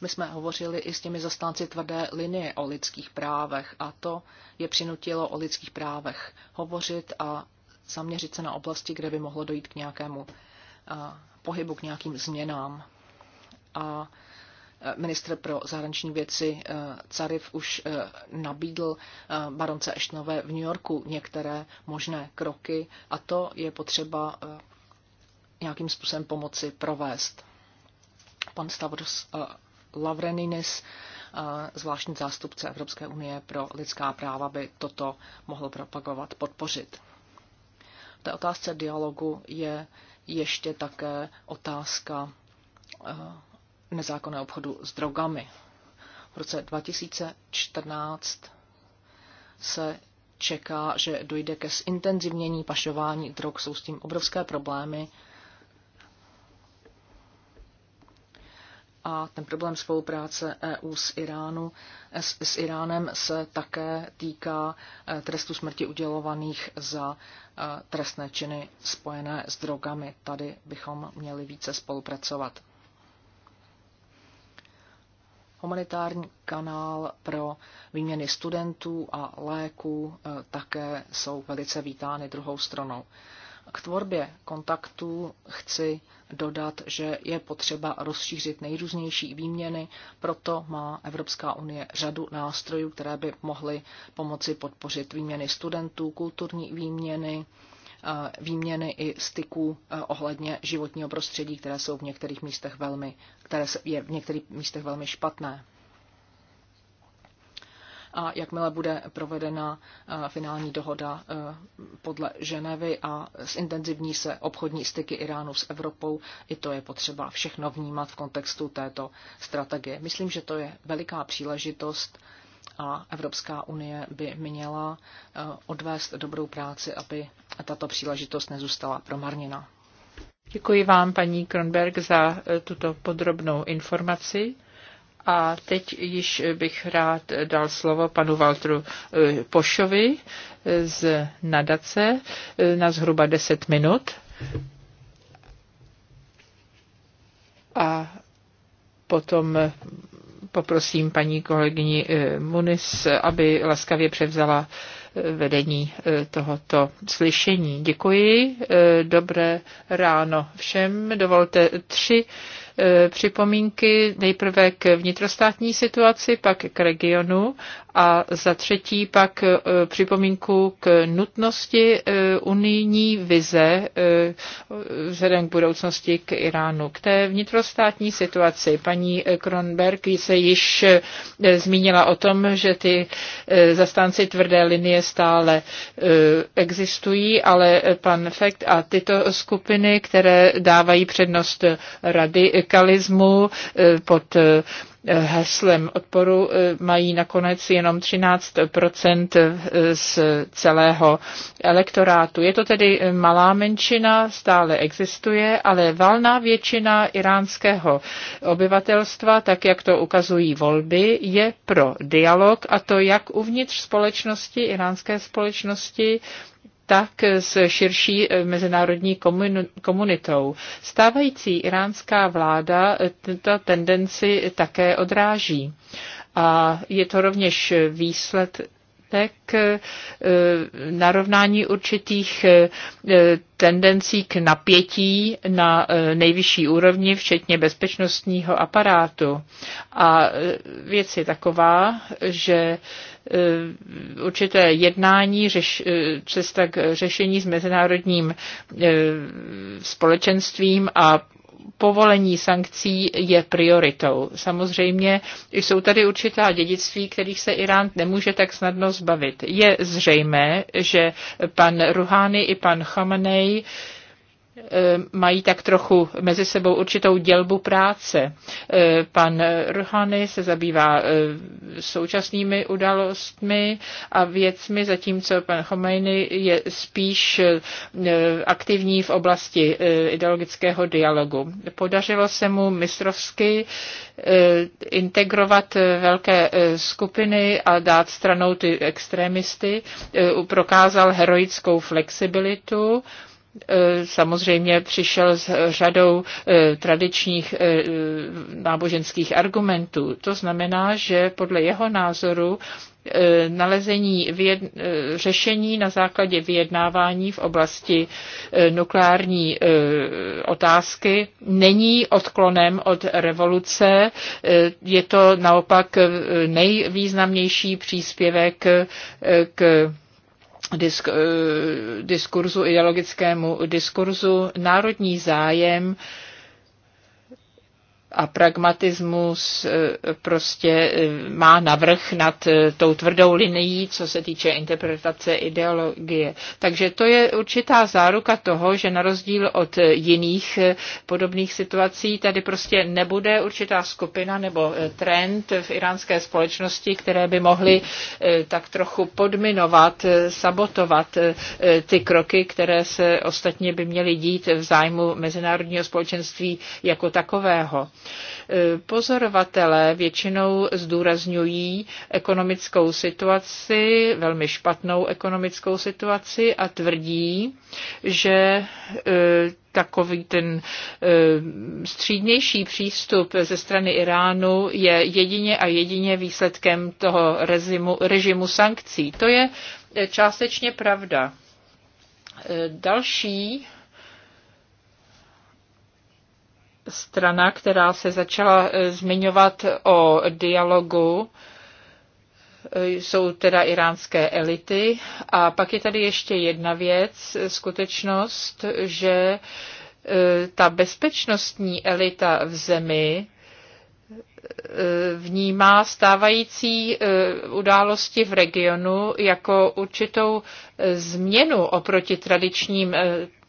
My jsme hovořili i s těmi zastánci tvrdé linie o lidských právech a to je přinutilo o lidských právech hovořit a zaměřit se na oblasti, kde by mohlo dojít k nějakému eh, pohybu, k nějakým změnám. A ministr pro zahraniční věci eh, Carif už eh, nabídl eh, baronce Eštnové v New Yorku některé možné kroky a to je potřeba nějakým způsobem pomoci provést. Pan Stavros Lavreninis, zvláštní zástupce Evropské unie pro lidská práva, by toto mohl propagovat, podpořit. V té otázce dialogu je ještě také otázka nezákonného obchodu s drogami. V roce 2014 se čeká, že dojde ke zintenzivnění pašování drog. Jsou s tím obrovské problémy. A ten problém spolupráce EU s, Iránu, s, s Iránem se také týká eh, trestu smrti udělovaných za eh, trestné činy spojené s drogami. Tady bychom měli více spolupracovat humanitární kanál pro výměny studentů a léků eh, také jsou velice vítány druhou stranou. K tvorbě kontaktů chci dodat, že je potřeba rozšířit nejrůznější výměny, proto má Evropská unie řadu nástrojů, které by mohly pomoci podpořit výměny studentů, kulturní výměny, výměny i styků ohledně životního prostředí, které jsou v některých místech velmi, které je v některých místech velmi špatné a jakmile bude provedena finální dohoda podle Ženevy a zintenzivní se obchodní styky Iránu s Evropou, i to je potřeba všechno vnímat v kontextu této strategie. Myslím, že to je veliká příležitost a Evropská unie by měla eh, odvést dobrou práci, aby tato příležitost nezůstala promarněna. Děkuji vám, paní Kronberg, za eh, tuto podrobnou informaci. A teď již bych rád dal slovo panu Valtru eh, Pošovi z nadace na zhruba 10 minut. A potom Poprosím paní kolegyni eh, Munis, aby laskavě převzala eh, vedení eh, tohoto slyšení. Děkuji, dobré ráno všem. Dovolte tři E, připomínky nejprve k vnitrostátní situaci, pak k regionu a za třetí pak e, připomínku k nutnosti e, unijní vize vzhledem k budoucnosti k Iránu. K té vnitrostátní situaci paní Kronberg se již zmínila o tom, že ty zastánci tvrdé linie stále existují, ale pan Fekt a tyto skupiny, které dávají přednost rady radikalismu e, pod e, heslem odporu e, mají nakonec jenom 13 z celého elektorátu. Je to tedy malá menšina, stále existuje, ale valná většina iránského obyvatelstva, tak jak to ukazují volby, je pro dialog a to jak uvnitř společnosti, iránské společnosti, tak s širší eh, mezinárodní komunitou. Stávající iránská vláda eh, tuto tendenci také odráží. A je to rovněž výsled, tak eh, narovnání určitých eh, tendencí k napětí na eh, nejvyšší úrovni, včetně bezpečnostního aparátu. A věc je taková, že určité jednání, cesta k řešení s mezinárodním společenstvím a povolení sankcí je prioritou. Samozřejmě jsou tady určitá dědictví, kterých se Irán nemůže tak snadno zbavit. Je zřejmé, že pan Ruhány i pan Khamenei Eh, mají tak trochu mezi sebou určitou dělbu práce. Eh, pan Rhany se zabývá eh, současnými událostmi a věcmi, zatímco pan Chomejny je spíš aktivní v oblasti ideologického dialogu. Podařilo se mu mistrovsky integrovat velké skupiny a dát stranou ty extremisty. Prokázal heroickou flexibilitu E, samozřejmě přišel s řadou e, tradičních e, náboženských argumentů. To znamená, že podle jeho názoru nalezení vyjed, řešení na základě vyjednávání v oblasti nukleární otázky není odklonem od revoluce. Je to naopak nejvýznamnější příspěvek k disk, eh, diskurzu, ideologickému diskurzu národní zájem a pragmatismus eh, prostě eh, má navrh nad eh, tou tvrdou linií, co se týče interpretace ideologie. Takže to je určitá záruka toho, že na rozdíl od jiných podobných situací tady prostě nebude určitá skupina nebo trend v iránské společnosti, které by mohly tak trochu podminovat, sabotovat ty kroky, které se ostatně by měly dít v zájmu mezinárodního společenství jako takového. E, pozorovatelé většinou zdůrazňují ekonomickou situaci, velmi špatnou ekonomickou situaci a tvrdí, že e, takový ten e, střídnější přístup ze strany Iránu je jedině a jedině výsledkem toho režimu, režimu sankcí. To je částečně pravda. Další strana, která se začala eh, zmiňovat o dialogu, eh, jsou teda iránské elity. A pak je tady ještě jedna věc, eh, skutečnost, že ta bezpečnostní elita v zemi vnímá stávající události v regionu jako určitou změnu oproti tradičním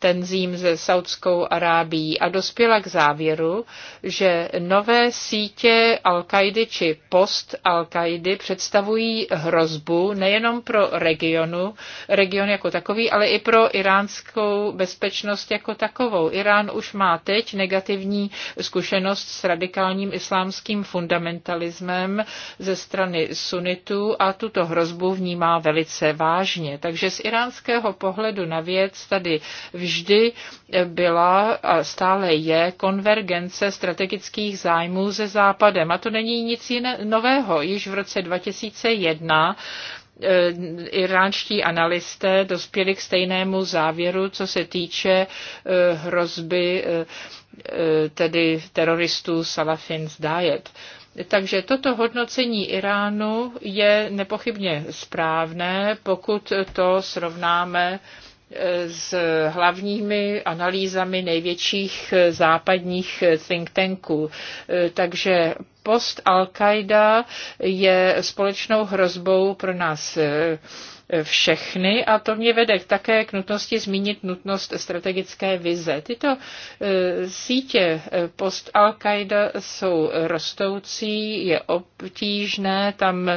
tenzím ze Saudskou Arábií a dospěla k závěru, že nové sítě Al-Kaidy či post Al-Kaidy představují hrozbu nejenom pro regionu, region jako takový, ale i pro iránskou bezpečnost jako takovou. Irán už má teď negativní zkušenost s radikálním islámským fundamentalismem ze strany sunitů a tuto hrozbu vnímá velice vážně. Takže z iránského pohledu na věc tady vždy vždy byla a stále je konvergence strategických zájmů se Západem. A to není nic jiné, nového. Již v roce 2001 eh, iránští analisté dospěli k stejnému závěru, co se týče eh, hrozby eh, tedy teroristů Salafin's Diet. Takže toto hodnocení Iránu je nepochybně správné, pokud to srovnáme s hlavními analýzami největších západních think tanků. Takže post Al-Qaida je společnou hrozbou pro nás všechny a to mě vede také k nutnosti zmínit nutnost strategické vize. Tyto eh, sítě eh, post Al-Qaida jsou rostoucí, je obtížné tam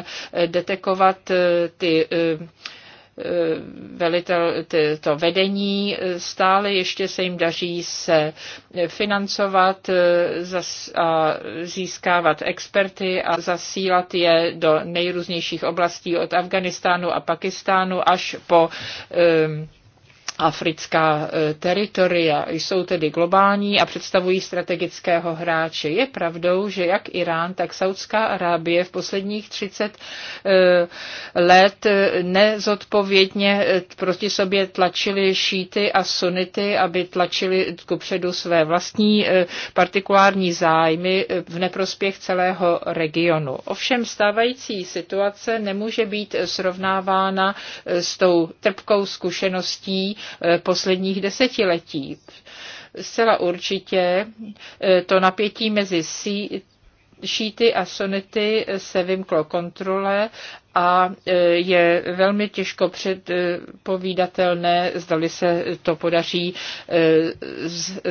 detekovat eh, ty velitel, to vedení, e, stále ještě se jim daří se financovat e, a získávat experty a zasílat je do nejrůznějších oblastí od Afganistánu a Pakistánu až po um, Africká e, teritoria jsou tedy globální a představují strategického hráče. Je pravdou, že jak Irán, tak Saudská Arábie v posledních 30 e, let e, nezodpovědně proti sobě tlačili šíty a sunity, aby tlačili předu své vlastní partikulární zájmy v neprospěch celého regionu. Ovšem stávající situace nemůže být srovnávána s tou trpkou zkušeností, Eh, posledních desetiletí. Zcela určitě eh, to napětí mezi šíty a sonety se vymklo kontrole a eh, je velmi těžko předpovídatelné, zdali se to podaří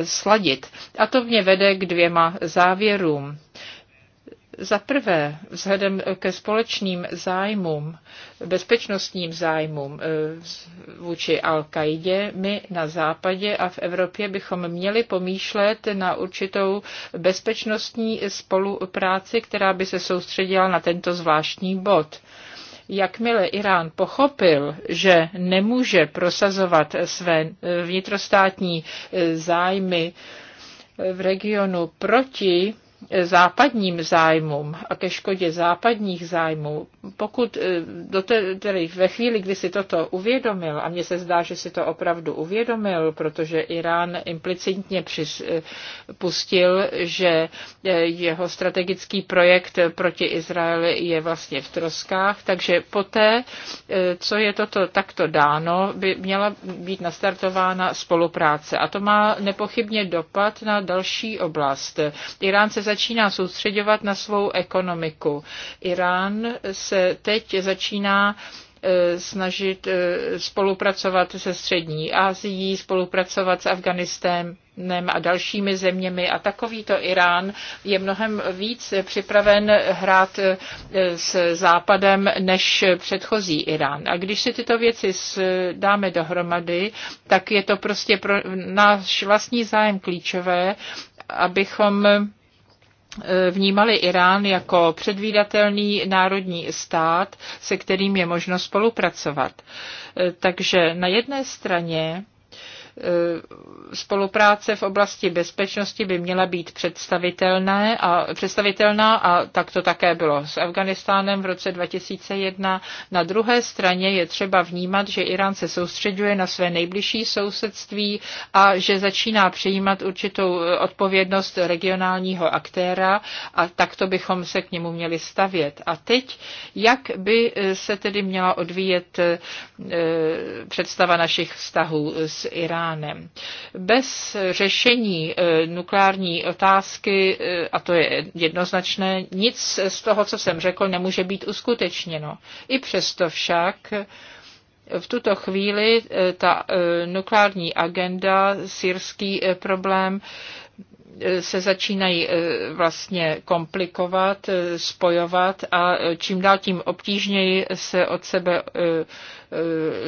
sladit. A to mě vede k dvěma závěrům. Za prvé, vzhledem ke společným zájmům, bezpečnostním zájmům eh, vůči al kaidě my na západě a v Evropě bychom měli pomýšlet na určitou bezpečnostní spolupráci, která by se soustředila na tento zvláštní bod jakmile Irán pochopil, že nemůže prosazovat své eh, vnitrostátní eh, zájmy v regionu proti západním zájmům a ke škodě západních zájmů, pokud eh, do té, tedy ve chvíli, kdy si toto uvědomil, a mně se zdá, že si to opravdu uvědomil, protože Irán implicitně eh, pustil, že eh, jeho strategický projekt proti Izraeli je vlastně v troskách, takže poté, co je toto takto dáno, by měla být nastartována spolupráce. A to má nepochybně dopad na další oblast. Irán se začíná soustředovat na svou ekonomiku. Irán se teď začíná e, snažit e, spolupracovat se Střední Asií, spolupracovat s Afganistánem, a dalšími zeměmi a takovýto Irán je mnohem víc připraven hrát e, s Západem než předchozí Irán. A když si tyto věci dáme dohromady, tak je to prostě pro náš vlastní zájem klíčové, abychom Eh, vnímali Irán jako předvídatelný národní stát, se kterým je možno spolupracovat. Eh, takže na jedné straně E, spolupráce v oblasti bezpečnosti by měla být představitelná a, představitelná a tak to také bylo s Afganistánem v roce 2001. Na druhé straně je třeba vnímat, že Irán se soustředuje na své nejbližší sousedství a že začíná přijímat určitou e, odpovědnost regionálního aktéra a takto bychom se k němu měli stavět. A teď, jak by e, se tedy měla odvíjet představa našich vztahů s Iránem? Iránem. Bez řešení e, nukleární otázky, e, a to je jednoznačné, nic z toho, co jsem řekl, nemůže být uskutečněno. I přesto však v tuto chvíli e, ta nukleární agenda, sírský problém, se začínají eh, vlastně komplikovat, eh, spojovat a eh, čím dál tím obtížněji se od sebe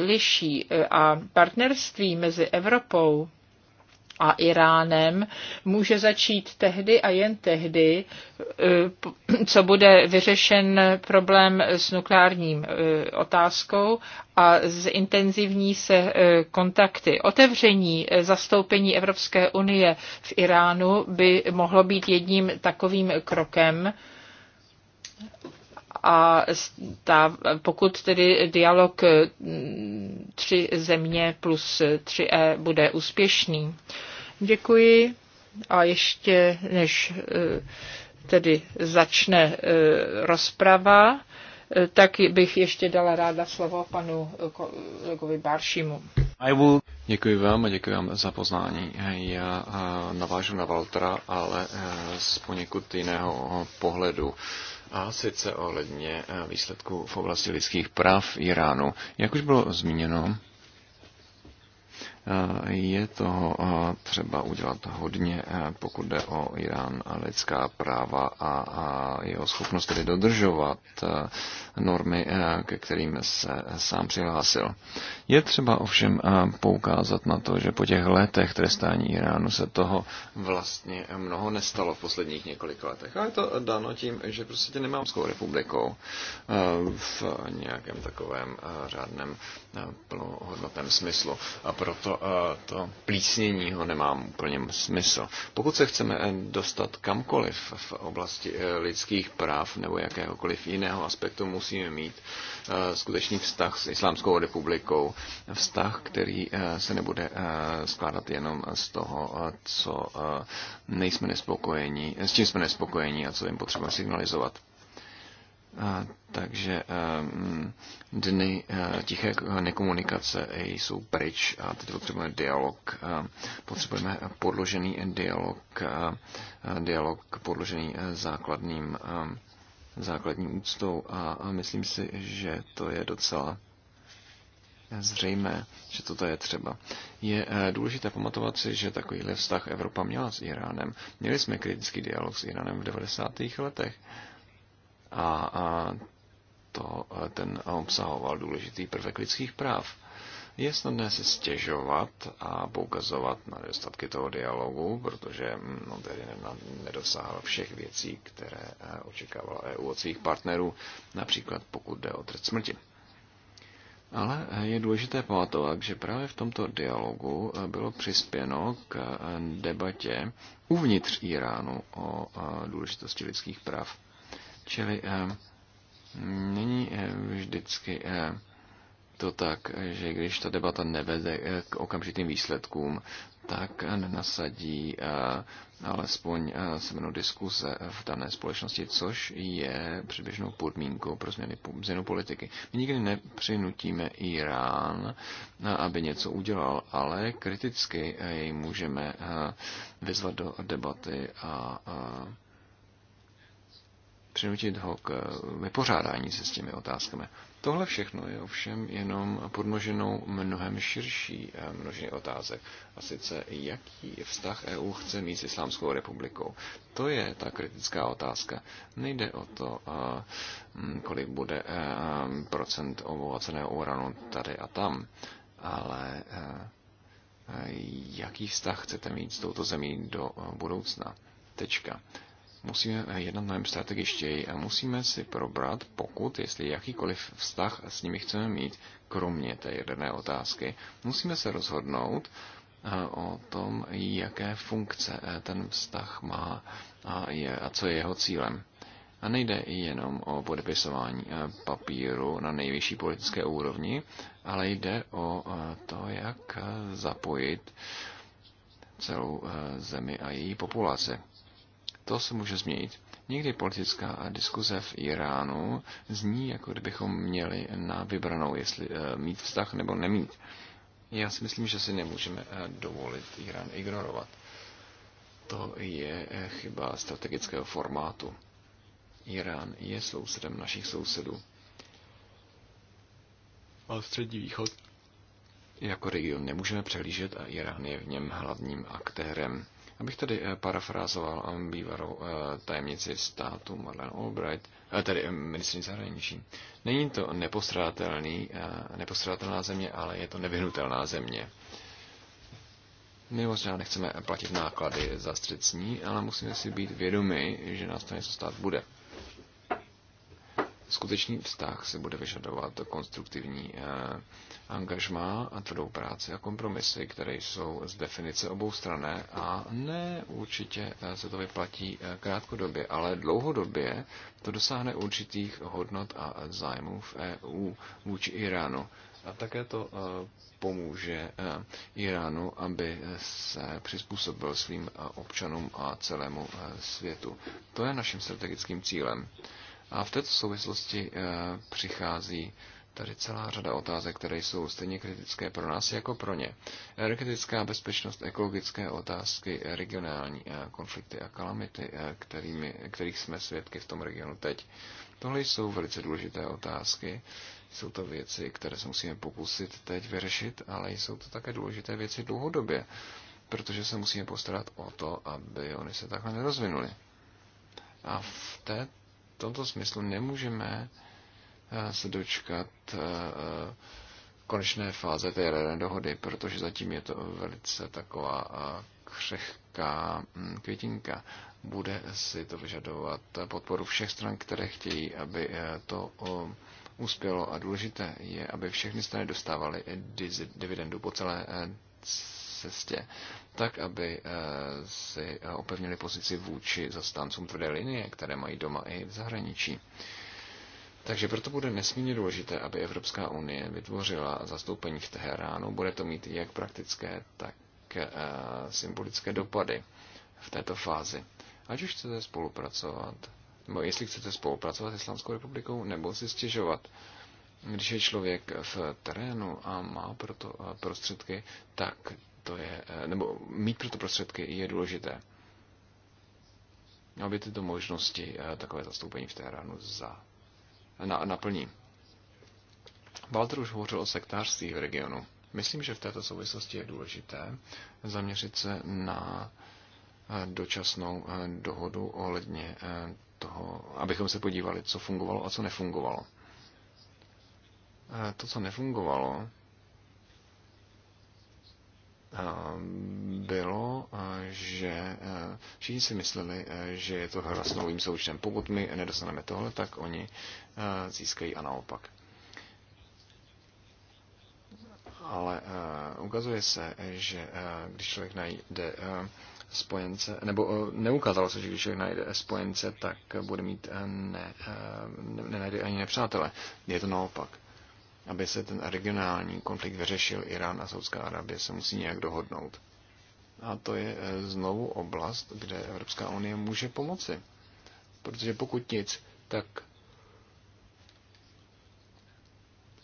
liší. A partnerství mezi Evropou a Iránem může začít tehdy a jen tehdy, eh, co bude vyřešen problém s nukleárním eh, otázkou a zintenzivní se eh, kontakty. Otevření zastoupení Evropské unie v Iránu by mohlo být jedním takovým krokem, a ta, pokud tedy dialog tři země plus 3E bude úspěšný. Děkuji. A ještě než eh, tedy začne eh, rozprava, eh, tak bych ještě dala ráda slovo panu kolegovi Baršímu. Děkuji vám a děkuji vám za poznání. Já navážu na Valtra, ale z poněkud jiného pohledu. A sice ohledně výsledků v oblasti lidských práv Iránu. Jak už bylo zmíněno, je toho třeba udělat hodně, pokud jde o Irán a lidská práva a jeho schopnost tedy dodržovat normy, ke kterým se sám přihlásil. Je třeba ovšem poukázat na to, že po těch letech trestání Iránu se toho vlastně mnoho nestalo v posledních několika letech. A je to dáno tím, že prostě nemám republikou v nějakém takovém řádném plnohodnotném smyslu. A proto eh, to plísnění ho nemám úplně smysl. Pokud se chceme eh, dostat kamkoliv v oblasti eh, lidských práv nebo jakéhokoliv jiného aspektu, musíme mít skutečný vztah s Islámskou republikou. Vztah, který se nebude skládat jenom z toho, co nejsme nespokojení, s čím jsme nespokojení a co jim potřebujeme signalizovat. A, takže um, dny uh, tiché nekomunikace jsou pryč a teď potřebujeme dialog. Uh, potřebujeme podložený dialog, uh, dialog podložený základním, um, základním úctou a, a myslím si, že to je docela zřejmé, že toto je třeba. Je důležité pamatovat si, že takovýhle vztah Evropa měla s Iránem. Měli jsme kritický dialog s Iránem v 90. letech a, a to, ten obsahoval důležitý prvek lidských práv. Je snadné se stěžovat a poukazovat na nedostatky toho dialogu, protože no, tedy nedosáhl všech věcí, které eh, očekávala EU od svých partnerů, například pokud jde o trest smrti. Ale eh, je důležité pamatovat, že právě v tomto dialogu eh, bylo přispěno k debatě uvnitř Iránu o důležitosti lidských práv. Čili eh, není eh, vždycky eh, to tak, že když ta debata nevede k okamžitým výsledkům, tak nenasadí alespoň semenu diskuse v dané společnosti, což je předběžnou podmínkou pro změny, změnu politiky. My nikdy nepřinutíme Irán, aby něco udělal, ale kriticky jej můžeme vyzvat do debaty a přinutit ho k eh, vypořádání se s těmi otázkami. Tohle všechno je ovšem jenom podmoženou mnohem širší eh, množiny otázek. A sice, jaký vztah EU chce mít s Islámskou republikou. To je ta kritická otázka. Nejde o to, eh, kolik bude procent ovovaceného uranu tady a tam, ale jaký vztah chcete mít s touto zemí do budoucna. Tečka. Musíme jednat mnohem strategičtěji a musíme si probrat, pokud, jestli jakýkoliv vztah s nimi chceme mít, kromě té jedné otázky, musíme se rozhodnout eh, o tom, jaké funkce eh, ten vztah má a, je, a co je jeho cílem. A nejde jenom o podepisování eh, papíru na nejvyšší politické úrovni, ale jde o to, jak zapojit celou zemi a její populace. To se může změnit. Někdy politická diskuze v Iránu zní, jako kdybychom měli na vybranou, jestli eh, mít vztah nebo nemít. Já si myslím, že si nemůžeme eh, dovolit Irán ignorovat. To je eh, chyba strategického formátu. Irán je sousedem našich sousedů. A střední východ? Jako region nemůžeme přehlížet a Irán je v něm hlavním aktérem. Abych tedy eh, parafrázoval eh, bývalou eh, tajemnici státu Marlene Albright, tedy ministrní zahraničí. Není to nepostradatelný, nepostradatelná země, ale je to nevyhnutelná země. My možná nechceme platit náklady za střecní, ale musíme si být vědomi, že nás to něco stát bude. Skutečný vztah se bude vyžadovat konstruktivní angažmá a tvrdou práci a kompromisy, které jsou z definice obou strané a ne určitě eh, se to vyplatí eh, krátkodobě, ale dlouhodobě to dosáhne určitých hodnot a zájmů v EU vůči Iránu. A také to eh, pomůže Iránu, aby se přizpůsobil svým občanům a celému světu. To je naším strategickým cílem. A v této souvislosti přichází tady celá řada otázek, které jsou stejně kritické pro nás jako pro ně. Energetická bezpečnost, ekologické otázky, regionální eh, konflikty a kalamity, eh, kterými, kterých jsme svědky v tom regionu teď. Tohle jsou velice důležité otázky. Jsou to věci, které se musíme pokusit teď vyřešit, ale jsou to také důležité věci dlouhodobě, protože se musíme postarat o to, aby oni se takhle nerozvinuli. A v té, tomto smyslu nemůžeme Eh, se dočkat eh, konečné fáze té jaderné dohody, protože zatím je to velice taková eh, křehká hm, květinka. Bude si to vyžadovat podporu všech stran, které chtějí, aby to uspělo. A důležité je, aby všechny strany dostávaly dividendu po celé cestě, tak aby si opevnili pozici vůči zastáncům tvrdé linie, které mají doma i v zahraničí. Takže proto bude nesmírně důležité, aby Evropská unie vytvořila zastoupení v Teheránu. Bude to mít jak praktické, tak eh, symbolické dopady v této fázi. Ať už chcete spolupracovat, nebo jestli chcete spolupracovat s Islámskou republikou, nebo si stěžovat. Když je člověk v terénu a má proto eh, prostředky, tak to je, eh, nebo mít proto prostředky je důležité. Aby tyto možnosti takové zastoupení v Teheránu za na, naplní. Walter už hovořil o sektářství v regionu. Myslím, že v této souvislosti je důležité zaměřit se na eh, dočasnou eh, dohodu ohledně eh, toho, abychom se podívali, co fungovalo a co nefungovalo. To, co nefungovalo, bylo, že všichni si mysleli, že je to hra s novým součtem. Pokud my nedostaneme tohle, tak oni získají a naopak. Ale ukazuje se, že když člověk najde spojence, nebo neukázalo se, že když člověk najde spojence, tak bude mít ne, ne, nenajde ani nepřátele. Je to naopak aby se ten regionální konflikt vyřešil, Irán a Saudská Arábie se musí nějak dohodnout. A to je eh, znovu oblast, kde Evropská unie může pomoci. Protože pokud nic, tak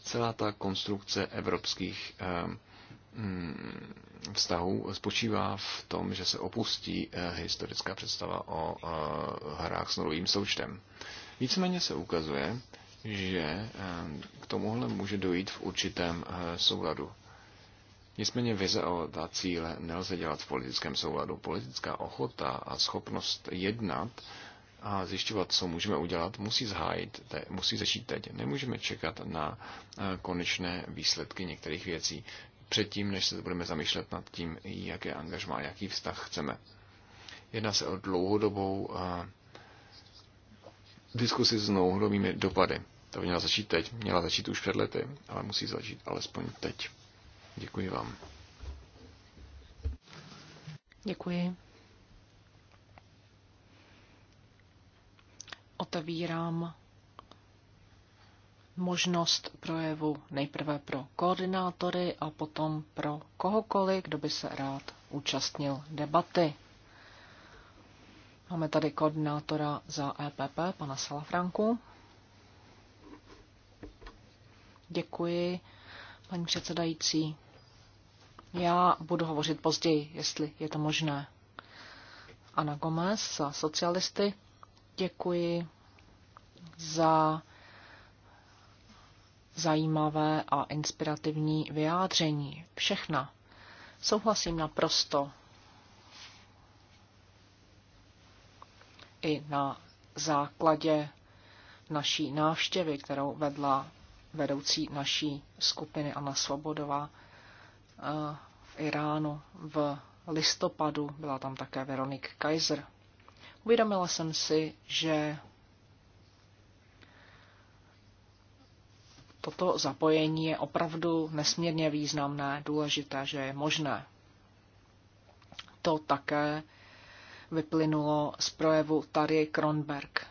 celá ta konstrukce evropských eh, mm, vztahů spočívá v tom, že se opustí eh, historická představa o hrách s novým součtem. Víceméně se ukazuje, že eh, k tomuhle může dojít v určitém eh, souladu. Nicméně vize o ta cíle nelze dělat v politickém souladu. Politická ochota a schopnost jednat a zjišťovat, co můžeme udělat, musí, zhájit, te, musí začít teď. Nemůžeme čekat na eh, konečné výsledky některých věcí předtím, než se budeme zamýšlet nad tím, jaké angažma, jaký vztah chceme. Jedná se o dlouhodobou diskusi s dlouhodobými dopady. To by měla začít teď. Měla začít už před lety, ale musí začít alespoň teď. Děkuji vám. Děkuji. Otevírám možnost projevu nejprve pro koordinátory a potom pro kohokoliv, kdo by se rád účastnil debaty. Máme tady koordinátora za EPP, pana Salafranku. Děkuji, paní předsedající. Já budu hovořit později, jestli je to možné. Ana Gomez za socialisty. Děkuji za zajímavé a inspirativní vyjádření. Všechna. Souhlasím naprosto. I na základě naší návštěvy, kterou vedla vedoucí naší skupiny Anna Svobodová eh, v Iránu v listopadu. Byla tam také Veronik Kaiser. Uvědomila jsem si, že toto zapojení je opravdu nesmírně významné, důležité, že je možné. To také vyplynulo z projevu Tarie Kronberg,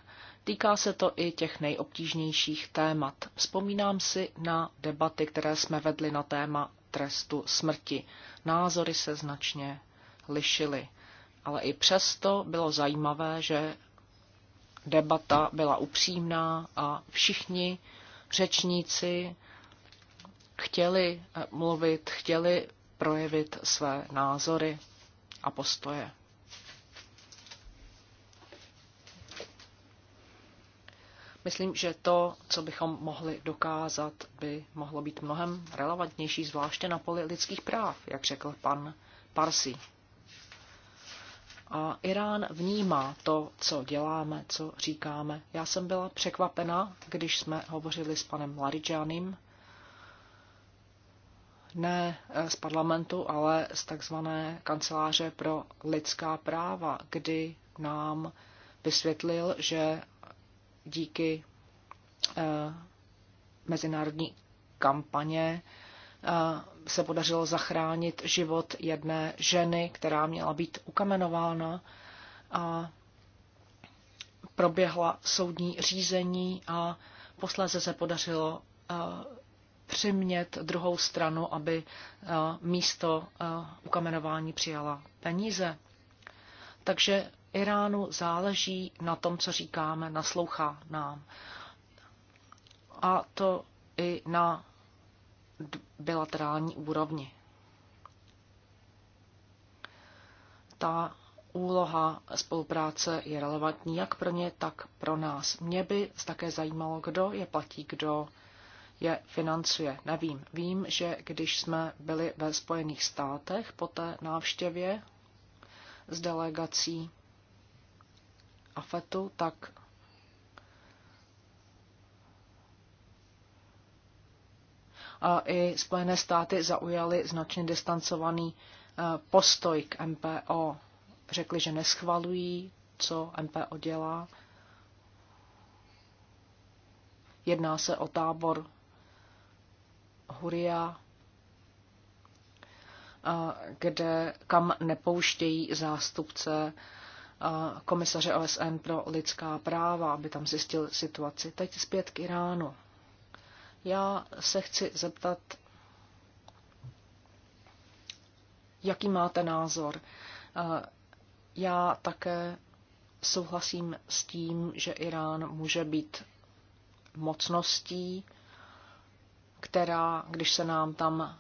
Týká se to i těch nejobtížnějších témat. Vzpomínám si na debaty, které jsme vedli na téma trestu smrti. Názory se značně lišily, ale i přesto bylo zajímavé, že debata byla upřímná a všichni řečníci chtěli eh, mluvit, chtěli projevit své názory a postoje. Myslím, že to, co bychom mohli dokázat, by mohlo být mnohem relevantnější, zvláště na poli lidských práv, jak řekl pan Parsi. A Irán vnímá to, co děláme, co říkáme. Já jsem byla překvapena, když jsme hovořili s panem Laridžanem, ne eh, z parlamentu, ale z takzvané kanceláře pro lidská práva, kdy nám vysvětlil, že díky eh, mezinárodní kampaně eh, se podařilo zachránit život jedné ženy, která měla být ukamenována a proběhla soudní řízení a posléze se podařilo eh, přimět druhou stranu, aby místo ukamenování přijala peníze. Takže Iránu záleží na tom, co říkáme, naslouchá nám. A to i na bilaterální úrovni. Ta úloha spolupráce je relevantní jak pro ně, tak pro nás. Mě by také zajímalo, kdo je platí, kdo je financuje. Nevím. Vím, že když jsme byli ve Spojených státech po té návštěvě s delegací AFETu, tak a i Spojené státy zaujaly značně distancovaný e, postoj k MPO. Řekli, že neschvalují, co MPO dělá. Jedná se o tábor Huria, e, kde, kam nepouštějí zástupce komisaře OSN pro lidská práva, aby tam zjistil situaci. Teď zpět k Iránu. Já se chci zeptat, jaký máte názor. Já také souhlasím s tím, že Irán může být mocností, která, když se nám tam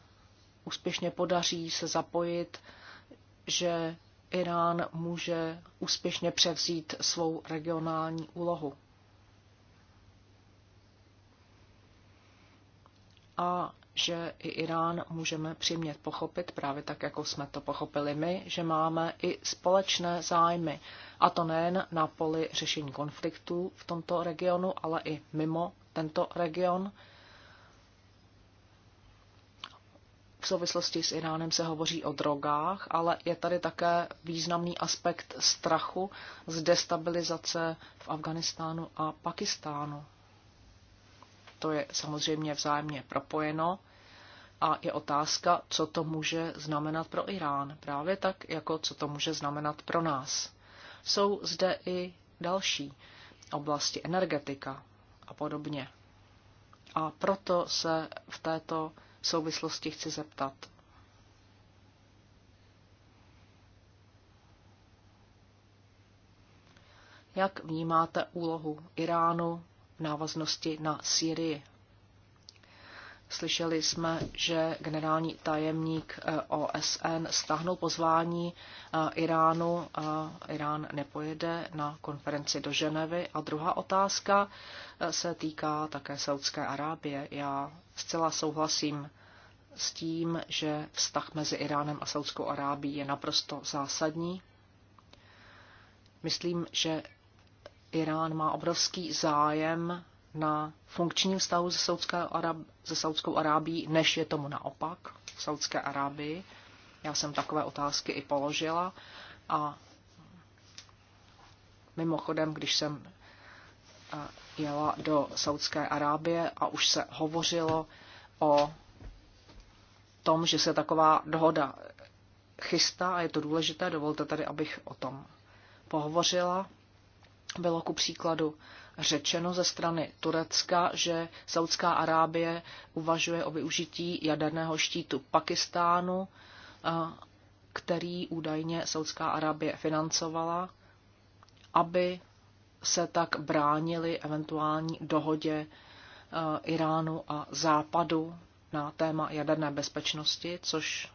úspěšně podaří se zapojit, že Irán může úspěšně převzít svou regionální úlohu. A že i Irán můžeme přimět pochopit, právě tak, jako jsme to pochopili my, že máme i společné zájmy. A to nejen na poli řešení konfliktů v tomto regionu, ale i mimo tento region v souvislosti s Iránem se hovoří o drogách, ale je tady také významný aspekt strachu z destabilizace v Afganistánu a Pakistánu. To je samozřejmě vzájemně propojeno a je otázka, co to může znamenat pro Irán, právě tak, jako co to může znamenat pro nás. Jsou zde i další oblasti energetika a podobně. A proto se v této souvislosti chci zeptat. Jak vnímáte úlohu Iránu v návaznosti na Syrii Slyšeli jsme, že generální tajemník eh, OSN stáhnul pozvání eh, Iránu. Eh, Irán nepojede na konferenci do Ženevy. A druhá otázka se týká také Saudské Arábie. Já zcela souhlasím s tím, že vztah mezi Iránem a Saudskou Arábí je naprosto zásadní. Myslím, že Irán má obrovský zájem na funkčním vztahu se, saudské Arab, se Saudskou Arábí, než je tomu naopak v Saudské Arábii. Já jsem takové otázky i položila a mimochodem, když jsem eh, jela do Saudské Arábie a už se hovořilo o tom, že se taková dohoda chystá a je to důležité, dovolte tady, abych o tom pohovořila. Bylo ku příkladu řečeno ze strany Turecka, že Saudská Arábie uvažuje o využití jaderného štítu Pakistánu, eh, který údajně Saudská Arábie financovala, aby se tak bránili eventuální dohodě eh, Iránu a Západu na téma jaderné bezpečnosti, což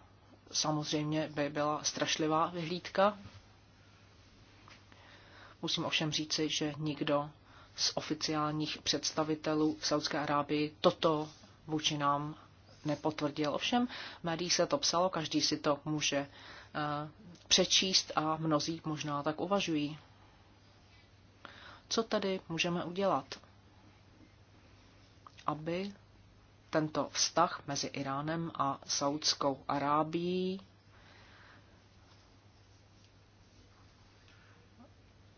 samozřejmě by byla strašlivá vyhlídka. Musím ovšem říci, že nikdo z oficiálních představitelů v Saudské Arábii toto vůči nám nepotvrdil. Ovšem, médií se to psalo, každý si to může eh, přečíst a mnozí možná tak uvažují. Co tedy můžeme udělat, aby tento vztah mezi Iránem a Saudskou Arábií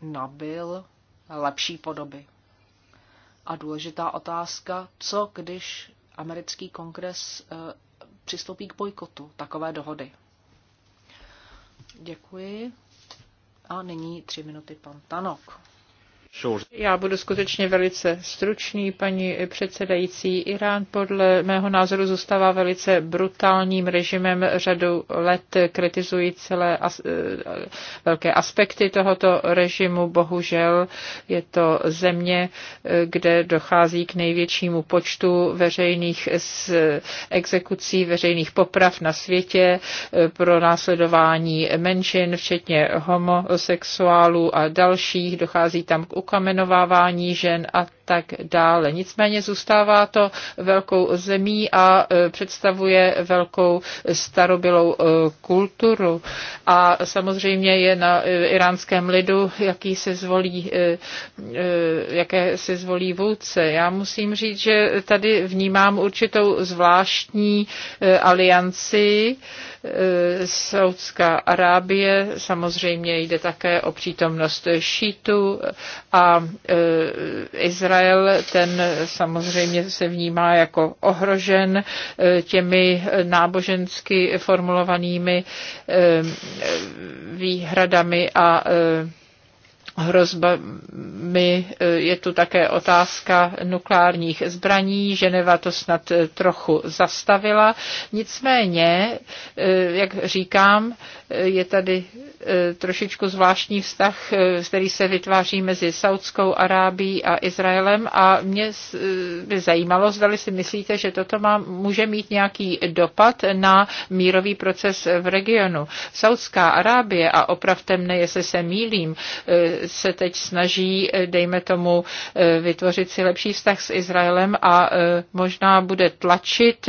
nabil lepší podoby. A důležitá otázka, co když americký kongres eh, přistoupí k bojkotu takové dohody. Děkuji. A nyní tři minuty pan Tanok. Já budu skutečně velice stručný, paní předsedající. Irán podle mého názoru zůstává velice brutálním režimem řadu let, kritizují celé as, eh, velké aspekty tohoto režimu. Bohužel je to země, eh, kde dochází k největšímu počtu veřejných exekucí, veřejných poprav na světě eh, pro následování menšin, včetně homosexuálů a dalších. Dochází tam k ukamenovávání žen a tak dále. Nicméně zůstává to velkou zemí a e, představuje velkou starobilou e, kulturu. A samozřejmě je na e, iránském lidu, jaký se zvolí, jaké se zvolí vůdce. Já musím říct, že tady vnímám určitou zvláštní alianci. Saudská Arábie, samozřejmě jde také o přítomnost šítu a Izrael Izrael, ten samozřejmě se vnímá jako ohrožen eh, těmi nábožensky formulovanými eh, výhradami a eh, hrozbami. Je tu také otázka nukleárních zbraní. Ženeva to snad trochu zastavila. Nicméně, jak říkám, je tady e, trošičku zvláštní vztah, e, který se vytváří mezi Saudskou Arábií a Izraelem a mě e, by zajímalo, zdali si myslíte, že toto má, může mít nějaký dopad na mírový proces v regionu. Saudská Arábie, a opravte mne, jestli se mílím, se teď snaží, dejme tomu, vytvořit si lepší vztah s Izraelem a možná bude tlačit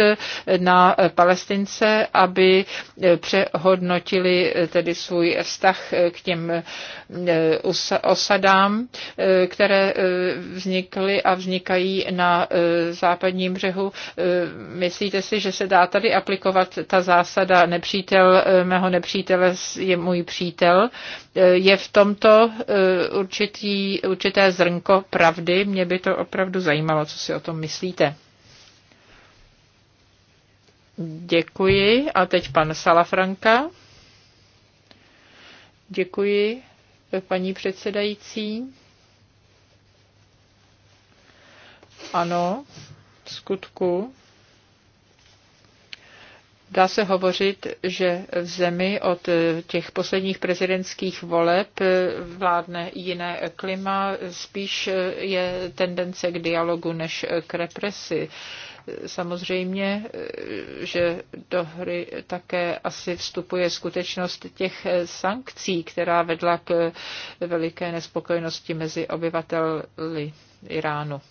na Palestince, aby přehodnotili posílili eh, tedy svůj vztah eh, k těm eh, osadám, které vznikly a vznikají na západním břehu. Myslíte si, že se dá tady aplikovat ta zásada nepřítel mého nepřítele je můj přítel? Je v tomto určitý, určité zrnko pravdy? Mě by to opravdu zajímalo, co si o tom myslíte. Děkuji. A teď pan Salafranka. Děkuji, paní předsedající. Ano, v skutku. Dá se hovořit, že v zemi od těch posledních prezidentských voleb vládne jiné klima, spíš je tendence k dialogu než k represi. Samozřejmě, že do hry také asi vstupuje skutečnost těch sankcí, která vedla k veliké nespokojenosti mezi obyvateli Iránu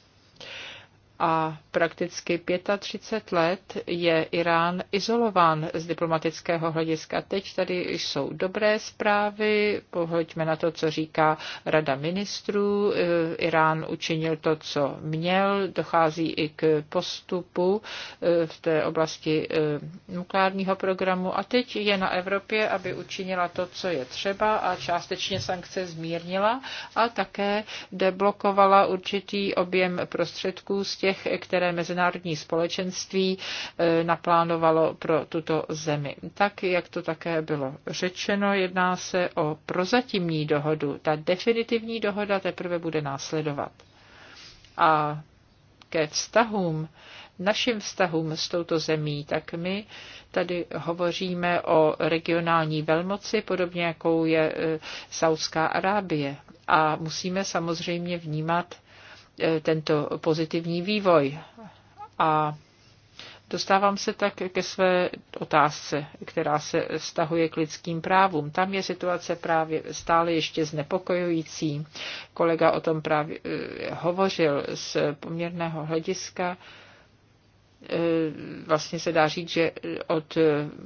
a prakticky 35 let je Irán izolován z diplomatického hlediska. Teď tady jsou dobré zprávy, pohleďme na to, co říká Rada ministrů. Eh, Irán učinil to, co měl, dochází i k postupu eh, v té oblasti eh, nukleárního programu a teď je na Evropě, aby učinila to, co je třeba a částečně sankce zmírnila a také deblokovala určitý objem prostředků z těch, těch, které mezinárodní společenství eh, naplánovalo pro tuto zemi. Tak, jak to také bylo řečeno, jedná se o prozatímní dohodu. Ta definitivní dohoda teprve bude následovat. A ke vztahům, našim vztahům s touto zemí, tak my tady hovoříme o regionální velmoci, podobně jakou je eh, Saudská Arábie. A musíme samozřejmě vnímat E, tento pozitivní vývoj. A dostávám se tak ke své otázce, která se vztahuje k lidským právům. Tam je situace právě stále ještě znepokojující. Kolega o tom právě e, hovořil z poměrného hlediska Eh, vlastně se dá říct, že od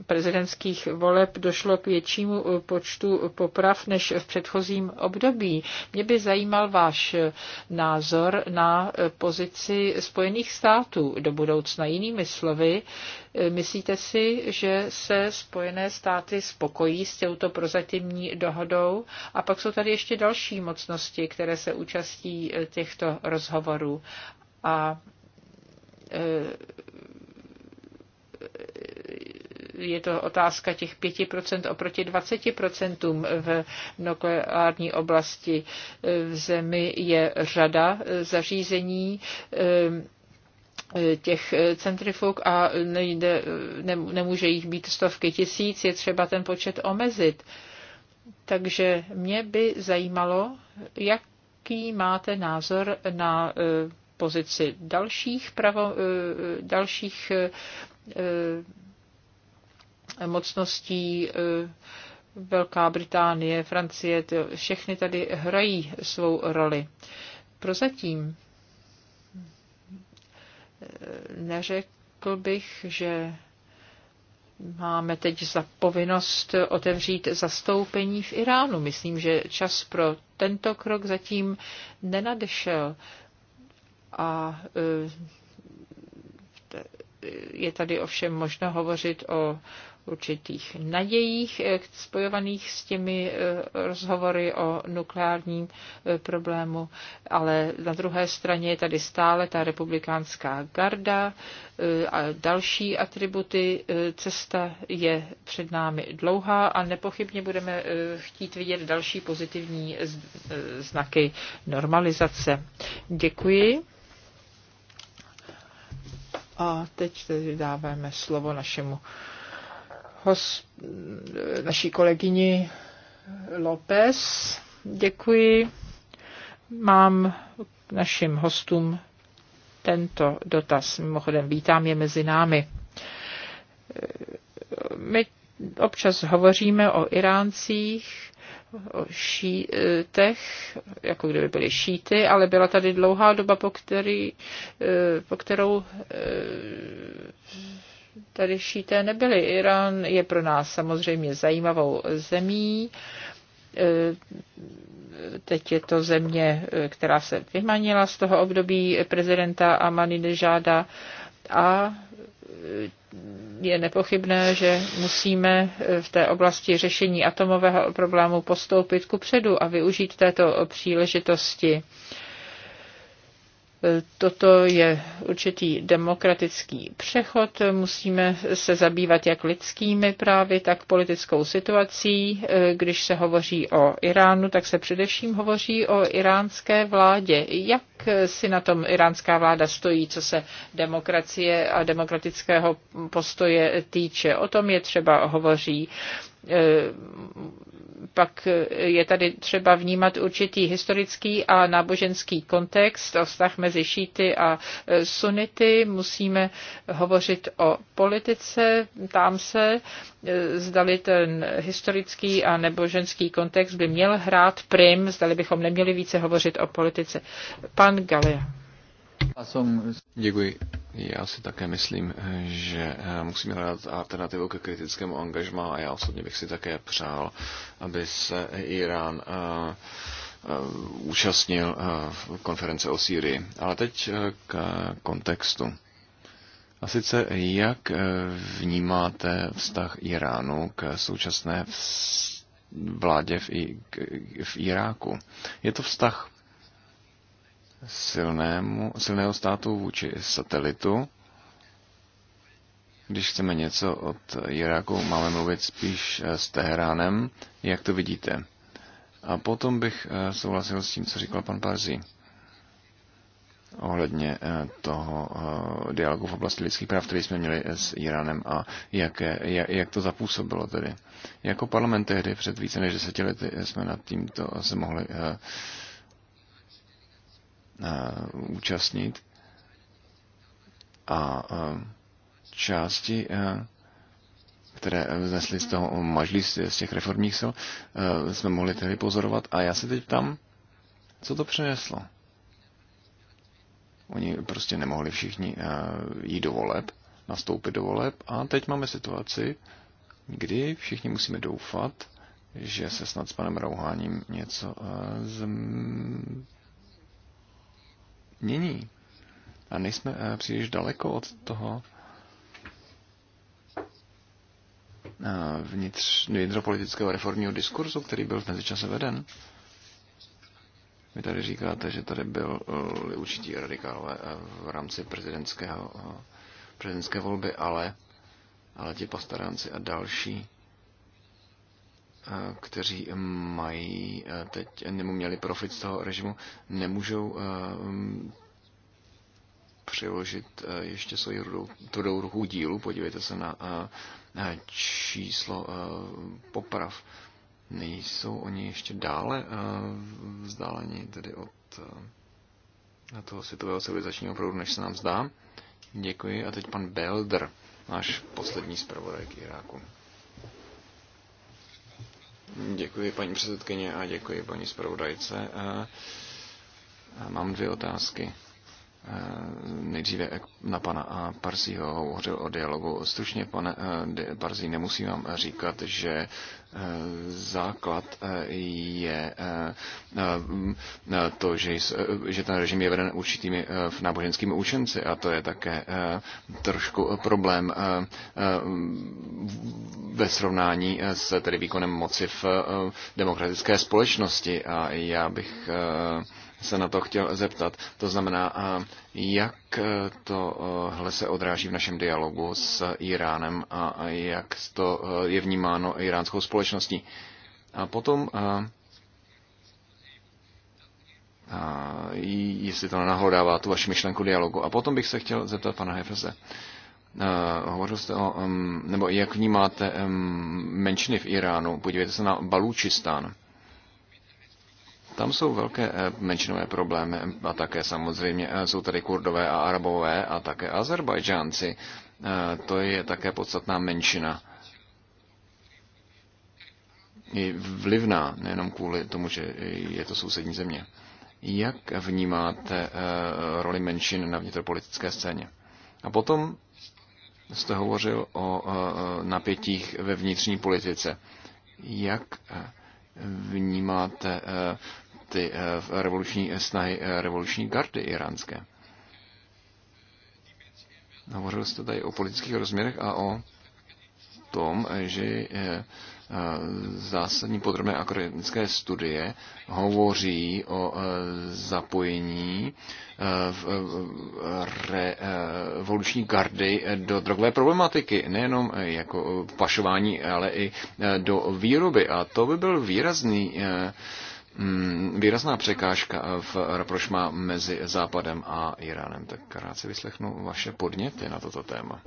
prezidentských voleb došlo k většímu eh, počtu poprav než v předchozím období. Mě by zajímal váš eh, názor na pozici Spojených států do budoucna. Jinými slovy, myslíte si, že se Spojené státy spokojí s touto prozatímní dohodou? A pak jsou tady ještě další mocnosti, které se účastí těchto rozhovorů. A Eh, je to otázka těch 5% oproti 20% v nukleární oblasti. Eh, v zemi je řada eh, zařízení, těch centrifug a nejde, ne, nemůže jich být stovky tisíc, je třeba ten počet omezit. Takže mě by zajímalo, jaký máte názor na pozici dalších, pravo, eh, eh, dalších eh, mocností Velká Británie, Francie, všechny tady hrají svou roli. Prozatím neřekl bych, že máme teď za povinnost otevřít zastoupení v Iránu. Myslím, že čas pro tento krok zatím nenadešel a e, je tady ovšem možno hovořit o určitých nadějích e, spojovaných s těmi e, rozhovory o nukleárním problému, ale na druhé straně je tady stále ta republikánská garda a další atributy. Cesta je před námi dlouhá a nepochybně budeme chtít vidět další pozitivní znaky normalizace. Děkuji. A teď tedy dáváme slovo našemu host, naší kolegyni López. Děkuji. Mám našim hostům tento dotaz. Mimochodem, vítám je mezi námi. My občas hovoříme o Iráncích šítech, jako kdyby byly šíty, ale byla tady dlouhá doba, po, který, eh, po kterou eh, tady šíté nebyly. Irán je pro nás samozřejmě zajímavou zemí. Eh, teď je to země, která se vymanila z toho období prezidenta Amani Nežáda a je nepochybné, že musíme eh, v té oblasti řešení atomového problému postoupit ku předu a využít této příležitosti. Toto je určitý demokratický přechod. Musíme se zabývat jak lidskými právy, tak politickou situací. Když se hovoří o Iránu, tak se především hovoří o iránské vládě. Jak si na tom iránská vláda stojí, co se demokracie a demokratického postoje týče? O tom je třeba hovoří pak je tady třeba vnímat určitý historický a náboženský kontext a vztah mezi šíty a e, sunity. Musíme hovořit o politice, tam se, e, zdali ten historický a neboženský kontext by měl hrát prim, zdali bychom neměli více hovořit o politice. Pan Galia. Děkuji. Já si také myslím, že eh, musíme hledat alternativu ke kritickému angažmá a já osobně bych si také přál, aby se Irán eh, eh, účastnil v konference o Sýrii. Ale teď k kontextu. A sice, jak vnímáte vztah Iránu k současné vládě v, I- v Iráku? Je to vztah silnému, silného státu vůči satelitu. Když chceme něco od Iráku, máme mluvit spíš eh, s Teheránem, jak to vidíte. A potom bych eh, souhlasil s tím, co říkal pan Parzi ohledně eh, toho dialogu v oblasti lidských práv, který jsme měli s Iránem a jak, jak, jak to zapůsobilo tedy. Jako parlament tehdy před více než deseti lety jsme nad tímto se mohli Eh, účastnit a eh, části, eh, které vznesly z toho mažlí z těch reformních sil, jsme mohli tehdy pozorovat. A já se teď tam, co to přineslo. Oni prostě nemohli všichni jít do voleb, nastoupit do voleb a teď máme situaci, kdy všichni musíme doufat, že se snad s panem Rouháním něco mění. A nejsme eh, příliš daleko od toho eh, vnitř, vnitropolitického reformního diskurzu, který byl v mezičase veden. Vy tady říkáte, že tady byl eh, určitý radikálové v rámci prezidentského, prezidentské volby, ale, ale ti pastaránci a další kteří mají teď nebo měli profit z toho režimu, nemůžou přiložit ještě svoji rudou, tvrdou ruku dílu. Podívejte se na číslo poprav. Nejsou oni ještě dále vzdáleni tedy od toho světového civilizačního proudu, než se nám zdá. Děkuji. A teď pan Belder, náš poslední zpravodaj k Iráku. Děkuji paní předsedkyně a děkuji paní zpravodajce. Mám dvě otázky. Eh, nejdříve na pana eh, Parzího hovořil o dialogu. Stručně, pane eh, Parzí, nemusím vám říkat, že základ je mm, to, že, ten režim je veden určitými náboženskými učenci a to je také trošku problém ve srovnání s tedy výkonem moci v demokratické společnosti a já bych se na to chtěl zeptat. To znamená, jak tohle se odráží v našem dialogu s Iránem a jak to e, je vnímáno iránskou společností. A potom, a jestli to nenahlodává tu vaši myšlenku dialogu. A potom bych se chtěl zeptat pana Hefese. Uh, hovořil jste o, um, nebo jak vnímáte um, menšiny v Iránu? Podívejte se na Balúčistán. Tam jsou velké eh, menšinové problémy a také samozřejmě eh, jsou tady kurdové a arabové a také azerbajdžánci. Eh, to je také podstatná menšina. I vlivná, nejenom kvůli tomu, že je to sousední země. Jak vnímáte roli menšin na vnitropolitické scéně? A potom jste hovořil o napětích ve vnitřní politice. Jak vnímáte ty eh, revoluční eh, snahy, eh, revoluční gardy iránské. Hovořil jste tady o politických rozměrech a o tom, že zásadní podrobné akademické studie hovoří o zapojení v revoluční gardy do drogové problematiky, nejenom jako pašování, ale i do výroby. A to by byl výrazný Mm, výrazná překážka eh, v rapprochement eh, mezi Západem a Iránem. Tak rád si vyslechnu vaše podněty na toto téma.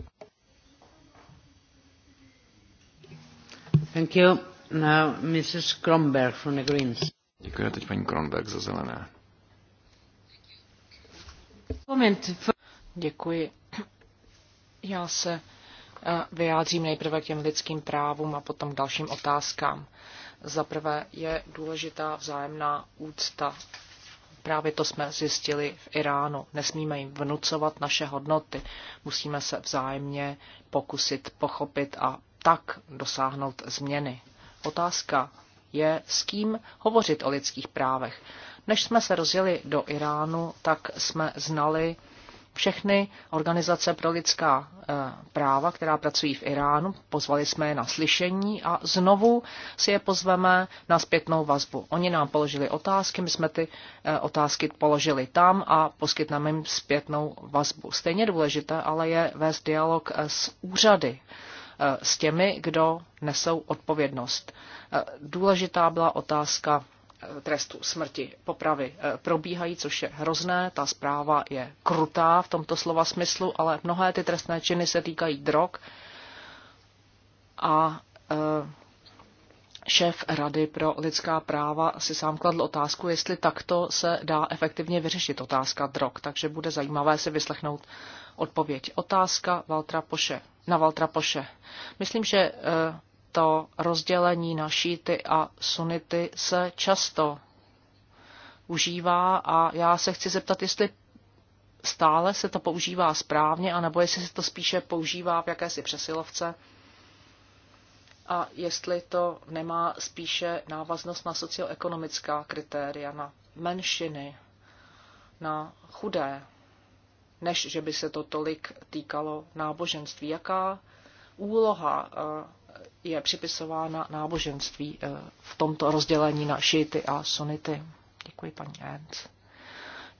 Thank you. Now, Mrs. Kronberg from the Greens. Děkuji teď paní Kronberg za zelené. Moment. Děkuji. Já se eh, vyjádřím nejprve k těm lidským právům a potom k dalším otázkám. Za prvé je důležitá vzájemná úcta. Právě to jsme zjistili v Iránu. Nesmíme jim vnucovat naše hodnoty. Musíme se vzájemně pokusit pochopit a tak dosáhnout změny. Otázka je, s kým hovořit o lidských právech. Než jsme se rozjeli do Iránu, tak jsme znali všechny organizace pro lidská eh, práva, která pracují v Iránu. Pozvali jsme je na slyšení a znovu si je pozveme na zpětnou vazbu. Oni nám položili otázky, my jsme ty eh, otázky položili tam a poskytneme jim zpětnou vazbu. Stejně důležité ale je vést dialog eh, s úřady, s těmi, kdo nesou odpovědnost. Důležitá byla otázka trestu smrti popravy eh, probíhají, což je hrozné. Ta zpráva je krutá v tomto slova smyslu, ale mnohé ty trestné činy se týkají drog. A eh, šéf Rady pro lidská práva si sám kladl otázku, jestli takto se dá efektivně vyřešit otázka drog. Takže bude zajímavé si vyslechnout odpověď. Otázka Valtra Poše, na Valtra Poše. Myslím, že eh, to rozdělení na šíty a sunity se často užívá a já se chci zeptat, jestli stále se to používá správně, anebo jestli se to spíše používá v jakési přesilovce a jestli to nemá spíše návaznost na socioekonomická kritéria, na menšiny, na chudé, než že by se to tolik týkalo náboženství. Jaká úloha eh, je připisována náboženství eh, v tomto rozdělení na šíty a sunity. Děkuji, paní Ernst.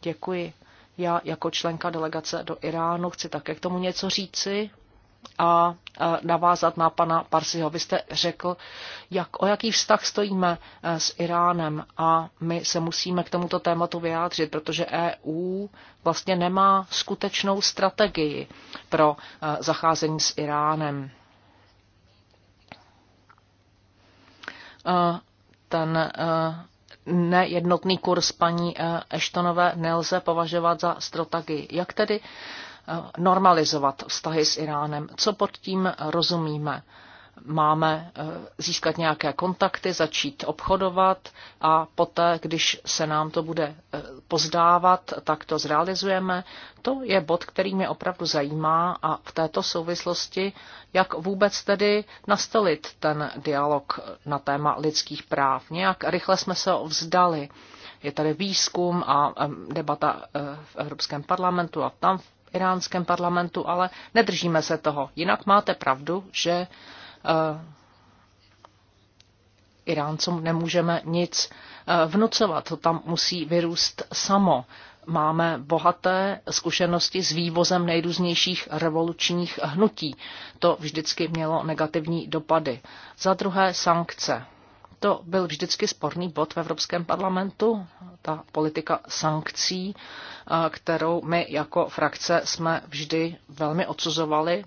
Děkuji. Já jako členka delegace do Iránu chci také k tomu něco říci a eh, navázat na pana Parsiho. Vy jste řekl, jak, o jaký vztah stojíme eh, s Iránem a my se musíme k tomuto tématu vyjádřit, protože EU vlastně nemá skutečnou strategii pro zacházení s Iránem Eh, ten eh, nejednotný kurz paní eh, Eštonové nelze považovat za strategii. Jak tedy normalizovat vztahy s Iránem? Co pod tím rozumíme? máme eh, získat nějaké kontakty, začít obchodovat a poté, když se nám to bude eh, pozdávat, tak to zrealizujeme. To je bod, který mě opravdu zajímá a v této souvislosti, jak vůbec tedy nastolit ten dialog eh, na téma lidských práv. Nějak rychle jsme se vzdali. Je tady výzkum a debata v Evropském parlamentu a tam v iránském parlamentu, ale nedržíme se toho. Jinak máte pravdu, že Eh, Iráncům nemůžeme nic eh, vnucovat, to tam musí vyrůst samo. Máme bohaté zkušenosti s vývozem nejrůznějších revolučních hnutí. To vždycky mělo negativní dopady. Za druhé sankce. To byl vždycky sporný bod v Evropském parlamentu, ta politika sankcí, eh, kterou my jako frakce jsme vždy velmi odsuzovali,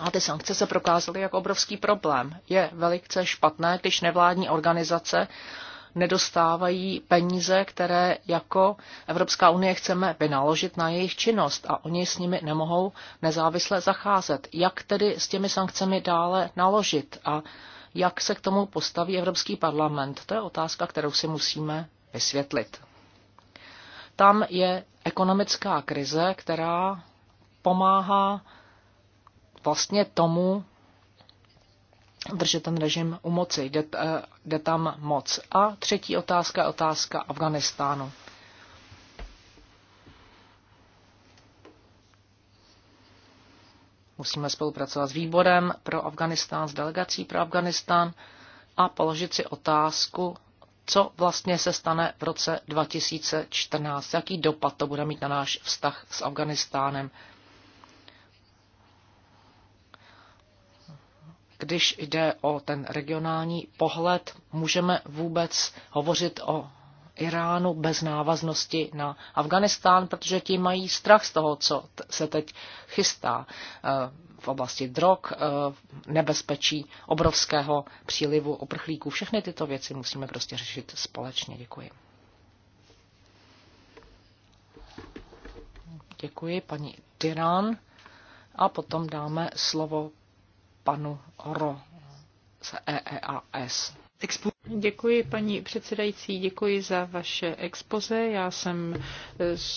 a ty sankce se prokázaly jako obrovský problém. Je velice špatné, když nevládní organizace nedostávají peníze, které jako Evropská unie chceme vynaložit na jejich činnost a oni s nimi nemohou nezávisle zacházet. Jak tedy s těmi sankcemi dále naložit a jak se k tomu postaví Evropský parlament? To je otázka, kterou si musíme vysvětlit. Tam je ekonomická krize, která pomáhá vlastně tomu držet ten režim u moci. Jde, eh, jde tam moc. A třetí otázka je otázka Afganistánu. Musíme spolupracovat s výborem pro Afganistán, s delegací pro Afganistán a položit si otázku, co vlastně se stane v roce 2014, jaký dopad to bude mít na náš vztah s Afganistánem. když jde o ten regionální pohled, můžeme vůbec hovořit o Iránu bez návaznosti na Afganistán, protože ti mají strach z toho, co se teď chystá eh, v oblasti drog, eh, nebezpečí obrovského přílivu uprchlíků. Všechny tyto věci musíme prostě řešit společně. Děkuji. Děkuji paní Tyrán. a potom dáme slovo panu Ro z EEAS. Děkuji, paní předsedající, děkuji za vaše expoze. Já jsem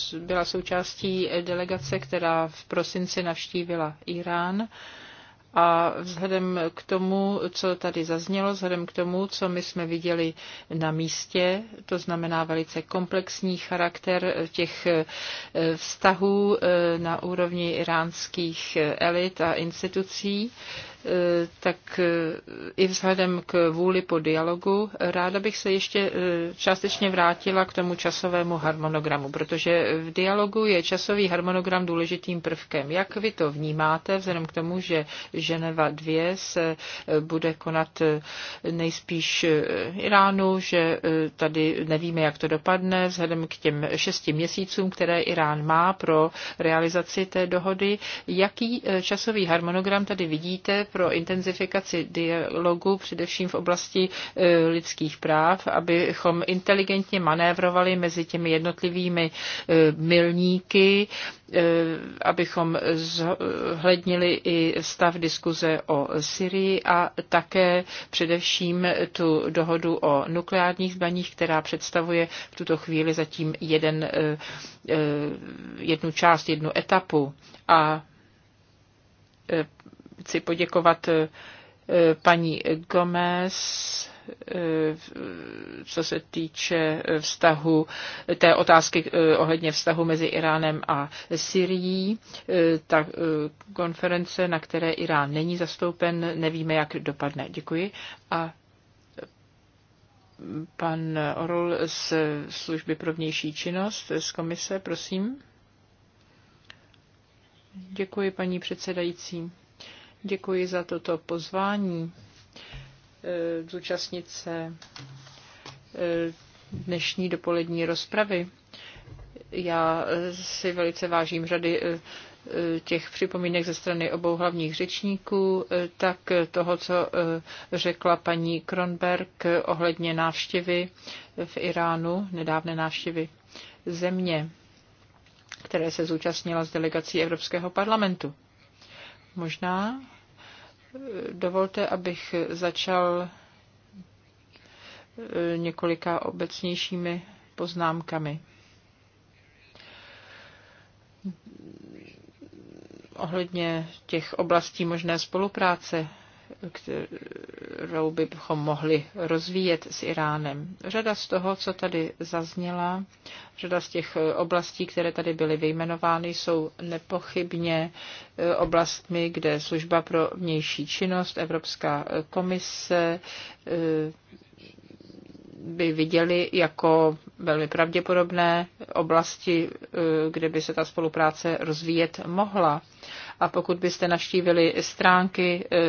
eh, byla součástí delegace, která v prosinci navštívila Irán. A vzhledem k tomu, co tady zaznělo, vzhledem k tomu, co my jsme viděli na místě, to znamená velice komplexní charakter těch eh, vztahů eh, na úrovni iránských elit a institucí, Eh, tak eh, i vzhledem k vůli po dialogu, ráda bych se ještě eh, částečně vrátila k tomu časovému harmonogramu, protože v dialogu je časový harmonogram důležitým prvkem. Jak vy to vnímáte, vzhledem k tomu, že Ženeva 2 se bude konat nejspíš Iránu, že tady nevíme, jak to dopadne, vzhledem k těm šesti měsícům, které Irán má pro realizaci té dohody. Jaký časový harmonogram tady vidíte pro intenzifikaci dialogu, především v oblasti e, lidských práv, abychom inteligentně manévrovali mezi těmi jednotlivými e, milníky, e, abychom hlednili i stav diskuze o Syrii a také především tu dohodu o nukleárních zbraních, která představuje v tuto chvíli zatím jeden, jednu část, jednu etapu. A chci poděkovat eh, paní Gomez, eh, co se týče vztahu, té otázky eh, ohledně vztahu mezi Iránem a Syrií. Ta konference, na které Irán není zastoupen, nevíme, jak dopadne. Děkuji. A pan Orol z služby pro vnější činnost z komise, prosím. Děkuji, paní předsedající. Děkuji za toto pozvání e, zúčastnit se e, dnešní dopolední rozpravy. Já si velice vážím řady e, těch připomínek ze strany obou hlavních řečníků, tak toho, co řekla paní Kronberg ohledně návštěvy v Iránu, nedávné návštěvy země, které se zúčastnila z delegací Evropského parlamentu. Možná dovolte, abych začal eh, několika obecnějšími poznámkami. Ohledně těch oblastí možné spolupráce kterou bychom mohli rozvíjet s Iránem. Řada z toho, co tady zazněla, řada z těch eh, oblastí, které tady byly vyjmenovány, jsou nepochybně eh, oblastmi, kde služba pro vnější činnost, Evropská eh, komise, by viděli jako velmi pravděpodobné oblasti, kde by se ta spolupráce rozvíjet mohla. A pokud byste naštívili stránky eh,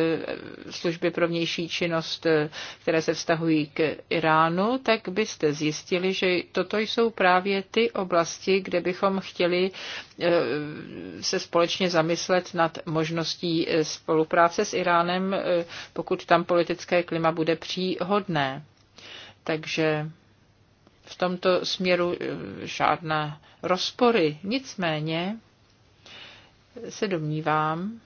služby pro vnější činnost, eh, které se vztahují k Iránu, tak byste zjistili, že toto jsou právě ty oblasti, kde bychom chtěli eh, se společně zamyslet nad možností spolupráce s Iránem, pokud tam politické klima bude příhodné. Takže v tomto směru žádné rozpory. Nicméně se domnívám,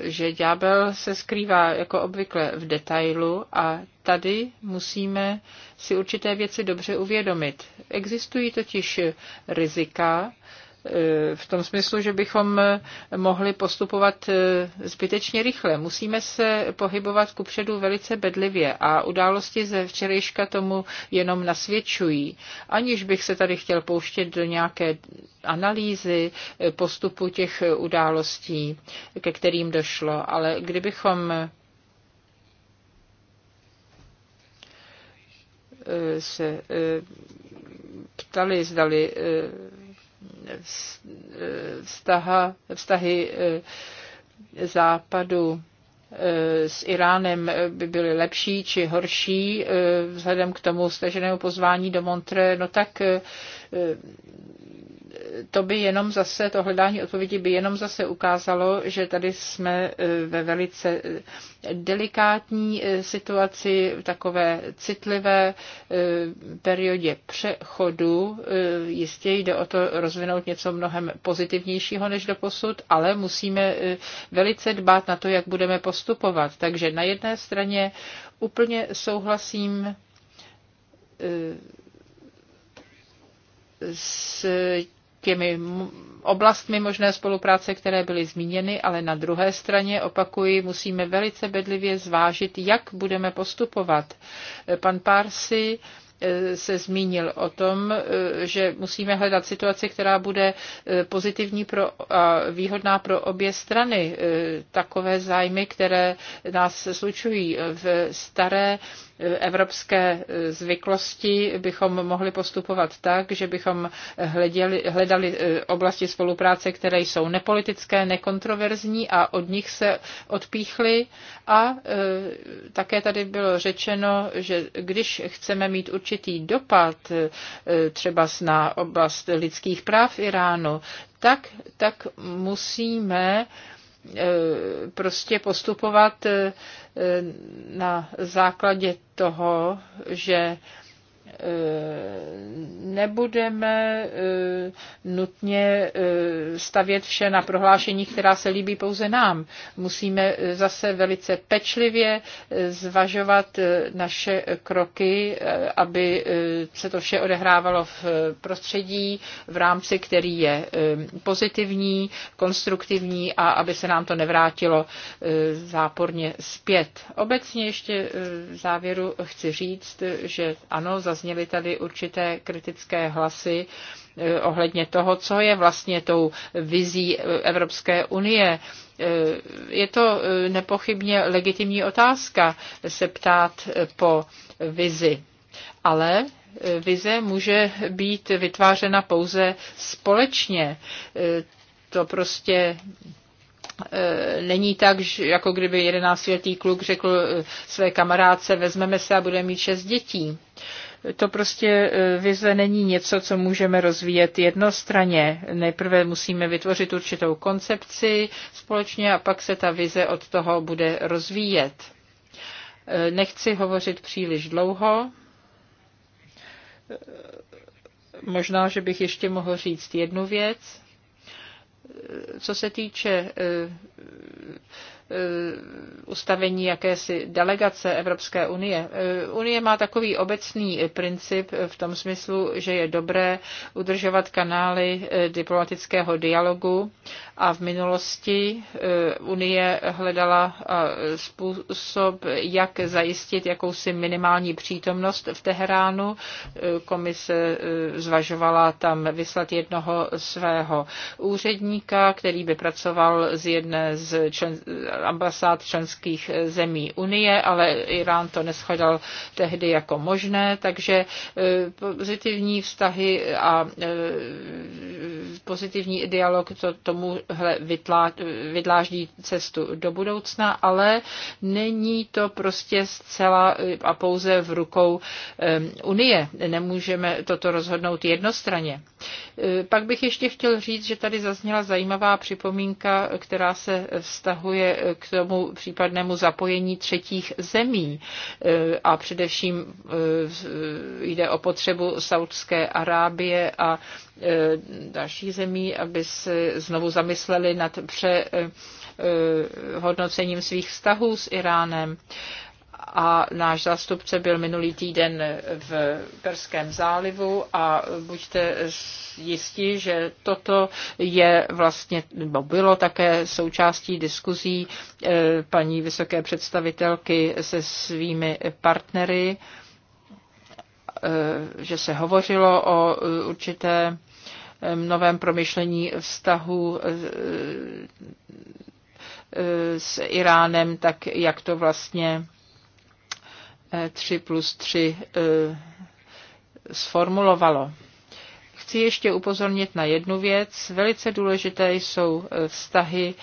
že ďábel se skrývá jako obvykle v detailu a tady musíme si určité věci dobře uvědomit. Existují totiž rizika, Eh, v tom smyslu, že bychom eh, mohli postupovat eh, zbytečně rychle. Musíme se pohybovat kupředu velice bedlivě a události ze včerejška tomu jenom nasvědčují. Aniž bych se tady chtěl pouštět do nějaké analýzy postupu těch událostí, ke kterým došlo, ale kdybychom se ptali, zdali vztaha, vztahy eh, západu eh, s Iránem by byly lepší či horší eh, vzhledem k tomu staženému pozvání do Montre, no tak to by jenom zase, to hledání odpovědi by jenom zase ukázalo, že tady jsme e, ve velice e, delikátní e, situaci, v takové citlivé periodě přechodu. Jistě jde o to rozvinout něco mnohem pozitivnějšího než do posud, ale musíme velice dbát na to, jak budeme postupovat. Takže na jedné straně úplně souhlasím s těmi oblastmi možné spolupráce, které byly zmíněny, ale na druhé straně, opakuji, musíme velice bedlivě zvážit, jak budeme postupovat. Pan Parsi eh, se zmínil o tom, eh, že musíme hledat situaci, která bude eh, pozitivní pro, a výhodná pro obě strany. Takové zájmy, které nás slučují v staré evropské zvyklosti bychom mohli postupovat tak, že bychom hleděli, hledali eh, oblasti spolupráce, které jsou nepolitické, nekontroverzní a od nich se odpíchly. A eh, také tady bylo řečeno, že když chceme mít určitý dopad eh, třeba na oblast lidských práv Iránu, tak, tak musíme uh, E, prostě postupovat e, e, na základě toho, že Eh, nebudeme eh, nutně eh, stavět vše na prohlášení, která se líbí pouze nám. Musíme zase velice pečlivě zvažovat naše kroky, aby se to vše odehrávalo v prostředí, v rámci, který je pozitivní, konstruktivní a aby se nám to nevrátilo záporně zpět. Obecně ještě v závěru chci říct, že ano, za zazněly tady určité kritické hlasy eh, ohledně toho, co je vlastně tou vizí eh, Evropské unie. Eh, je to nepochybně legitimní otázka se ptát po vizi, ale vize může být vytvářena pouze společně. To prostě není tak, jako kdyby jedenáctletý kluk řekl své kamarádce, vezmeme se a budeme mít šest dětí. To prostě e, vize není něco, co můžeme rozvíjet jednostranně. Nejprve musíme vytvořit určitou koncepci společně a pak se ta vize od toho bude rozvíjet. E, nechci hovořit příliš dlouho. E, možná, že bych ještě mohl říct jednu věc. Co se týče Eh, ustavení jakési delegace Evropské unie. Eh, unie má takový obecný princip v tom smyslu, že je dobré udržovat kanály eh, diplomatického dialogu a v minulosti Unie hledala způsob, jak zajistit jakousi minimální přítomnost v Teheránu. Komise zvažovala tam vyslat jednoho svého úředníka, který by pracoval z jedné z člen, ambasád členských zemí Unie, ale Irán to neschodal tehdy jako možné, takže e, pozitivní vztahy a e, pozitivní dialog to tomu vydláždí cestu do budoucna, ale není to prostě zcela e, a pouze v rukou Unie. Nemůžeme toto rozhodnout jednostranně. Pak bych ještě chtěl říct, že tady zazněla zajímavá připomínka, která se vztahuje k tomu případnému zapojení třetích zemí. E, a především e, jde o potřebu Saudské Arábie a e, dalších zemí, aby se znovu zamysleli nad pře hodnocením svých vztahů s Iránem a náš zástupce byl minulý týden v Perském zálivu a buďte jistí, že toto je vlastně, nebo bylo také součástí diskuzí eh, paní vysoké představitelky se svými partnery, eh, že se hovořilo o eh, určité novém promyšlení vztahu s Iránem, tak jak to vlastně 3 plus 3 eh, sformulovalo. Chci ještě upozornit na jednu věc. Velice důležité jsou eh, vztahy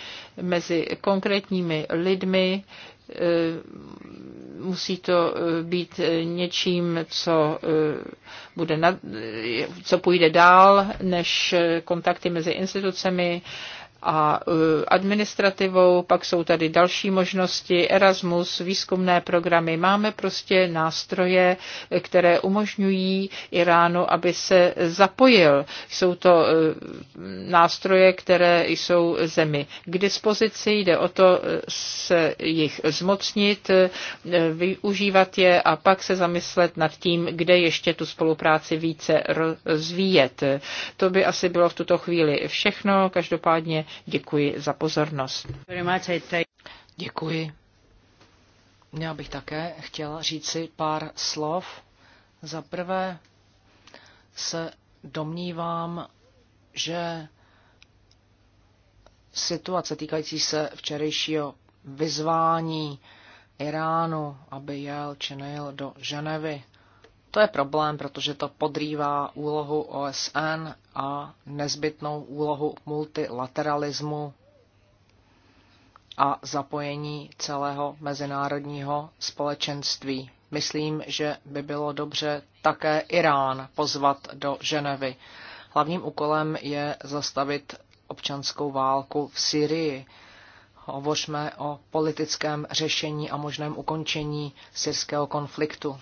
mezi konkrétními lidmi. Eh, musí to být něčím, co, bude nad, co půjde dál než kontakty mezi institucemi a e, administrativou, pak jsou tady další možnosti, Erasmus, výzkumné programy. Máme prostě nástroje, které umožňují Iránu, aby se zapojil. Jsou to e, nástroje, které jsou zemi k dispozici, jde o to e, se jich zmocnit, využívat je a pak se zamyslet nad tím, kde ještě tu spolupráci více rozvíjet. To by asi bylo v tuto chvíli všechno. Každopádně Děkuji za pozornost. Děkuji. Já bych také chtěla říci pár slov. Za prvé se domnívám, že situace týkající se včerejšího vyzvání Iránu, aby jel či nejel do Ženevy, to je problém, protože to podrývá úlohu OSN a nezbytnou úlohu multilateralismu a zapojení celého mezinárodního společenství. Myslím, že by bylo dobře také Irán pozvat do Ženevy. Hlavním úkolem je zastavit občanskou válku v Syrii. Hovořme o politickém řešení a možném ukončení syrského konfliktu.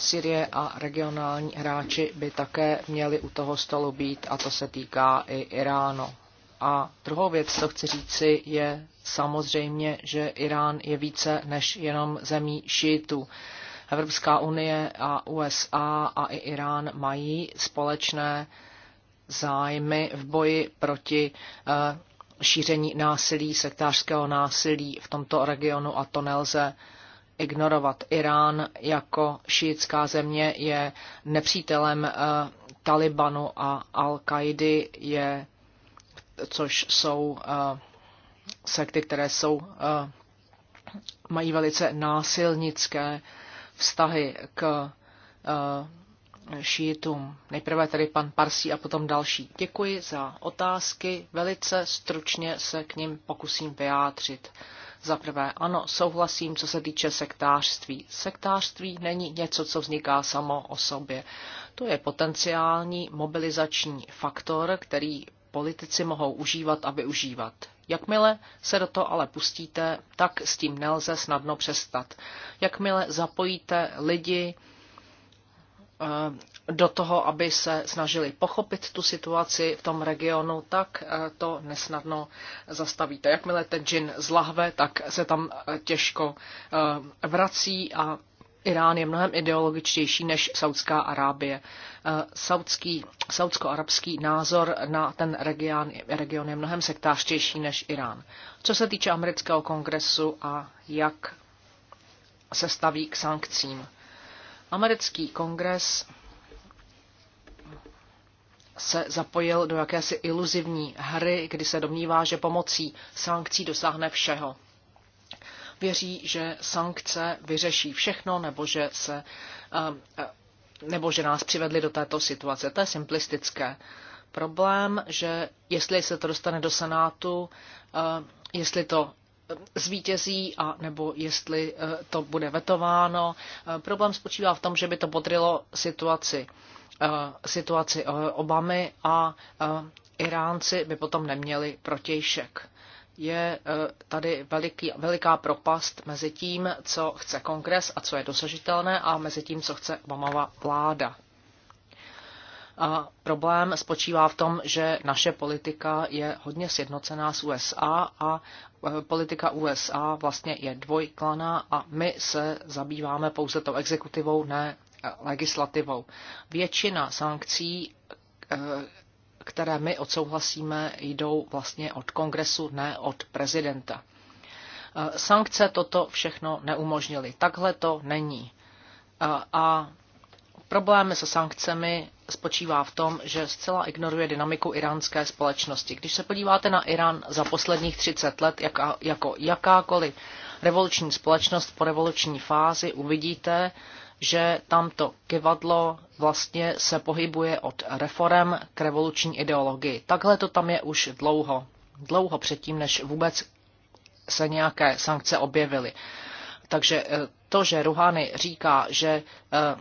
Syrie a regionální hráči by také měli u toho stolu být a to se týká i Iránu. A druhou věc, co chci říci, je samozřejmě, že Irán je více než jenom zemí šítů. Evropská unie a USA a i Irán mají společné zájmy v boji proti eh, šíření násilí, sektářského násilí v tomto regionu a to nelze ignorovat. Irán jako šíitská země je nepřítelem eh, Talibanu a Al-Kaidi je, což jsou eh, sekty, které jsou, eh, mají velice násilnické vztahy k šítům. Nejprve tedy pan Parsí a potom další. Děkuji za otázky, velice stručně se k ním pokusím vyjádřit. Za prvé, ano, souhlasím, co se týče sektářství. Sektářství není něco, co vzniká samo o sobě. To je potenciální mobilizační faktor, který politici mohou užívat a využívat. Jakmile se do toho ale pustíte, tak s tím nelze snadno přestat. Jakmile zapojíte lidi, do toho, aby se snažili pochopit tu situaci v tom regionu, tak eh, to nesnadno zastavíte. Jakmile ten džin zlahve, tak se tam eh, těžko eh, vrací a Irán je mnohem ideologičtější než Saudská Arábie. Saudský, saudsko-arabský názor na ten region, region je mnohem sektářtější než Irán. Co se týče amerického kongresu a jak se staví k sankcím. Americký kongres se zapojil do jakési iluzivní hry, kdy se domnívá, že pomocí sankcí dosáhne všeho. Věří, že sankce vyřeší všechno, nebo že, se, eh, eh, nebo že nás přivedli do této situace. To je simplistické. Problém, že jestli se to dostane do Senátu, eh, jestli to zvítězí a nebo jestli to bude vetováno. Problém spočívá v tom, že by to podrylo situaci Eh, situaci eh, Obamy a eh, Iránci by potom neměli protějšek. Je tady veliký, veliká propast mezi tím, co chce kongres a co je dosažitelné a mezi tím, co chce Obamova vláda. A problém spočívá v tom, že naše politika je hodně sjednocená s USA a politika USA vlastně je dvojklaná a my se zabýváme pouze tou exekutivou, ne legislativou. Většina sankcí, eh, které my odsouhlasíme, jdou vlastně od kongresu, ne od prezidenta. Eh, sankce toto všechno neumožnily. Takhle to není. Eh, a problém se sankcemi spočívá v tom, že zcela ignoruje dynamiku iránské společnosti. Když se podíváte na Irán za posledních 30 let, jaka, jako jakákoliv revoluční společnost po revoluční fázi, uvidíte, že tamto kivadlo vlastně se pohybuje od reform k revoluční ideologii. Takhle to tam je už dlouho, dlouho předtím, než vůbec se nějaké sankce objevily. Takže eh, to, že Ruhany říká, že, eh,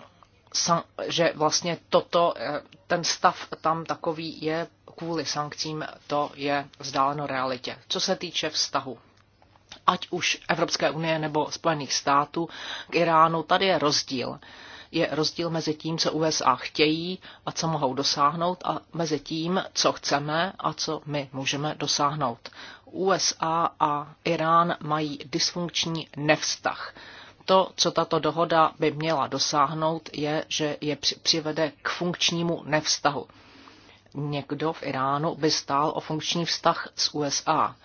že vlastně toto, eh, ten stav tam takový je kvůli sankcím, to je vzdáleno realitě. Co se týče vztahu ať už Evropské unie nebo Spojených států k Iránu, tady je rozdíl. Je rozdíl mezi tím, co USA chtějí a co mohou dosáhnout a mezi tím, co chceme a co my můžeme dosáhnout. USA a Irán mají dysfunkční nevztah to, co tato dohoda by měla dosáhnout, je, že je přivede k funkčnímu nevztahu. Někdo v Iránu by stál o funkční vztah s USA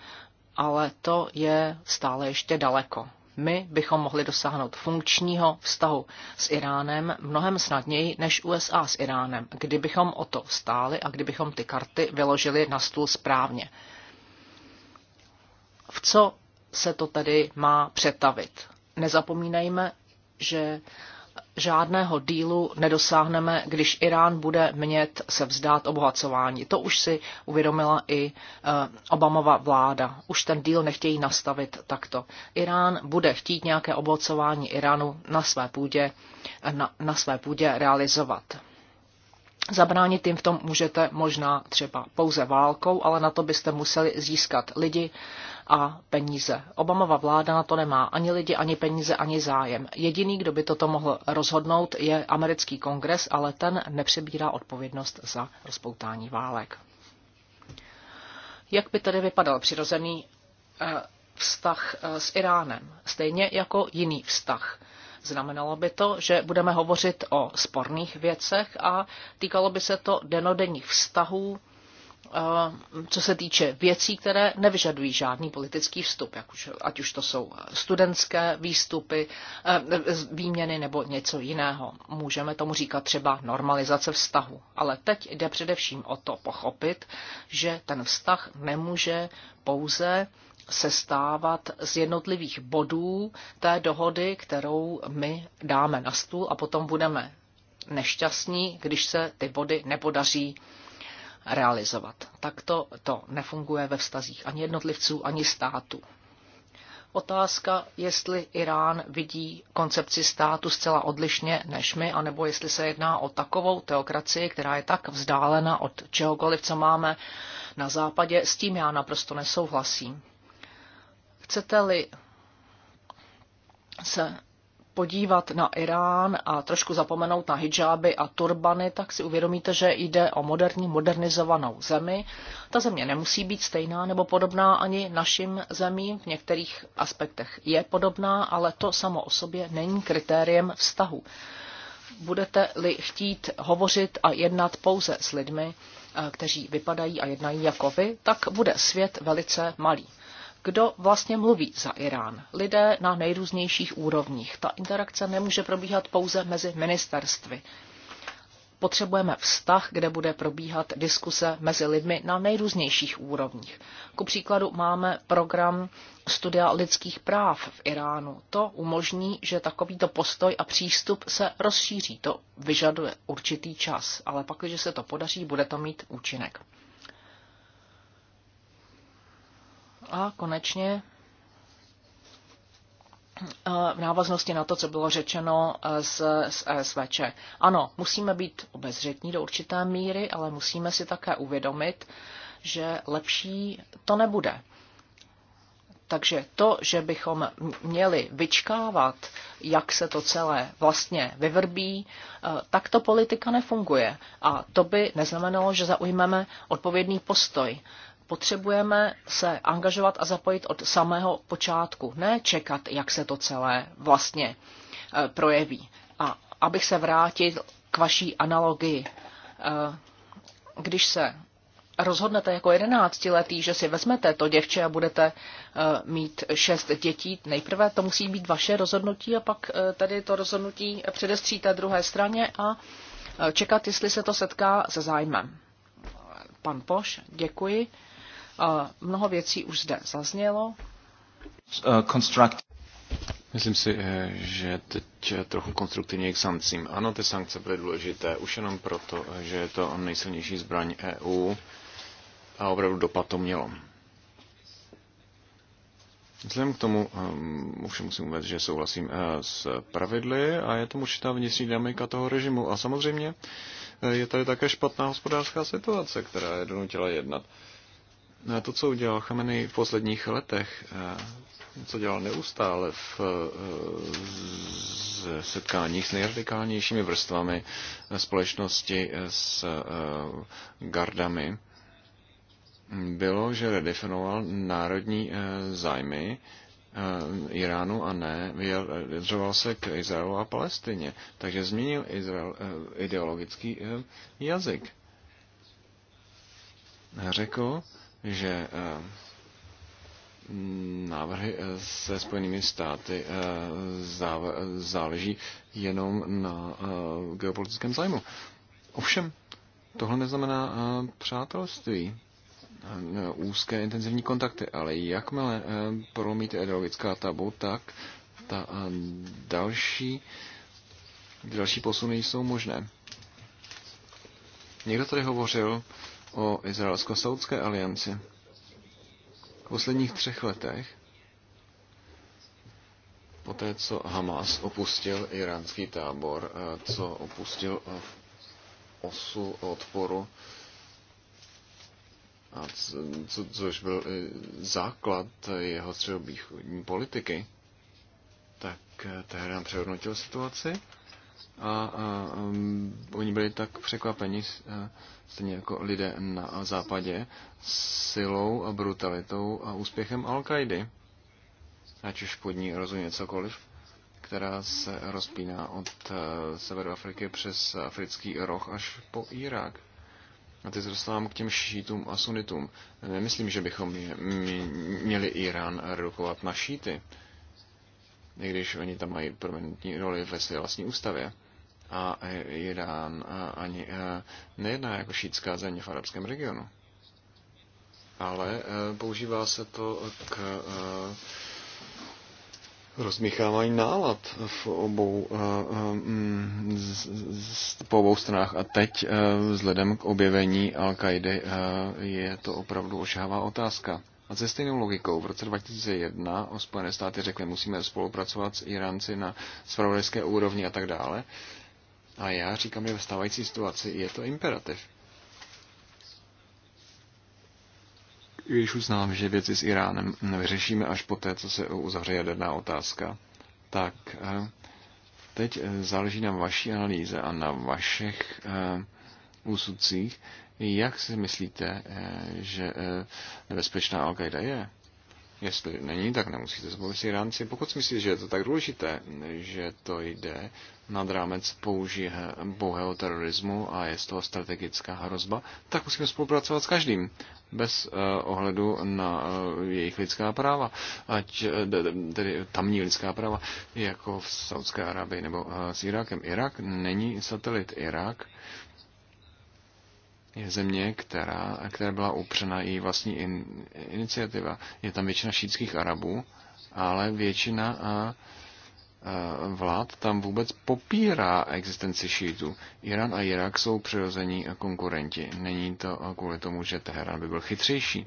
ale to je stále ještě daleko. My bychom mohli dosáhnout funkčního vztahu s Iránem mnohem snadněji než USA s Iránem, kdybychom o to stáli a kdybychom ty karty vyložili na stůl správně. V co se to tedy má přetavit? Nezapomínejme, že žádného dílu nedosáhneme, když Irán bude mět se vzdát obohacování. To už si uvědomila i eh, Obamova vláda. Už ten díl nechtějí nastavit takto. Irán bude chtít nějaké obohacování Iránu na své půdě, eh, na, na své půdě realizovat. Zabránit jim v tom můžete možná třeba pouze válkou, ale na to byste museli získat lidi, a peníze. Obamova vláda na to nemá ani lidi, ani peníze, ani zájem. Jediný, kdo by toto mohl rozhodnout, je americký kongres, ale ten nepřebírá odpovědnost za rozpoutání válek. Jak by tedy vypadal přirozený eh, vztah eh, s Iránem, stejně jako jiný vztah? Znamenalo by to, že budeme hovořit o sporných věcech a týkalo by se to denodenních vztahů Eh, co se týče věcí, které nevyžadují žádný politický vstup, jak už, ať už to jsou studentské výstupy, eh, výměny nebo něco jiného. Můžeme tomu říkat třeba normalizace vztahu. Ale teď jde především o to pochopit, že ten vztah nemůže pouze sestávat z jednotlivých bodů té dohody, kterou my dáme na stůl a potom budeme nešťastní, když se ty body nepodaří uh, realizovat. to, to nefunguje ve vztazích ani jednotlivců, ani státu. Otázka, jestli Irán vidí koncepci státu zcela odlišně než my, anebo jestli se jedná o takovou teokracii, která je tak vzdálena od čehokoliv, co máme na západě, s tím já naprosto nesouhlasím. Chcete-li se podívat na Irán a trošku zapomenout na hijáby a turbany, tak si uvědomíte, že jde o moderní, modernizovanou zemi. Ta země nemusí být stejná nebo podobná ani našim zemím, v některých aspektech je podobná, ale to samo o sobě není kritériem vztahu. Budete-li chtít hovořit a jednat pouze s lidmi, eh, kteří vypadají a jednají jako vy, tak bude svět velice malý kdo vlastně mluví za Irán. Lidé na nejrůznějších úrovních. Ta interakce nemůže probíhat pouze mezi ministerstvy. Potřebujeme vztah, kde bude probíhat diskuse mezi lidmi na nejrůznějších úrovních. Ku příkladu máme program studia lidských práv v Iránu. To umožní, že takovýto postoj a přístup se rozšíří. To vyžaduje určitý čas, ale pak, když se to podaří, bude to mít účinek. A konečně eh, v návaznosti na to, co bylo řečeno eh, z, z ESVČ. Ano, musíme být obezřetní do určité míry, ale musíme si také uvědomit, že lepší to nebude. Takže to, že bychom měli vyčkávat, jak se to celé vlastně vyvrbí, eh, tak to politika nefunguje. A to by neznamenalo, že zaujmeme odpovědný postoj potřebujeme se angažovat a zapojit od samého počátku, ne čekat, jak se to celé vlastně e, projeví. A abych se vrátil k vaší analogii, e, když se rozhodnete jako jedenáctiletý, že si vezmete to děvče a budete e, mít šest dětí, nejprve to musí být vaše rozhodnutí a pak tady to rozhodnutí předestříte druhé straně a čekat, jestli se to setká se zájmem. Pan Poš, děkuji. Mnoho věcí už zde zaznělo. Uh, Myslím si, eh, že teď trochu konstruktivně k sankcím. Ano, ty sankce byly důležité už jenom proto, že je to nejsilnější zbraň EU a opravdu dopad to mělo. Vzhledem k tomu um, už musím uvést, že souhlasím uh, s pravidly a je to určitá vnitřní dynamika toho režimu. A samozřejmě je tady také špatná hospodářská situace, která je donutila jednat. Uh, to, co udělal Chameny v posledních letech, eh, co dělal neustále v, eh, v setkáních s nejradikálnějšími vrstvami společnosti s eh, gardami, bylo, že redefinoval národní zájmy Iránu a ne vyjadřoval se k Izraelu a Palestině. Takže změnil Izrael ideologický jazyk. Řekl, že eh, návrhy eh, se Spojenými státy eh, záleží jenom na geopolitickém zájmu. Ovšem, tohle neznamená přátelství, úzké intenzivní kontakty, ale jakmile prolomíte ideologická tabu, tak ta další, další posuny jsou možné. Někdo tady hovořil o Izraelsko-Saudské alianci. V posledních třech letech, po té, co Hamas opustil iránský tábor, eh, co opustil eh, osu odporu, a co, což byl eh, základ jeho středovýchodní politiky, tak Teherán přehodnotil situaci a, a um, oni byli tak překvapeni, stejně jako lidé na západě, silou a brutalitou a úspěchem al kaidy ať už pod ní rozumět cokoliv, která se rozpíná od e, severu Afriky přes africký roh až po Irák. A teď zrostávám k těm šítům a sunitům. Nemyslím, že bychom je, měli Irán redukovat na šíty i když oni tam mají prominentní roli ve své vlastní ústavě. A Irán ani e, nejedná jako šítská země v arabském regionu. Ale e, používá se to k e, rozmíchávání nálad v obou, po obou stranách. A teď vzhledem k objevení Al-Kaidy je to opravdu ošahavá otázka. A se stejnou logikou v roce 2001 o Spojené státy řekly, musíme spolupracovat s Iránci na spravodajské úrovni a tak dále. A já říkám, že ve stávající situaci je to imperativ. Když uznám, že věci s Iránem nevyřešíme až poté, co se uzavře jaderná otázka, tak eh, teď eh, záleží na vaší analýze a na vašich eh, úsudcích, jak si myslíte, eh, že eh, nebezpečná al je? Jestli není, tak nemusíte zvolit Iránci. Pokud si myslíte, že je to tak důležité, že to jde nad rámec bohého terorismu a je z toho strategická hrozba, tak musíme spolupracovat s každým, bez eh, ohledu na jejich lidská práva, ať tedy tamní lidská práva, jako v Saudské Arábii nebo s Irákem. Irák není satelit Irák je země, která, která byla upřena její vlastní in, iniciativa. Je tam většina šítských Arabů, ale většina a, a, vlád tam vůbec popírá existenci šítů. Irán a Irák jsou přirození konkurenti. Není to kvůli tomu, že Teherán by byl chytřejší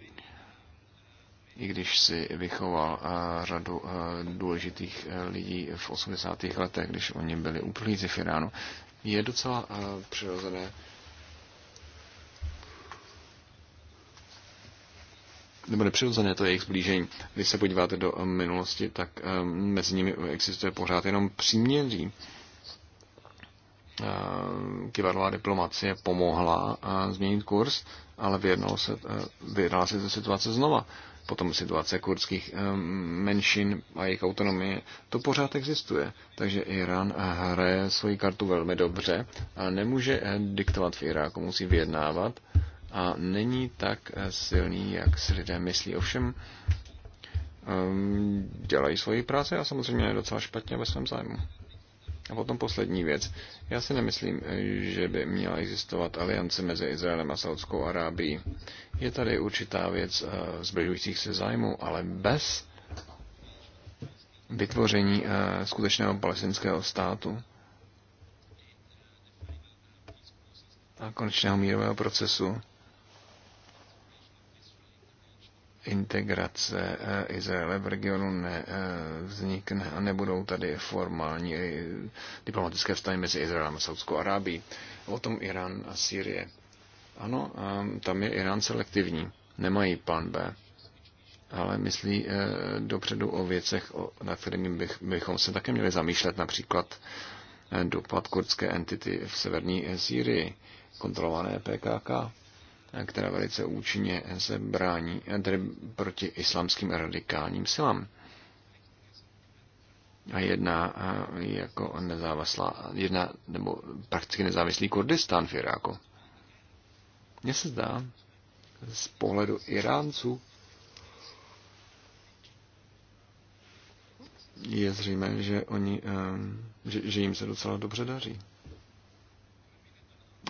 i když si vychoval řadu důležitých lidí v 80. letech, když oni byli uprchlíci v Iránu, je docela přirozené, nebo nepřirozené to jejich zblížení. Když se podíváte do eh, minulosti, tak eh, mezi nimi existuje pořád jenom příměří. Eh, Kivadlová diplomacie pomohla změnit kurz, ale vyjednalo se, vyjednala se ta situace znova. Potom situace kurdských menšin a jejich autonomie, to pořád existuje. Takže Irán hraje svoji kartu velmi dobře, ale nemůže diktovat v Iráku, musí vyjednávat a není tak eh, silný, jak si lidé myslí. Ovšem, ehm, dělají svoji práci a samozřejmě je docela špatně ve svém zájmu. A potom poslední věc. Já si nemyslím, eh, že by měla existovat aliance mezi Izraelem a Saudskou Arábií. Je tady určitá věc eh, zbližujících se zájmu, ale bez vytvoření skutečného palestinského státu a konečného mírového procesu integrace eh, Izraele v regionu nevznikne a nebudou tady formální eh, diplomatické vztahy mezi Izraelem a Saudskou Arábií. O tom Irán a Sýrie. Ano, ehm, tam je Irán selektivní, nemají plán B, ale myslí eh, dopředu o věcech, na kterými bych, bychom se také měli zamýšlet, například dopad kurdské entity v severní Sýrii, kontrolované PKK která velice účinně se brání tedy proti islamským radikálním silám. A jedná jako nezávislá, jedna nebo prakticky nezávislý Kurdistán v Iráku. Mně se zdá, z pohledu Iránců, je zřejmé, že, oni, ehm, že, že jim se docela dobře daří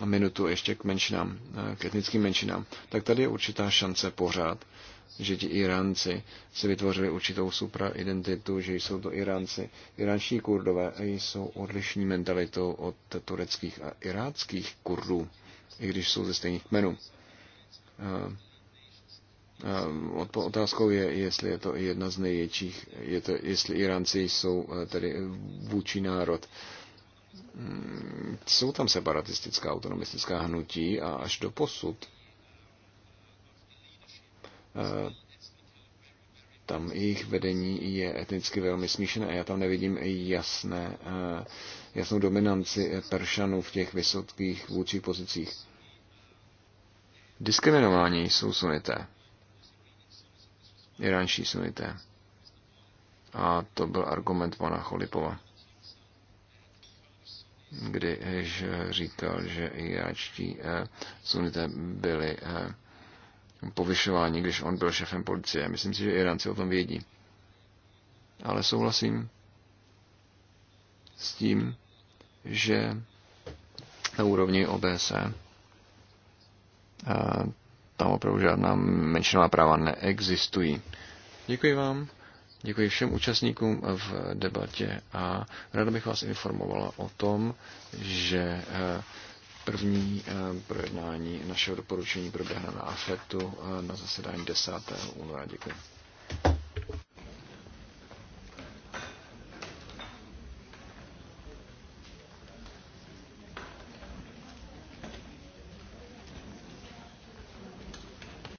minutu ještě k menšinám, eh, k etnickým menšinám, tak tady je určitá šance pořád, že ti Iránci si vytvořili určitou supraidentitu, že jsou to Iránci. Iránští kurdové jsou odlišní mentalitou od tureckých a iráckých kurdů, i když jsou ze stejných kmenů. Eh, eh, otázkou je, jestli je to jedna z největších, je to, jestli Iránci jsou tedy vůči národ Mm, jsou tam separatistická autonomistická hnutí a až do posud eh, tam jejich vedení je etnicky velmi smíšené a já tam nevidím jasné, eh, jasnou dominanci Peršanů v těch vysokých vůdčích pozicích. Diskriminování jsou sunité. Iránští sunité. A to byl argument pana Cholipova když říkal, že iráčtí eh, sunité byli eh, povyšováni, když on byl šefem policie. Myslím si, že Iránci o tom vědí. Ale souhlasím s tím, že na úrovni OBSE eh, tam opravdu žádná menšinová práva neexistují. Děkuji vám. Děkuji všem účastníkům v debatě a ráda bych vás informovala o tom, že eh, první eh, projednání našeho doporučení proběhne na AFETu eh, na zasedání 10. února. Děkuji.